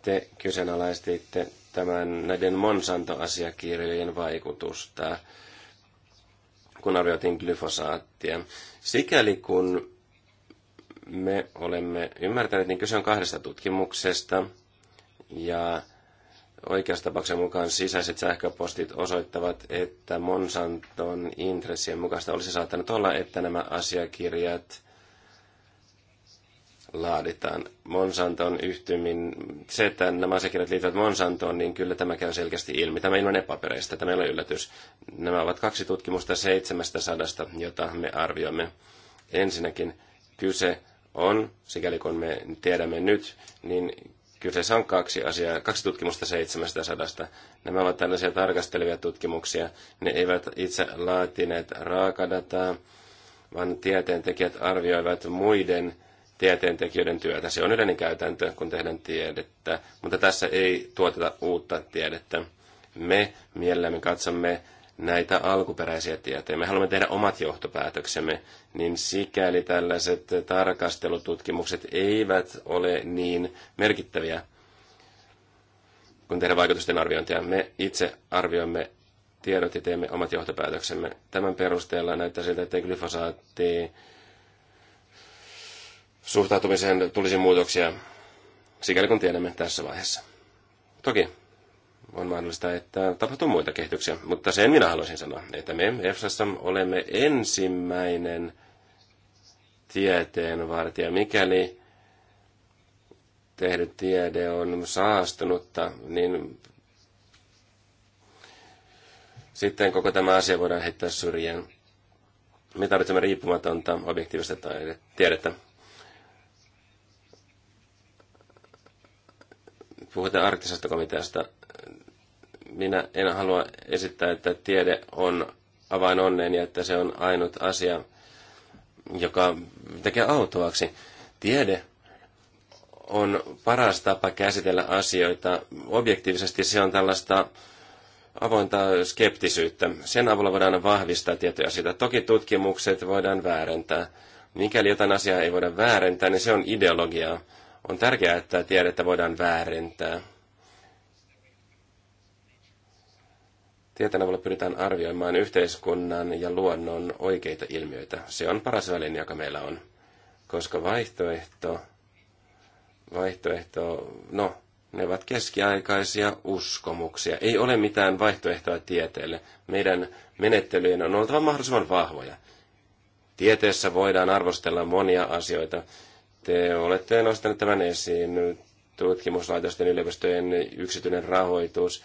Te kyseenalaistitte tämän näiden Monsanto-asiakirjojen vaikutusta, kun arvioitiin glyfosaattia. Sikäli kun me olemme ymmärtäneet, niin kyse on kahdesta tutkimuksesta, ja tapauksessa mukaan sisäiset sähköpostit osoittavat, että Monsanton intressien mukaista olisi saattanut olla, että nämä asiakirjat laaditaan Monsanton yhtymin. Se, että nämä asiakirjat liittyvät Monsantoon, niin kyllä tämä käy selkeästi ilmi. Tämä ilmenee papereista, tämä ei ole yllätys. Nämä ovat kaksi tutkimusta 700, jota me arvioimme. Ensinnäkin kyse on, sikäli kun me tiedämme nyt, niin Kyseessä on kaksi asiaa, kaksi tutkimusta 700. Nämä ovat tällaisia tarkastelevia tutkimuksia. Ne eivät itse laatineet raakadataa, vaan tieteentekijät arvioivat muiden tieteentekijöiden työtä. Se on yleinen käytäntö, kun tehdään tiedettä, mutta tässä ei tuoteta uutta tiedettä. Me mielellämme katsomme näitä alkuperäisiä tietoja. Me haluamme tehdä omat johtopäätöksemme, niin sikäli tällaiset tarkastelututkimukset eivät ole niin merkittäviä kun tehdään vaikutusten arviointia. Me itse arvioimme tiedot ja teemme omat johtopäätöksemme. Tämän perusteella näyttää siltä, että glyfosaatti suhtautumiseen tulisi muutoksia, sikäli kun tiedämme tässä vaiheessa. Toki on mahdollista, että tapahtuu muita kehityksiä. Mutta sen minä haluaisin sanoa, että me EFSAssa olemme ensimmäinen tieteenvartija. Mikäli tehnyt tiede on saastunutta, niin sitten koko tämä asia voidaan heittää syrjään. Me tarvitsemme riippumatonta objektiivista tiedettä. Puhutaan arktisesta komiteasta minä en halua esittää, että tiede on avain onneen ja että se on ainut asia, joka tekee autoaksi. Tiede on paras tapa käsitellä asioita. Objektiivisesti se on tällaista avointa skeptisyyttä. Sen avulla voidaan vahvistaa tietoja siitä. Toki tutkimukset voidaan väärentää. Mikäli jotain asiaa ei voida väärentää, niin se on ideologiaa. On tärkeää, että tiedettä voidaan väärentää. Tieteen avulla pyritään arvioimaan yhteiskunnan ja luonnon oikeita ilmiöitä. Se on paras väline, joka meillä on. Koska vaihtoehto, vaihtoehto, no, ne ovat keskiaikaisia uskomuksia. Ei ole mitään vaihtoehtoa tieteelle. Meidän menettelyjen on oltava mahdollisimman vahvoja. Tieteessä voidaan arvostella monia asioita. Te olette nostaneet tämän esiin tutkimuslaitosten yliopistojen yksityinen rahoitus,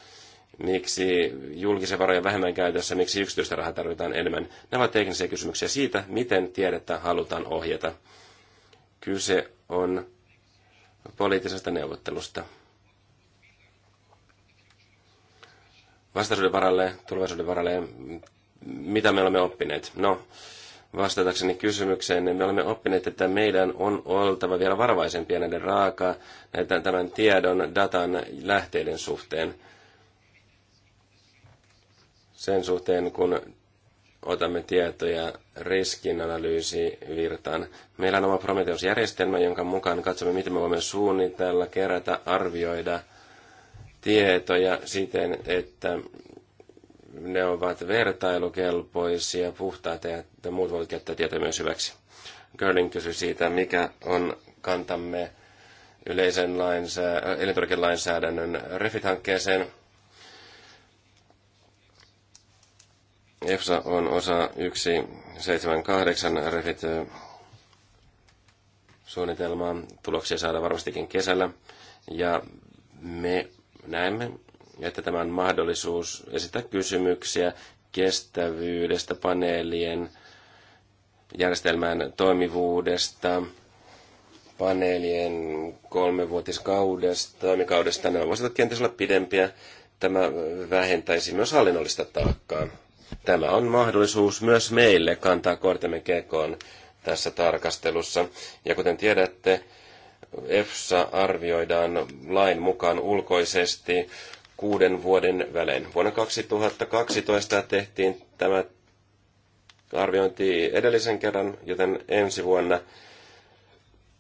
miksi julkisen varoja vähemmän käytössä, miksi yksityistä rahaa tarvitaan enemmän. Nämä ovat teknisiä kysymyksiä siitä, miten tiedettä halutaan ohjata. Kyse on poliittisesta neuvottelusta. Vastaisuuden varalle, tulevaisuuden varalle, mitä me olemme oppineet? No, vastatakseni kysymykseen, niin me olemme oppineet, että meidän on oltava vielä varovaisempia näiden raakaa, tämän tiedon, datan lähteiden suhteen – sen suhteen, kun otamme tietoja riskinanalyysi virtaan. Meillä on oma Prometheus-järjestelmä, jonka mukaan katsomme, miten me voimme suunnitella, kerätä, arvioida tietoja siten, että ne ovat vertailukelpoisia, puhtaita ja että muut voivat käyttää tietoja myös hyväksi. Görling kysyi siitä, mikä on kantamme yleisen lainsää, elintarvikelainsäädännön refit-hankkeeseen. EFSA on osa 178 refit suunnitelmaa. Tuloksia saada varmastikin kesällä. Ja me näemme, että tämä on mahdollisuus esittää kysymyksiä kestävyydestä, paneelien järjestelmän toimivuudesta, paneelien kolmevuotiskaudesta, toimikaudesta. Nämä voisivat kenties olla pidempiä. Tämä vähentäisi myös hallinnollista taakkaa. Tämä on mahdollisuus myös meille kantaa kortemme kekoon tässä tarkastelussa. Ja kuten tiedätte, EFSA arvioidaan lain mukaan ulkoisesti kuuden vuoden välein. Vuonna 2012 tehtiin tämä arviointi edellisen kerran, joten ensi vuonna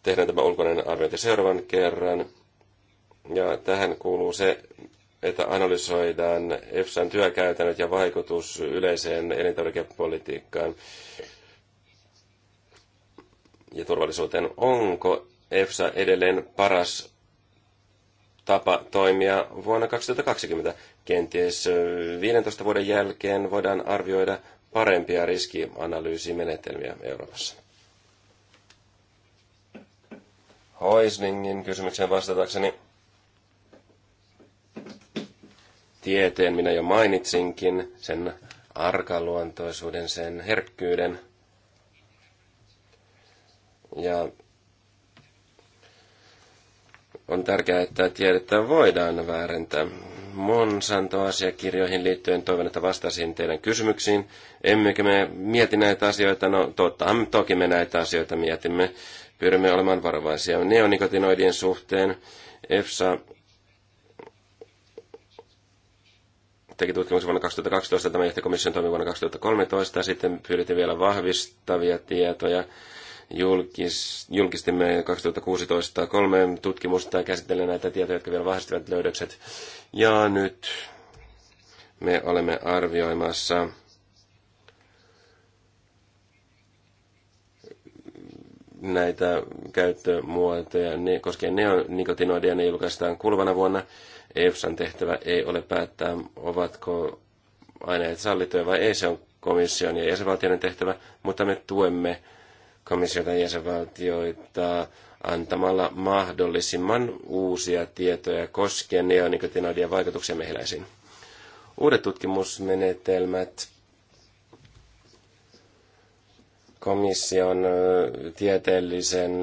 tehdään tämä ulkoinen arviointi seuraavan kerran. Ja tähän kuuluu se että analysoidaan EFSAn työkäytännöt ja vaikutus yleiseen elintarvikepolitiikkaan ja turvallisuuteen. Onko EFSA edelleen paras tapa toimia vuonna 2020? Kenties 15 vuoden jälkeen voidaan arvioida parempia riskianalyysimenetelmiä Euroopassa. Hoisningin kysymykseen vastatakseni tieteen minä jo mainitsinkin, sen arkaluontoisuuden, sen herkkyyden. Ja on tärkeää, että tiedettä voidaan väärentää. Monsanto-asiakirjoihin liittyen toivon, että vastasin teidän kysymyksiin. Emmekö me mieti näitä asioita? No totta, toki me näitä asioita mietimme. Pyrimme olemaan varovaisia neonikotinoidien suhteen. EFSA teki tutkimuksen vuonna 2012, tämä johti komission toimi vuonna 2013, ja sitten pyydettiin vielä vahvistavia tietoja. Julkis, julkistimme 2016 kolme tutkimusta ja käsittelemme näitä tietoja, jotka vielä vahvistivat löydökset. Ja nyt me olemme arvioimassa näitä käyttömuotoja ne, koskien neonikotinoidia, ne julkaistaan kuluvana vuonna. EFSAn tehtävä ei ole päättää, ovatko aineet sallittuja vai ei, se on komission ja jäsenvaltioiden tehtävä, mutta me tuemme komissiota ja jäsenvaltioita antamalla mahdollisimman uusia tietoja koskien neonikotinoidien vaikutuksia mehiläisiin. Uudet tutkimusmenetelmät, komission tieteellisen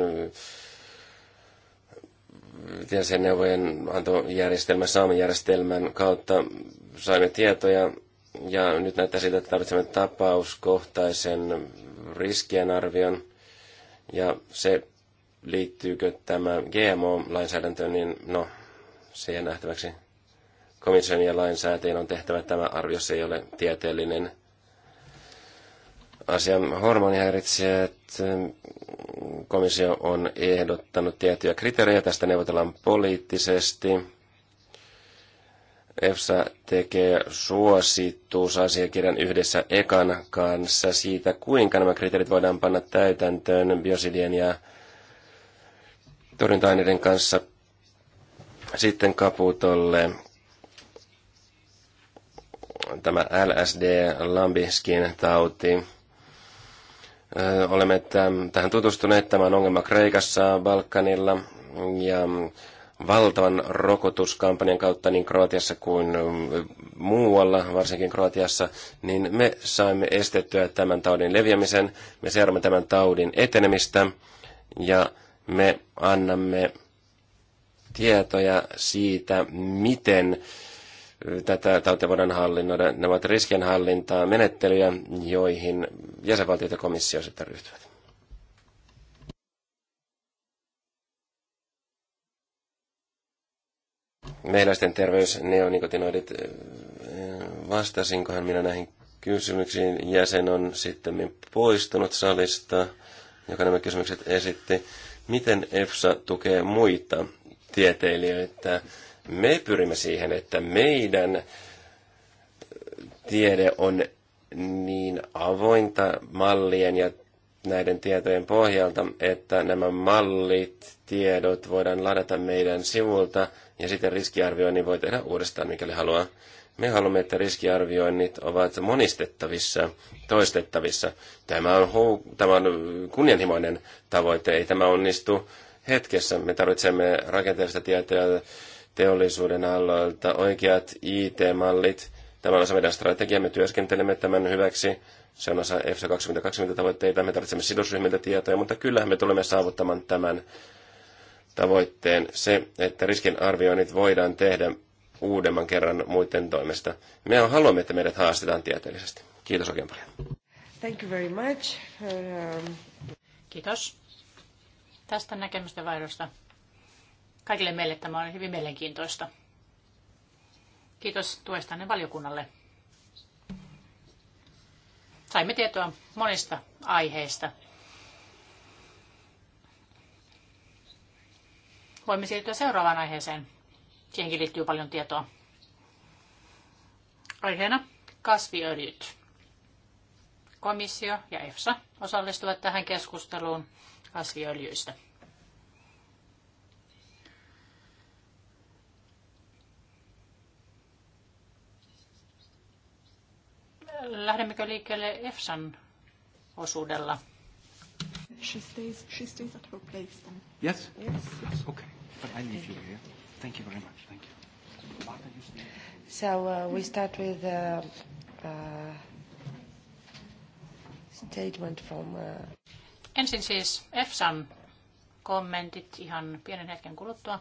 neuvojen antojärjestelmän, saamijärjestelmän kautta saimme tietoja ja nyt näyttää siltä, että tarvitsemme tapauskohtaisen riskien arvion ja se liittyykö tämä GMO-lainsäädäntöön, niin no, siihen nähtäväksi komission ja lainsäätäjien on tehtävä tämä arvio, se ei ole tieteellinen asian että mm, Komissio on ehdottanut tiettyjä kriteerejä, tästä neuvotellaan poliittisesti. EFSA tekee suositusasiakirjan yhdessä ekan kanssa siitä, kuinka nämä kriteerit voidaan panna täytäntöön biosidien ja torjunta-aineiden kanssa. Sitten Kaputolle tämä LSD-lambiskin tauti Olemme tähän tutustuneet. tämän ongelma Kreikassa, Balkanilla ja valtavan rokotuskampanjan kautta niin Kroatiassa kuin muualla, varsinkin Kroatiassa, niin me saimme estettyä tämän taudin leviämisen, me seuraamme tämän taudin etenemistä ja me annamme tietoja siitä, miten tätä tautivuoden hallinnoida. Ne ovat riskienhallintaa menettelyjä, joihin jäsenvaltiot ja komissio sitten ryhtyvät. Mehiläisten terveys, neonikotinoidit, eh, vastasinkohan minä näihin kysymyksiin. Jäsen on sitten poistunut salista, joka nämä kysymykset esitti. Miten EFSA tukee muita tieteilijöitä me pyrimme siihen, että meidän tiede on niin avointa mallien ja näiden tietojen pohjalta, että nämä mallit, tiedot voidaan ladata meidän sivulta ja sitten riskiarvioinnin voi tehdä uudestaan, mikäli haluaa. Me haluamme, että riskiarvioinnit ovat monistettavissa, toistettavissa. Tämä on, hou- tämä on kunnianhimoinen tavoite, ei tämä onnistu hetkessä. Me tarvitsemme rakenteellista tietoa, teollisuuden aloilta, oikeat IT-mallit. Tämä on osa meidän strategiaa, me työskentelemme tämän hyväksi. Se on osa EFSA 2020 tavoitteita, me tarvitsemme sidosryhmiltä tietoja, mutta kyllähän me tulemme saavuttamaan tämän tavoitteen. Se, että riskin arvioinnit voidaan tehdä uudemman kerran muiden toimesta. Me haluamme, että meidät haastetaan tieteellisesti. Kiitos oikein paljon. Thank you very much. Uh, um... Kiitos tästä näkemysten vaihdosta. Kaikille meille tämä on hyvin mielenkiintoista. Kiitos tuestanne valiokunnalle. Saimme tietoa monista aiheista. Voimme siirtyä seuraavaan aiheeseen. Siihenkin liittyy paljon tietoa. Aiheena kasviöljyt. Komissio ja EFSA osallistuvat tähän keskusteluun kasviöljyistä. lähdemmekö liikkeelle EFSAn osuudella? She stays, she stays at her place then. Yes? Yes. yes. Okay. But I leave you here. Thank you very much. Thank you. So uh, we start with uh, uh, statement from... Uh... Ensin siis EFSAn kommentit ihan pienen hetken kuluttua.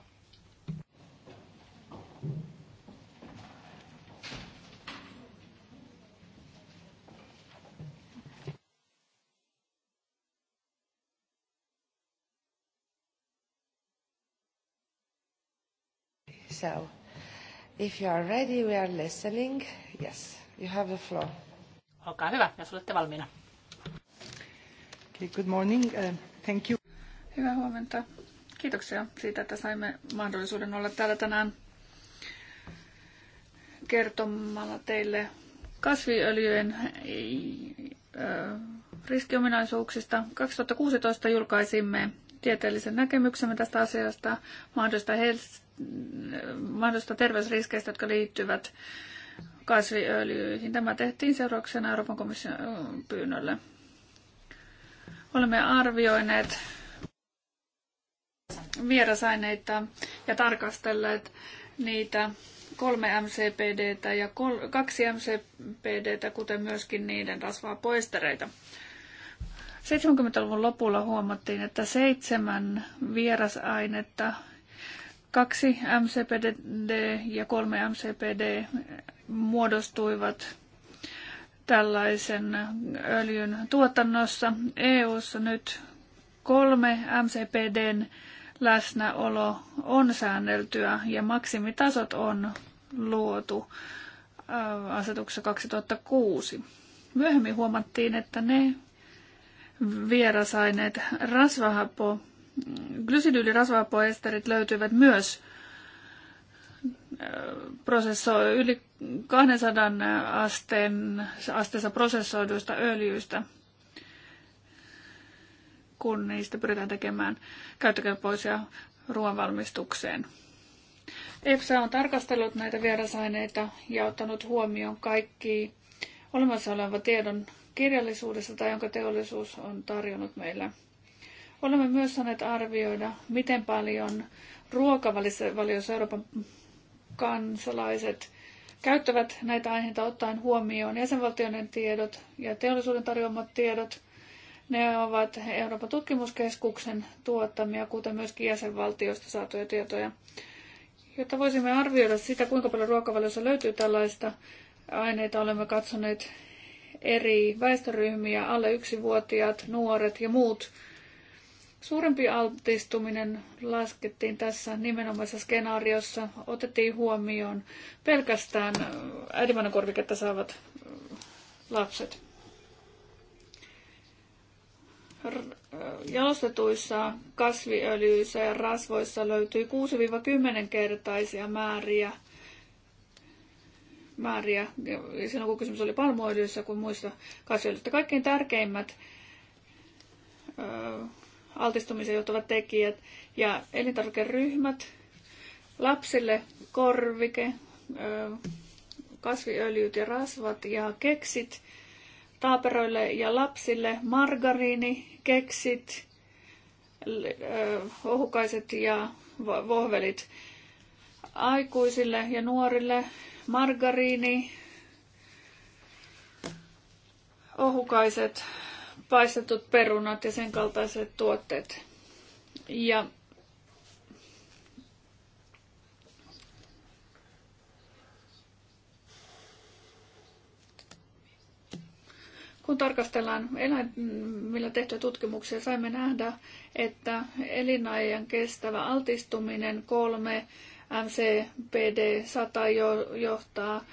So, if you are ready, we are listening. Yes, you have the floor. Olkaa hyvä, jos olette valmiina. Okay, good morning. Uh, thank you. Hyvää huomenta. Kiitoksia siitä, että saimme mahdollisuuden olla täällä tänään kertomalla teille kasviöljyjen äh, riskiominaisuuksista. 2016 julkaisimme tieteellisen näkemyksemme tästä asiasta, mahdollista, hels- mahdollista terveysriskeistä, jotka liittyvät kasviöljyihin. Tämä tehtiin seurauksena Euroopan komission pyynnölle. Olemme arvioineet vierasaineita ja tarkastelleet niitä kolme MCPD ja kaksi MCPDtä, kuten myöskin niiden rasvaa poistereita. 70-luvun lopulla huomattiin, että seitsemän vierasainetta, kaksi MCPD ja kolme MCPD muodostuivat tällaisen öljyn tuotannossa. EU:ssa nyt kolme MCPDn läsnäolo on säänneltyä ja maksimitasot on luotu äh, asetuksessa 2006. Myöhemmin huomattiin, että ne vierasaineet, rasvahappo, glysidyylirasvahappoesterit löytyvät myös äh, prosessoi yli 200 asteen, asteessa prosessoiduista öljyistä, kun niistä pyritään tekemään käyttökelpoisia ruoanvalmistukseen. EFSA on tarkastellut näitä vierasaineita ja ottanut huomioon kaikki olemassa olevan tiedon Kirjallisuudessa tai jonka teollisuus on tarjonnut meille. Olemme myös saaneet arvioida, miten paljon ruokavaliossa Euroopan kansalaiset käyttävät näitä aiheita ottaen huomioon jäsenvaltioiden tiedot ja teollisuuden tarjoamat tiedot. Ne ovat Euroopan tutkimuskeskuksen tuottamia, kuten myöskin jäsenvaltioista saatuja tietoja. Jotta voisimme arvioida sitä, kuinka paljon ruokavaliossa löytyy tällaista aineita, olemme katsoneet eri väestöryhmiä, alle yksivuotiaat, nuoret ja muut. Suurempi altistuminen laskettiin tässä nimenomaisessa skenaariossa, otettiin huomioon pelkästään äidinmainen saavat mm, lapset. Äh, jalostetuissa kasviöljyissä ja rasvoissa löytyy 6-10 kertaisia määriä määriä, silloin kun kysymys oli palmuöljyissä, kun muista kasviöljyistä. Kaikkein tärkeimmät ö, altistumiseen johtavat tekijät ja elintarvikeryhmät, lapsille korvike, ö, kasviöljyt ja rasvat ja keksit, taaperoille ja lapsille margariini, keksit, ohukaiset ja vohvelit aikuisille ja nuorille margariini, ohukaiset paistetut perunat ja sen kaltaiset tuotteet. Ja kun tarkastellaan eläimillä tehtyjä tutkimuksia, saimme nähdä, että elinajan kestävä altistuminen kolme MCPD 100 johtaa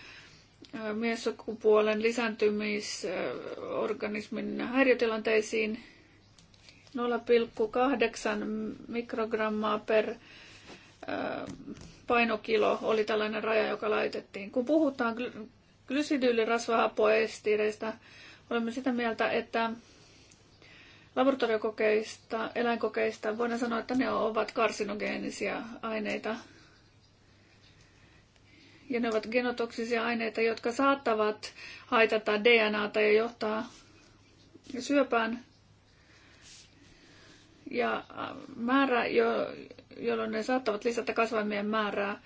miessukupuolen lisääntymisorganismin häiriötilanteisiin 0,8 mikrogrammaa per painokilo oli tällainen raja, joka laitettiin. Kun puhutaan glysidyylirasvahapoestiireistä, olemme sitä mieltä, että laboratoriokokeista, eläinkokeista, voidaan sanoa, että ne ovat karsinogeenisia aineita. Ja ne ovat genotoksisia aineita, jotka saattavat haitata DNAta ja johtaa syöpään. Ja äh, määrä, jo, jolloin ne saattavat lisätä kasvaimien määrää,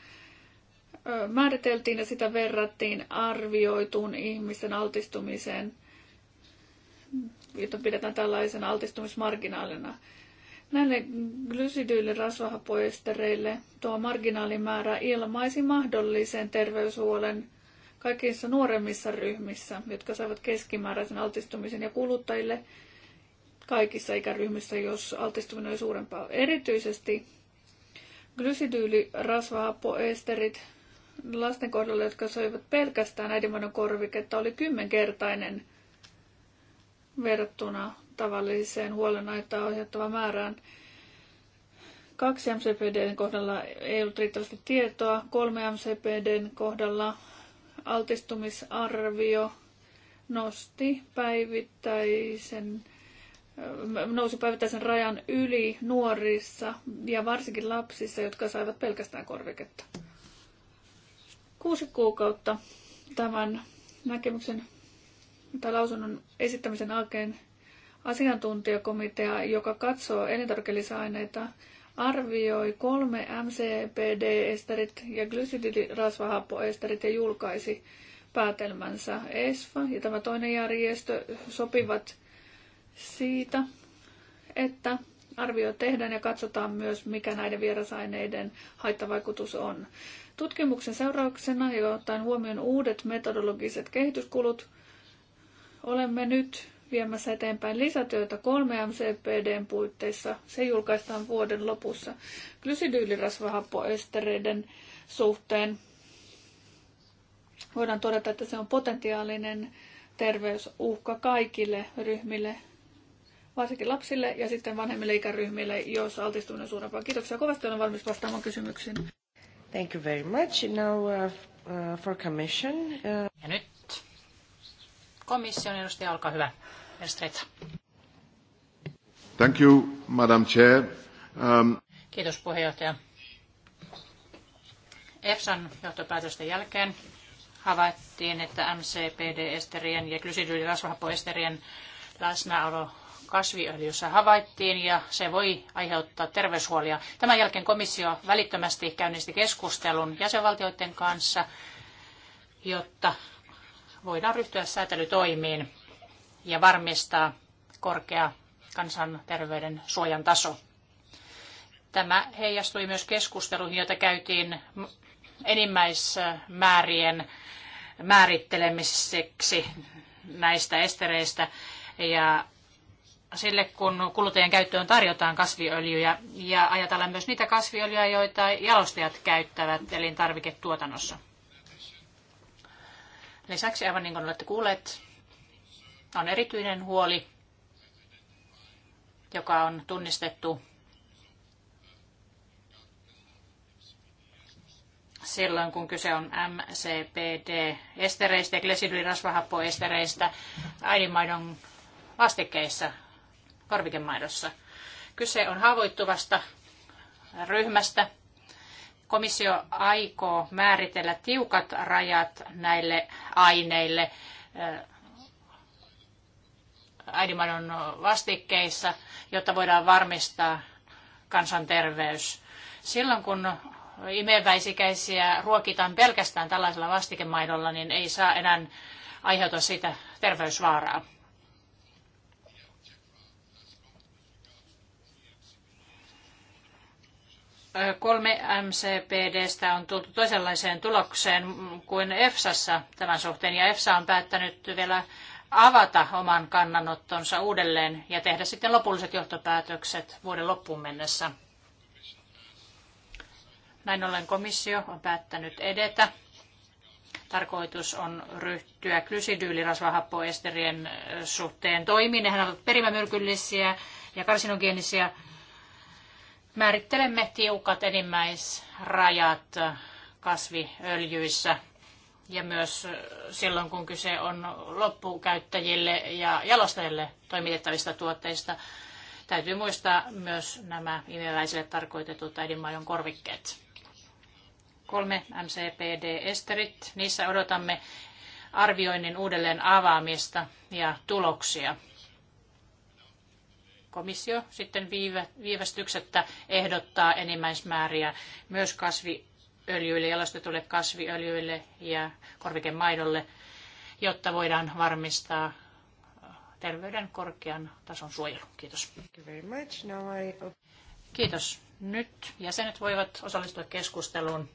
määriteltiin ja sitä verrattiin arvioituun ihmisten altistumiseen, jota pidetään tällaisen altistumismarginaalina. Näille glysidyille rasvahapoestereille tuo marginaalimäärä ilmaisi mahdollisen terveyshuolen kaikissa nuoremmissa ryhmissä, jotka saavat keskimääräisen altistumisen ja kuluttajille kaikissa ikäryhmissä, jos altistuminen on suurempaa. Erityisesti glysidyylirasvahapoesterit lasten kohdalla, jotka söivät pelkästään äidinmaidon korviketta, oli kymmenkertainen verrattuna tavalliseen huolenaitaa ohjattava määrään. Kaksi MCPDn kohdalla ei ollut riittävästi tietoa, kolme MCPDn kohdalla altistumisarvio nosti päivittäisen nousi päivittäisen rajan yli nuorissa ja varsinkin lapsissa, jotka saivat pelkästään korviketta. Kuusi kuukautta tämän näkemyksen tai lausunnon esittämisen alkeen asiantuntijakomitea, joka katsoo elintarvikelisäaineita, arvioi kolme MCPD-esterit ja glysidirasvahappoesterit ja julkaisi päätelmänsä. ESFA ja tämä toinen järjestö sopivat siitä, että arvio tehdään ja katsotaan myös, mikä näiden vierasaineiden haittavaikutus on. Tutkimuksen seurauksena ja ottaen huomioon uudet metodologiset kehityskulut, olemme nyt viemässä eteenpäin lisätyötä kolme MCPDn puitteissa. Se julkaistaan vuoden lopussa glysidyylirasvahappoestereiden suhteen. Voidaan todeta, että se on potentiaalinen terveysuhka kaikille ryhmille, varsinkin lapsille ja sitten vanhemmille ikäryhmille, jos altistuminen on suurempaa. Kiitoksia kovasti, olen valmis vastaamaan kysymyksiin. Thank you very much. Now uh, uh for commission. Uh... Ja nyt komission edustaja, olkaa hyvä. Estreta. Thank you, Madam Chair. Um... Kiitos puheenjohtaja. EFSAn johtopäätösten jälkeen havaittiin, että MCPD-esterien ja glysidylirasvahapoesterien läsnäolo kasviöljyssä havaittiin ja se voi aiheuttaa terveyshuolia. Tämän jälkeen komissio välittömästi käynnisti keskustelun jäsenvaltioiden kanssa, jotta voidaan ryhtyä säätelytoimiin ja varmistaa korkea kansanterveyden suojan taso. Tämä heijastui myös keskusteluihin, joita käytiin enimmäismäärien määrittelemiseksi näistä estereistä ja sille, kun kuluttajien käyttöön tarjotaan kasviöljyjä ja ajatellaan myös niitä kasviöljyjä, joita jalostajat käyttävät elintarviketuotannossa. Lisäksi, aivan niin kuin olette kuulleet, on erityinen huoli, joka on tunnistettu silloin, kun kyse on MCPD-estereistä ja glesidylirasvahappoestereistä äidinmaidon vastikkeissa, korvikemaidossa. Kyse on haavoittuvasta ryhmästä. Komissio aikoo määritellä tiukat rajat näille aineille äidinmaidon vastikkeissa, jotta voidaan varmistaa kansanterveys. Silloin kun imeväisikäisiä ruokitaan pelkästään tällaisella vastikemaidolla, niin ei saa enää aiheutua siitä terveysvaaraa. Kolme MCPDstä on tultu toisenlaiseen tulokseen kuin EFSassa tämän suhteen, ja EFSA on päättänyt vielä avata oman kannanottonsa uudelleen ja tehdä sitten lopulliset johtopäätökset vuoden loppuun mennessä. Näin ollen komissio on päättänyt edetä. Tarkoitus on ryhtyä glysidyylirasvahappoesterien suhteen toimiin. Nehän ovat perimämyrkyllisiä ja karsinogeenisia. Määrittelemme tiukat enimmäisrajat kasviöljyissä ja myös silloin, kun kyse on loppukäyttäjille ja jalostajille toimitettavista tuotteista. Täytyy muistaa myös nämä imeväisille tarkoitetut äidinmaidon korvikkeet. Kolme MCPD-esterit. Niissä odotamme arvioinnin uudelleen avaamista ja tuloksia. Komissio sitten viivästyksettä ehdottaa enimmäismääriä myös kasvi öljyille, jalostetulle kasviöljyille ja korvikemaidolle, jotta voidaan varmistaa terveyden korkean tason suojelu. Kiitos. Kiitos. Nyt jäsenet voivat osallistua keskusteluun,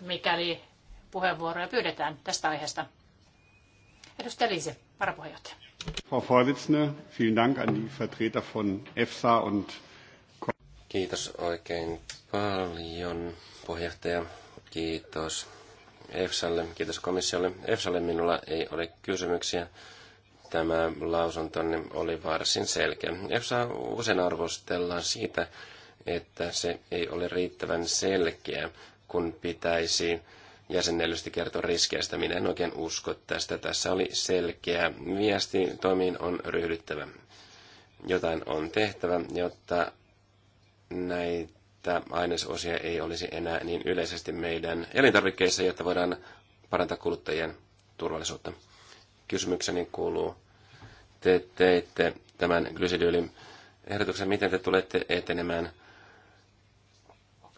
mikäli puheenvuoroja pyydetään tästä aiheesta. Edustaja Liisi, varapuheenjohtaja. Frau Vorsitzende, vielen Dank an die Vertreter von EFSA und Kiitos oikein paljon, puheenjohtaja. Kiitos EFSAlle, kiitos komissiolle. EFSAlle minulla ei ole kysymyksiä. Tämä lausunto oli varsin selkeä. EFSA usein arvostellaan siitä, että se ei ole riittävän selkeä, kun pitäisi jäsennellysti kertoa riskeistä. Minä en oikein usko tästä. Tässä oli selkeä viesti. Toimiin on ryhdyttävä. Jotain on tehtävä, jotta näitä ainesosia ei olisi enää niin yleisesti meidän elintarvikkeissa, jotta voidaan parantaa kuluttajien turvallisuutta. Kysymykseni kuuluu, te teitte tämän glysidyylin ehdotuksen, miten te tulette etenemään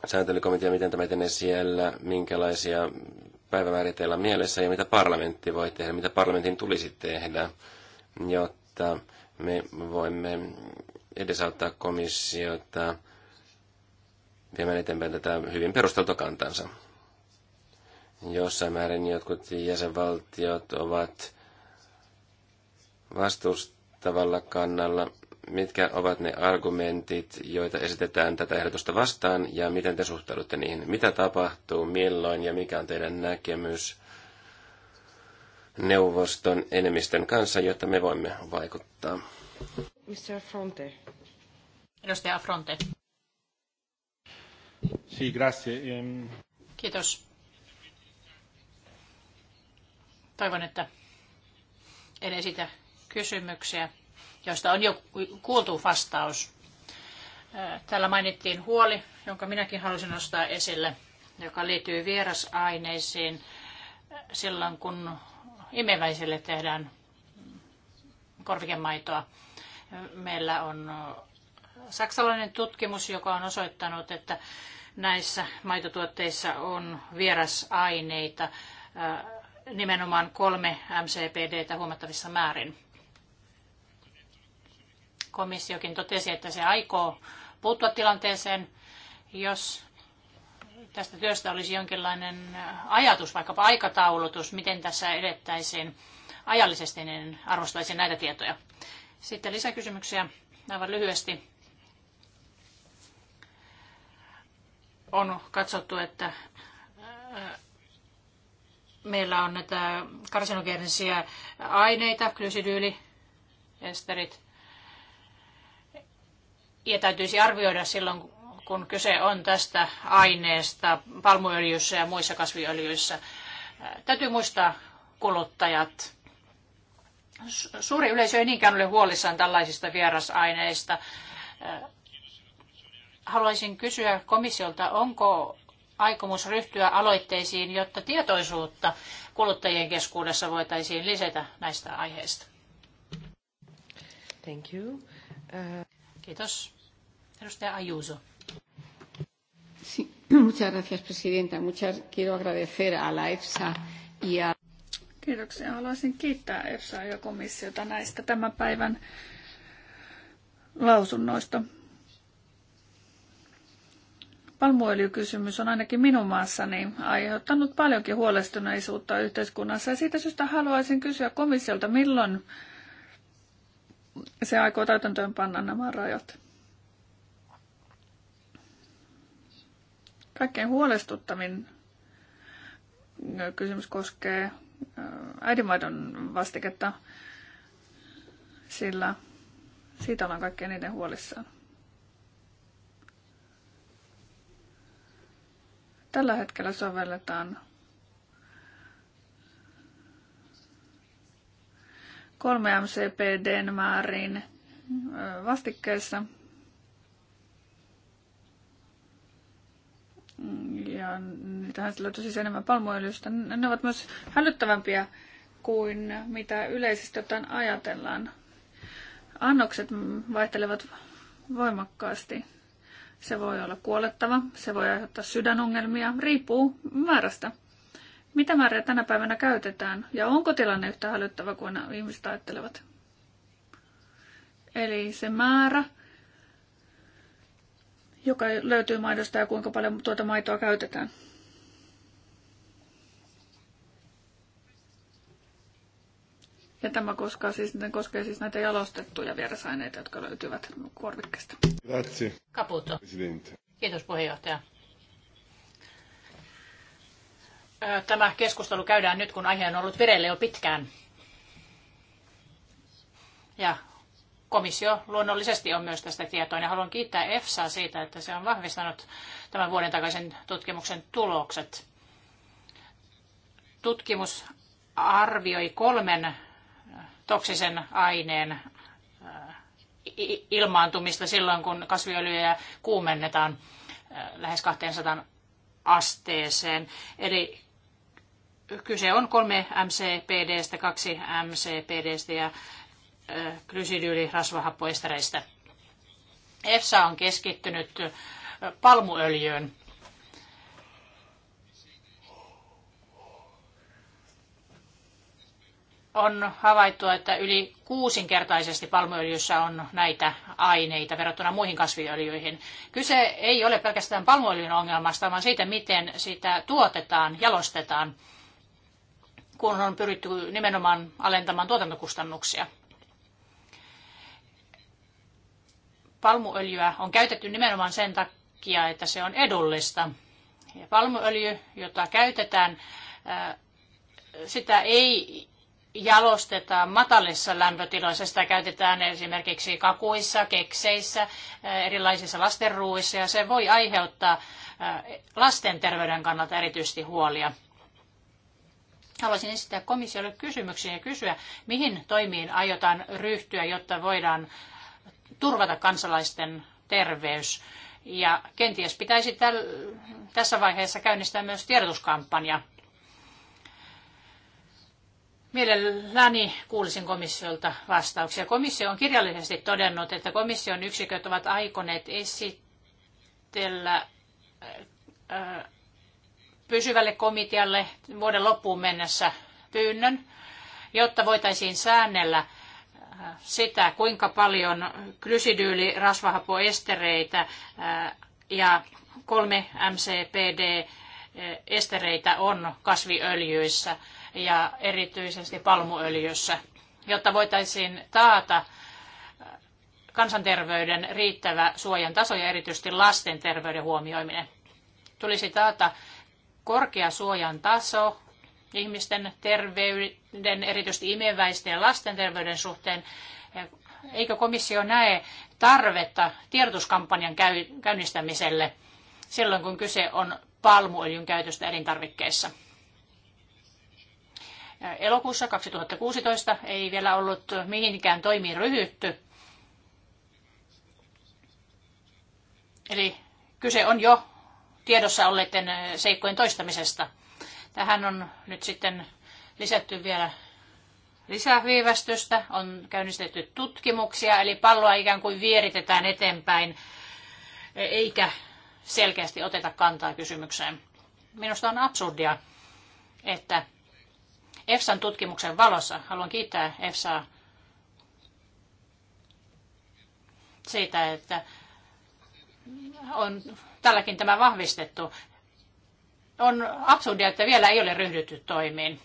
sääntelykomitea, miten tämä etenee siellä, minkälaisia päivämääriteillä mielessä ja mitä parlamentti voi tehdä, mitä parlamentin tulisi tehdä, jotta me voimme edesauttaa komissiota viemään eteenpäin tätä hyvin perusteltua kantansa. Jossain määrin jotkut jäsenvaltiot ovat vastustavalla kannalla. Mitkä ovat ne argumentit, joita esitetään tätä ehdotusta vastaan ja miten te suhtaudutte niihin? Mitä tapahtuu, milloin ja mikä on teidän näkemys neuvoston enemmistön kanssa, jotta me voimme vaikuttaa? Mr. Fronte. Edustaja Fronte. Si, grazie. Ehm, Kiitos. Toivon, että en esitä kysymyksiä, joista on jo kuultu vastaus. Täällä mainittiin huoli, jonka minäkin halusin nostaa esille, joka liittyy vierasaineisiin silloin, kun imeväisille tehdään korvikemaitoa. Meillä on saksalainen tutkimus, joka on osoittanut, että näissä maitotuotteissa on vierasaineita, nimenomaan kolme MCPDtä huomattavissa määrin. Komissiokin totesi, että se aikoo puuttua tilanteeseen, jos tästä työstä olisi jonkinlainen ajatus, vaikkapa aikataulutus, miten tässä edettäisiin ajallisesti, niin arvostaisin näitä tietoja. Sitten lisäkysymyksiä aivan lyhyesti. on katsottu, että äh, meillä on näitä karsinogenisia aineita, glysidyyli, esterit, ja täytyisi arvioida silloin, kun kyse on tästä aineesta palmuöljyssä ja muissa kasviöljyissä. Äh, täytyy muistaa kuluttajat. Suuri yleisö ei niinkään ole huolissaan tällaisista vierasaineista. Äh, haluaisin kysyä komissiolta, onko aikomus ryhtyä aloitteisiin, jotta tietoisuutta kuluttajien keskuudessa voitaisiin lisätä näistä aiheista? Thank you. Uh... Kiitos. Edustaja Ayuso. Sí, muchas gracias, presidenta. Muchas quiero agradecer a la EFSA y a... Kiitoksia. Haluaisin kiittää EFSA ja komissiota näistä tämän päivän lausunnoista palmuöljykysymys on ainakin minun maassani aiheuttanut paljonkin huolestuneisuutta yhteiskunnassa. Ja siitä syystä haluaisin kysyä komissiolta, milloin se aikoo täytäntöön panna nämä rajat. Kaikkein huolestuttavin kysymys koskee äidinmaidon vastiketta, sillä siitä ollaan kaikkein eniten huolissaan. Tällä hetkellä sovelletaan kolme MCPDn määriin vastikkeessa. Ja niitähän löytyy siis enemmän palmuöljystä. Ne ovat myös hälyttävämpiä kuin mitä yleisesti ottaen ajatellaan. Annokset vaihtelevat voimakkaasti. Se voi olla kuolettava, se voi aiheuttaa sydänongelmia, riippuu määrästä. Mitä määrää tänä päivänä käytetään ja onko tilanne yhtä hälyttävä kuin ihmiset ajattelevat? Eli se määrä, joka löytyy maidosta ja kuinka paljon tuota maitoa käytetään. Ja tämä koskee siis, koskee siis näitä jalostettuja vierasaineita, jotka löytyvät korvikkeesta. Grazie. Caputo. Presidente. Kiitos puheenjohtaja. Tämä keskustelu käydään nyt, kun aihe on ollut vireillä jo pitkään. Ja komissio luonnollisesti on myös tästä tietoinen. Haluan kiittää EFSAa siitä, että se on vahvistanut tämän vuoden takaisin tutkimuksen tulokset. Tutkimus arvioi kolmen toksisen aineen äh, ilmaantumista silloin, kun kasviöljyjä kuumennetaan äh, lähes 200 asteeseen. Eli kyse on 3 MCPDstä, 2 MCPDstä ja äh, glysidyylirasvahappoestereistä. EFSA on keskittynyt palmuöljyyn on havaittu, että yli kuusinkertaisesti palmuöljyssä on näitä aineita verrattuna muihin kasviöljyihin. Kyse ei ole pelkästään palmuöljyn ongelmasta, vaan siitä, miten sitä tuotetaan, jalostetaan, kun on pyritty nimenomaan alentamaan tuotantokustannuksia. Palmuöljyä on käytetty nimenomaan sen takia, että se on edullista. Ja palmuöljy, jota käytetään, sitä ei jalostetaan matalissa lämpötiloissa. Sitä käytetään esimerkiksi kakuissa, kekseissä, eh, erilaisissa lastenruuissa ja se voi aiheuttaa eh, lasten terveyden kannalta erityisesti huolia. Haluaisin esittää komissiolle kysymyksiä ja kysyä, mihin toimiin aiotaan ryhtyä, jotta voidaan turvata kansalaisten terveys. Ja kenties pitäisi tässä vaiheessa käynnistää myös tiedotuskampanja Mielelläni kuulisin komissiolta vastauksia. Komissio on kirjallisesti todennut, että komission yksiköt ovat aikoneet esitellä pysyvälle komitealle vuoden loppuun mennessä pyynnön, jotta voitaisiin säännellä sitä, kuinka paljon glysidyyli, rasvahapoestereitä ja 3 MCPD estereitä on kasviöljyissä ja erityisesti palmuöljyssä, jotta voitaisiin taata kansanterveyden riittävä suojan taso ja erityisesti lasten terveyden huomioiminen. Tulisi taata korkea suojan taso ihmisten terveyden, erityisesti imeväisten ja lasten terveyden suhteen. Eikö komissio näe tarvetta tiedotuskampanjan käynnistämiselle silloin, kun kyse on palmuöljyn käytöstä elintarvikkeissa? elokuussa 2016 ei vielä ollut mihinkään toimiin ryhytty. Eli kyse on jo tiedossa olleiden seikkojen toistamisesta. Tähän on nyt sitten lisätty vielä lisäviivästystä, on käynnistetty tutkimuksia, eli palloa ikään kuin vieritetään eteenpäin, eikä selkeästi oteta kantaa kysymykseen. Minusta on absurdia, että EFSAn tutkimuksen valossa. Haluan kiittää EFSAa siitä, että on tälläkin tämä vahvistettu. On absurdia, että vielä ei ole ryhdytty toimiin.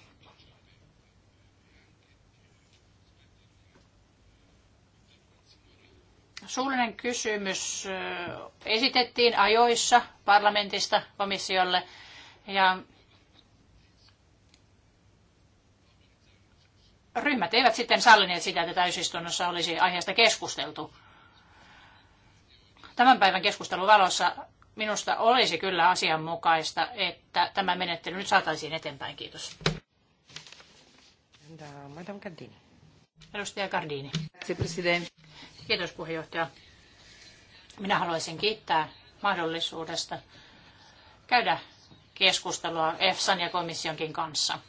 Suullinen kysymys esitettiin ajoissa parlamentista komissiolle ja ryhmät eivät sitten sallineet sitä, että täysistunnossa olisi aiheesta keskusteltu. Tämän päivän keskustelun valossa minusta olisi kyllä asianmukaista, että tämä menettely nyt saataisiin eteenpäin. Kiitos. Uh, Madame Gardini. Edustaja Gardini. Kiitos puheenjohtaja. Minä haluaisin kiittää mahdollisuudesta käydä keskustelua EFSAn ja komissionkin kanssa.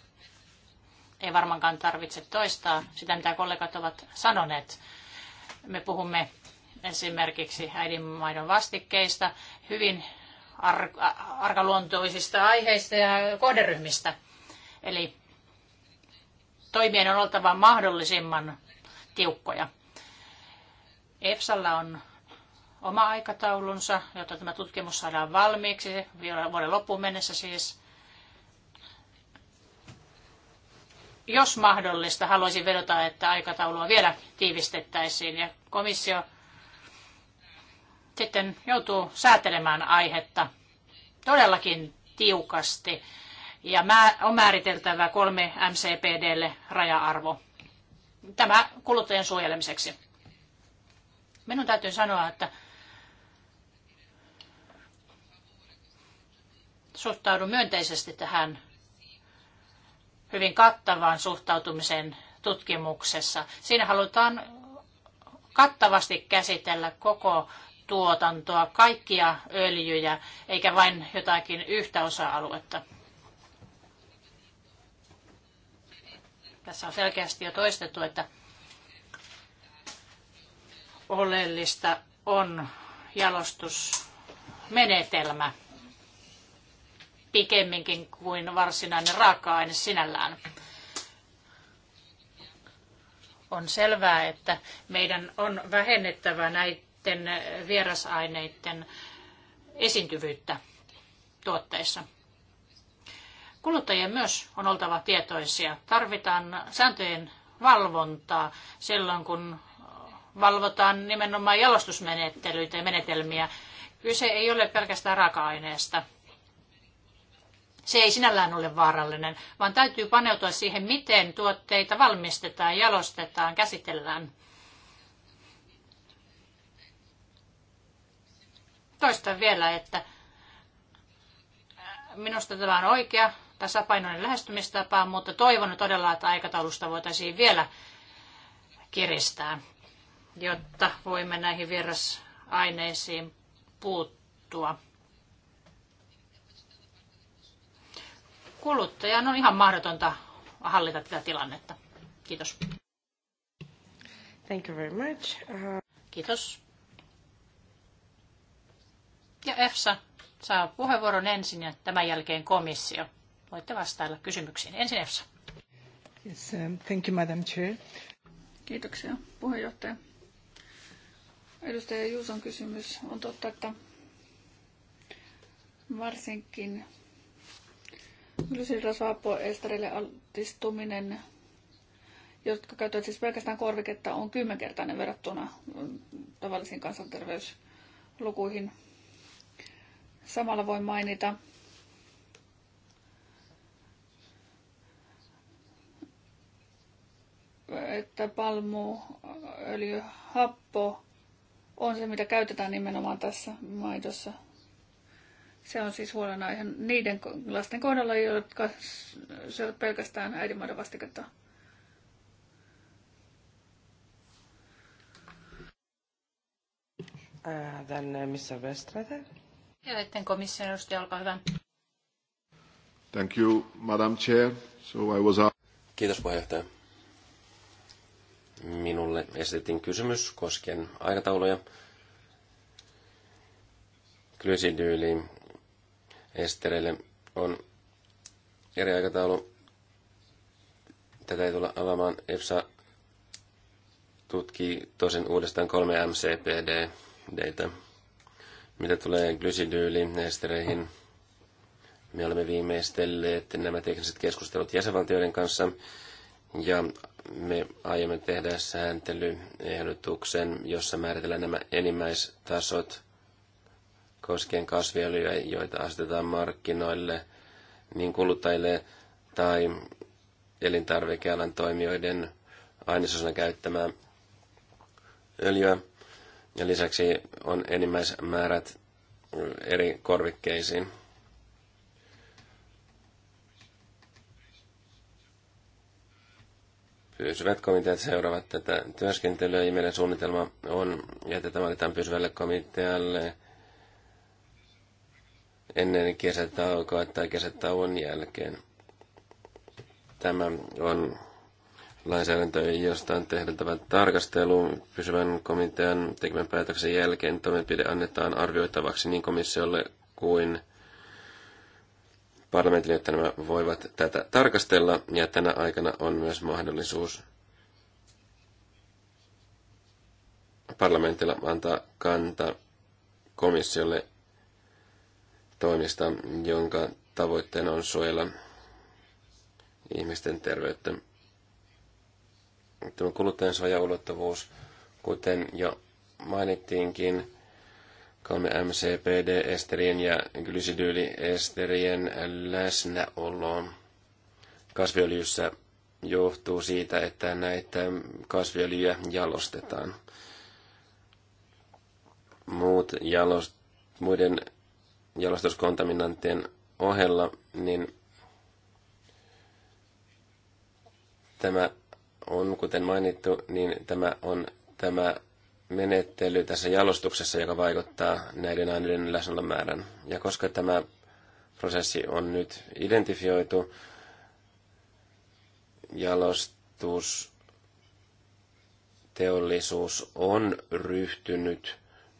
Ei varmaankaan tarvitse toistaa sitä, mitä kollegat ovat sanoneet. Me puhumme esimerkiksi äidinmaidon vastikkeista, hyvin ar- arkaluontoisista aiheista ja kohderyhmistä. Eli toimien on oltava mahdollisimman tiukkoja. EFSalla on oma aikataulunsa, jotta tämä tutkimus saadaan valmiiksi, vuoden loppuun mennessä siis. jos mahdollista, haluaisin vedota, että aikataulua vielä tiivistettäisiin ja komissio sitten joutuu säätelemään aihetta todellakin tiukasti ja on määriteltävä kolme MCPDlle raja-arvo. Tämä kuluttajan suojelemiseksi. Minun täytyy sanoa, että suhtaudun myönteisesti tähän hyvin kattavaan suhtautumiseen tutkimuksessa. Siinä halutaan kattavasti käsitellä koko tuotantoa, kaikkia öljyjä, eikä vain jotakin yhtä osa-aluetta. Tässä on selkeästi jo toistettu, että oleellista on jalostusmenetelmä pikemminkin kuin varsinainen raaka-aine sinällään. On selvää, että meidän on vähennettävä näiden vierasaineiden esiintyvyyttä tuotteissa. Kuluttajien myös on oltava tietoisia. Tarvitaan sääntöjen valvontaa silloin, kun valvotaan nimenomaan jalostusmenettelyitä ja menetelmiä. Kyse ei ole pelkästään raaka-aineesta se ei sinällään ole vaarallinen, vaan täytyy paneutua siihen, miten tuotteita valmistetaan, jalostetaan, käsitellään. Toistan vielä, että minusta tämä on oikea tasapainoinen lähestymistapa, mutta toivon todella, että aikataulusta voitaisiin vielä kiristää, jotta voimme näihin vierasaineisiin puuttua. kuluttajan on ihan mahdotonta hallita tätä tilannetta. Kiitos. Thank you very much. Uh... Kiitos. Ja EFSA saa puheenvuoron ensin ja tämän jälkeen komissio. Voitte vastailla kysymyksiin. Ensin EFSA. Yes, um, thank you, Madam Chair. Kiitoksia, puheenjohtaja. Edustaja Juuson kysymys. On totta, että varsinkin Glysidrasvaapoesterille altistuminen, jotka käyttävät siis pelkästään korviketta, on kymmenkertainen verrattuna mm, tavallisiin kansanterveyslukuihin. Samalla voi mainita että palmuöljyhappo on se, mitä käytetään nimenomaan tässä maidossa se on siis huolenaihe niiden lasten kohdalla, jotka syövät pelkästään äidinmaidon vastiketta. Äh, Tänne äh, missä Westrade. Ja sitten komission edustaja, olkaa hyvä. Thank you, Madam Chair. So I was a... Kiitos puheenjohtaja. Minulle esitettiin kysymys koskien aikatauluja. Klysidyyli estereille on eri aikataulu. Tätä ei tulla avaamaan. EFSA tutkii tosin uudestaan 3 mcpd data Mitä tulee glysidyyliin, estereihin, me olemme viimeistelleet nämä tekniset keskustelut jäsenvaltioiden kanssa ja me aiemmin tehdä sääntelyehdotuksen, jossa määritellään nämä enimmäistasot koskien kasviöljyä, joita asetetaan markkinoille niin kuluttajille tai elintarvikealan toimijoiden ainesosana käyttämää öljyä. Ja lisäksi on enimmäismäärät eri korvikkeisiin. pysyvät komiteat seuraavat tätä työskentelyä ja meidän suunnitelma on, että tämä annetaan pysyvälle komitealle ennen kesätaukoa tai kesätauon jälkeen. Tämä on lainsäädäntö, josta on tehtävä tarkastelu pysyvän komitean tekemän päätöksen jälkeen. Toimenpide annetaan arvioitavaksi niin komissiolle kuin parlamentille, jotta nämä voivat tätä tarkastella. Ja tänä aikana on myös mahdollisuus parlamentilla antaa kanta komissiolle toimista, jonka tavoitteena on suojella ihmisten terveyttä. Tämä kuluttajansuojaulottuvuus, kuten jo mainittiinkin, 3-MCPD-esterien ja glysidyyli-esterien läsnäolo kasviöljyssä johtuu siitä, että näitä kasviöljyjä jalostetaan. Muut jalost, muiden jalostuskontaminanttien ohella, niin tämä on, kuten mainittu, niin tämä on tämä menettely tässä jalostuksessa, joka vaikuttaa näiden aineiden läsnäolomäärän. Ja koska tämä prosessi on nyt identifioitu, jalostus teollisuus on ryhtynyt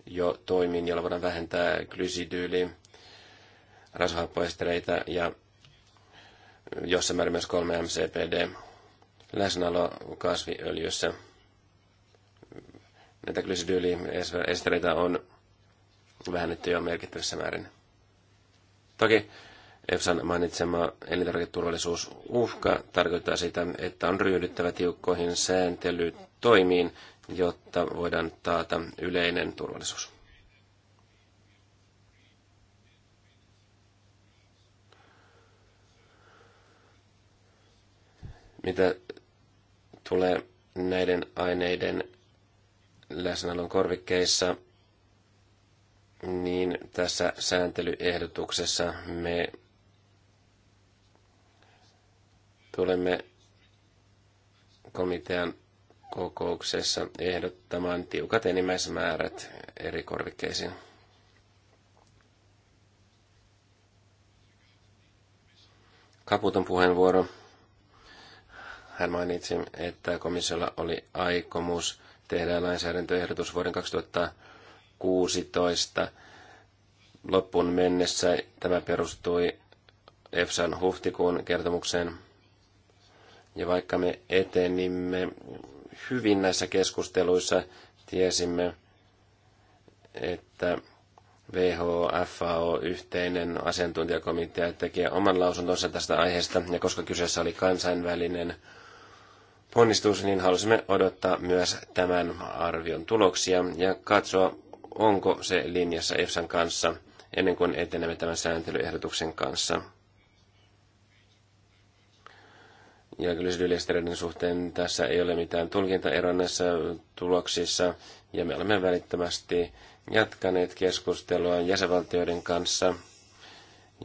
jo toimiin, jolla voidaan vähentää glysidyyliä rasvahappoestereitä ja jossain määrin myös 3-MCPD läsnäolo kasviöljyssä. Näitä glysidyyliestereitä on vähennetty jo merkittävissä määrin. Toki EFSAn mainitsema elintarviketurvallisuusuhka tarkoittaa sitä, että on ryhdyttävä tiukkoihin sääntelytoimiin, jotta voidaan taata yleinen turvallisuus. Mitä tulee näiden aineiden läsnäolon korvikkeissa, niin tässä sääntelyehdotuksessa me tulemme komitean kokouksessa ehdottamaan tiukat enimmäismäärät eri korvikkeisiin. Kaputon puheenvuoro hän mainitsi, että komissiolla oli aikomus tehdä lainsäädäntöehdotus vuoden 2016 loppuun mennessä. Tämä perustui EFSAn huhtikuun kertomukseen. Ja vaikka me etenimme hyvin näissä keskusteluissa, tiesimme, että WHO, FAO, yhteinen asiantuntijakomitea tekee oman lausuntonsa tästä aiheesta, ja koska kyseessä oli kansainvälinen ponnistus, niin halusimme odottaa myös tämän arvion tuloksia ja katsoa, onko se linjassa EFSAn kanssa ennen kuin etenemme tämän sääntelyehdotuksen kanssa. Ja glysidyliestereiden suhteen tässä ei ole mitään tulkintaeroa näissä tuloksissa, ja me olemme välittömästi jatkaneet keskustelua jäsenvaltioiden kanssa,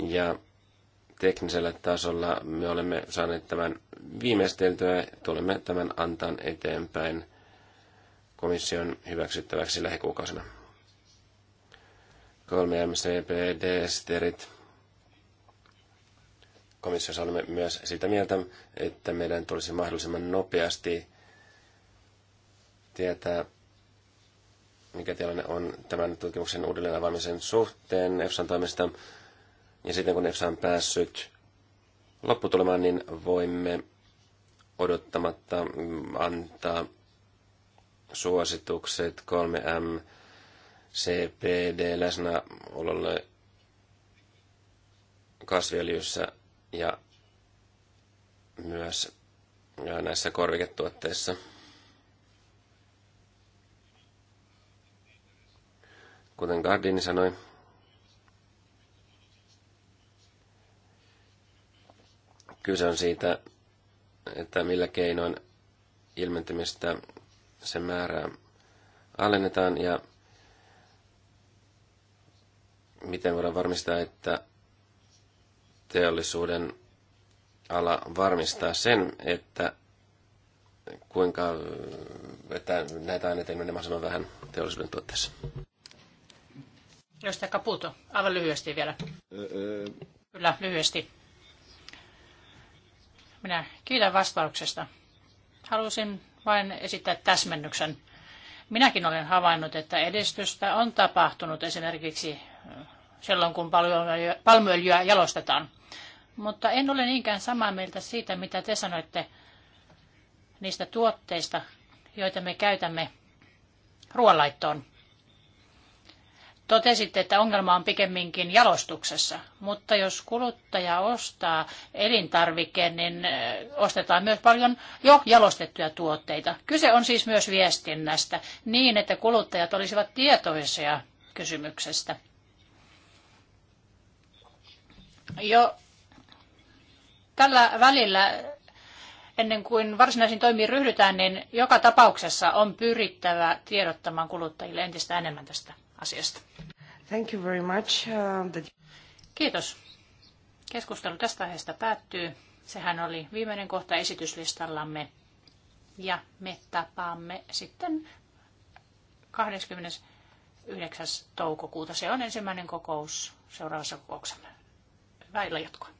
ja teknisellä tasolla me olemme saaneet tämän viimeisteltyä ja tulemme tämän antaan eteenpäin komission hyväksyttäväksi lähikuukausina. 3 MCPD-sterit. Komissiossa olemme myös sitä mieltä, että meidän tulisi mahdollisimman nopeasti tietää, mikä tilanne on tämän tutkimuksen uudelleen avaamisen suhteen EFSAn toimesta. Ja sitten kun EFSA on päässyt lopputulemaan, niin voimme odottamatta mm, antaa suositukset 3M CPD läsnäololle kasviöljyssä ja myös näissä korviketuotteissa. Kuten Gardini sanoi, Kyse on siitä, että millä keinoin ilmentymistä sen määrää alennetaan ja miten voidaan varmistaa, että teollisuuden ala varmistaa sen, että kuinka että näitä aineita ilmenee mahdollisimman vähän teollisuuden tuotteessa. Josta Kaputo, aivan lyhyesti vielä. ö. Kyllä, lyhyesti. Minä kiitän vastauksesta. Halusin vain esittää täsmennyksen. Minäkin olen havainnut, että edistystä on tapahtunut esimerkiksi äh, silloin, kun palmuöljyä jalostetaan. Mutta en ole niinkään samaa mieltä siitä, mitä te sanoitte niistä tuotteista, joita me käytämme ruoanlaittoon. Totesitte, että ongelma on pikemminkin jalostuksessa, mutta jos kuluttaja ostaa elintarvikkeen, niin ostetaan myös paljon jo jalostettuja tuotteita. Kyse on siis myös viestinnästä niin, että kuluttajat olisivat tietoisia kysymyksestä. Jo tällä välillä ennen kuin varsinaisiin toimiin ryhdytään, niin joka tapauksessa on pyrittävä tiedottamaan kuluttajille entistä enemmän tästä asiasta. Thank you very much. Uh, Kiitos. Keskustelu tästä aiheesta päättyy. Sehän oli viimeinen kohta esityslistallamme. Ja me tapaamme sitten 29. toukokuuta. Se on ensimmäinen kokous seuraavassa kokouksessa. Hyvää illanjatkoa.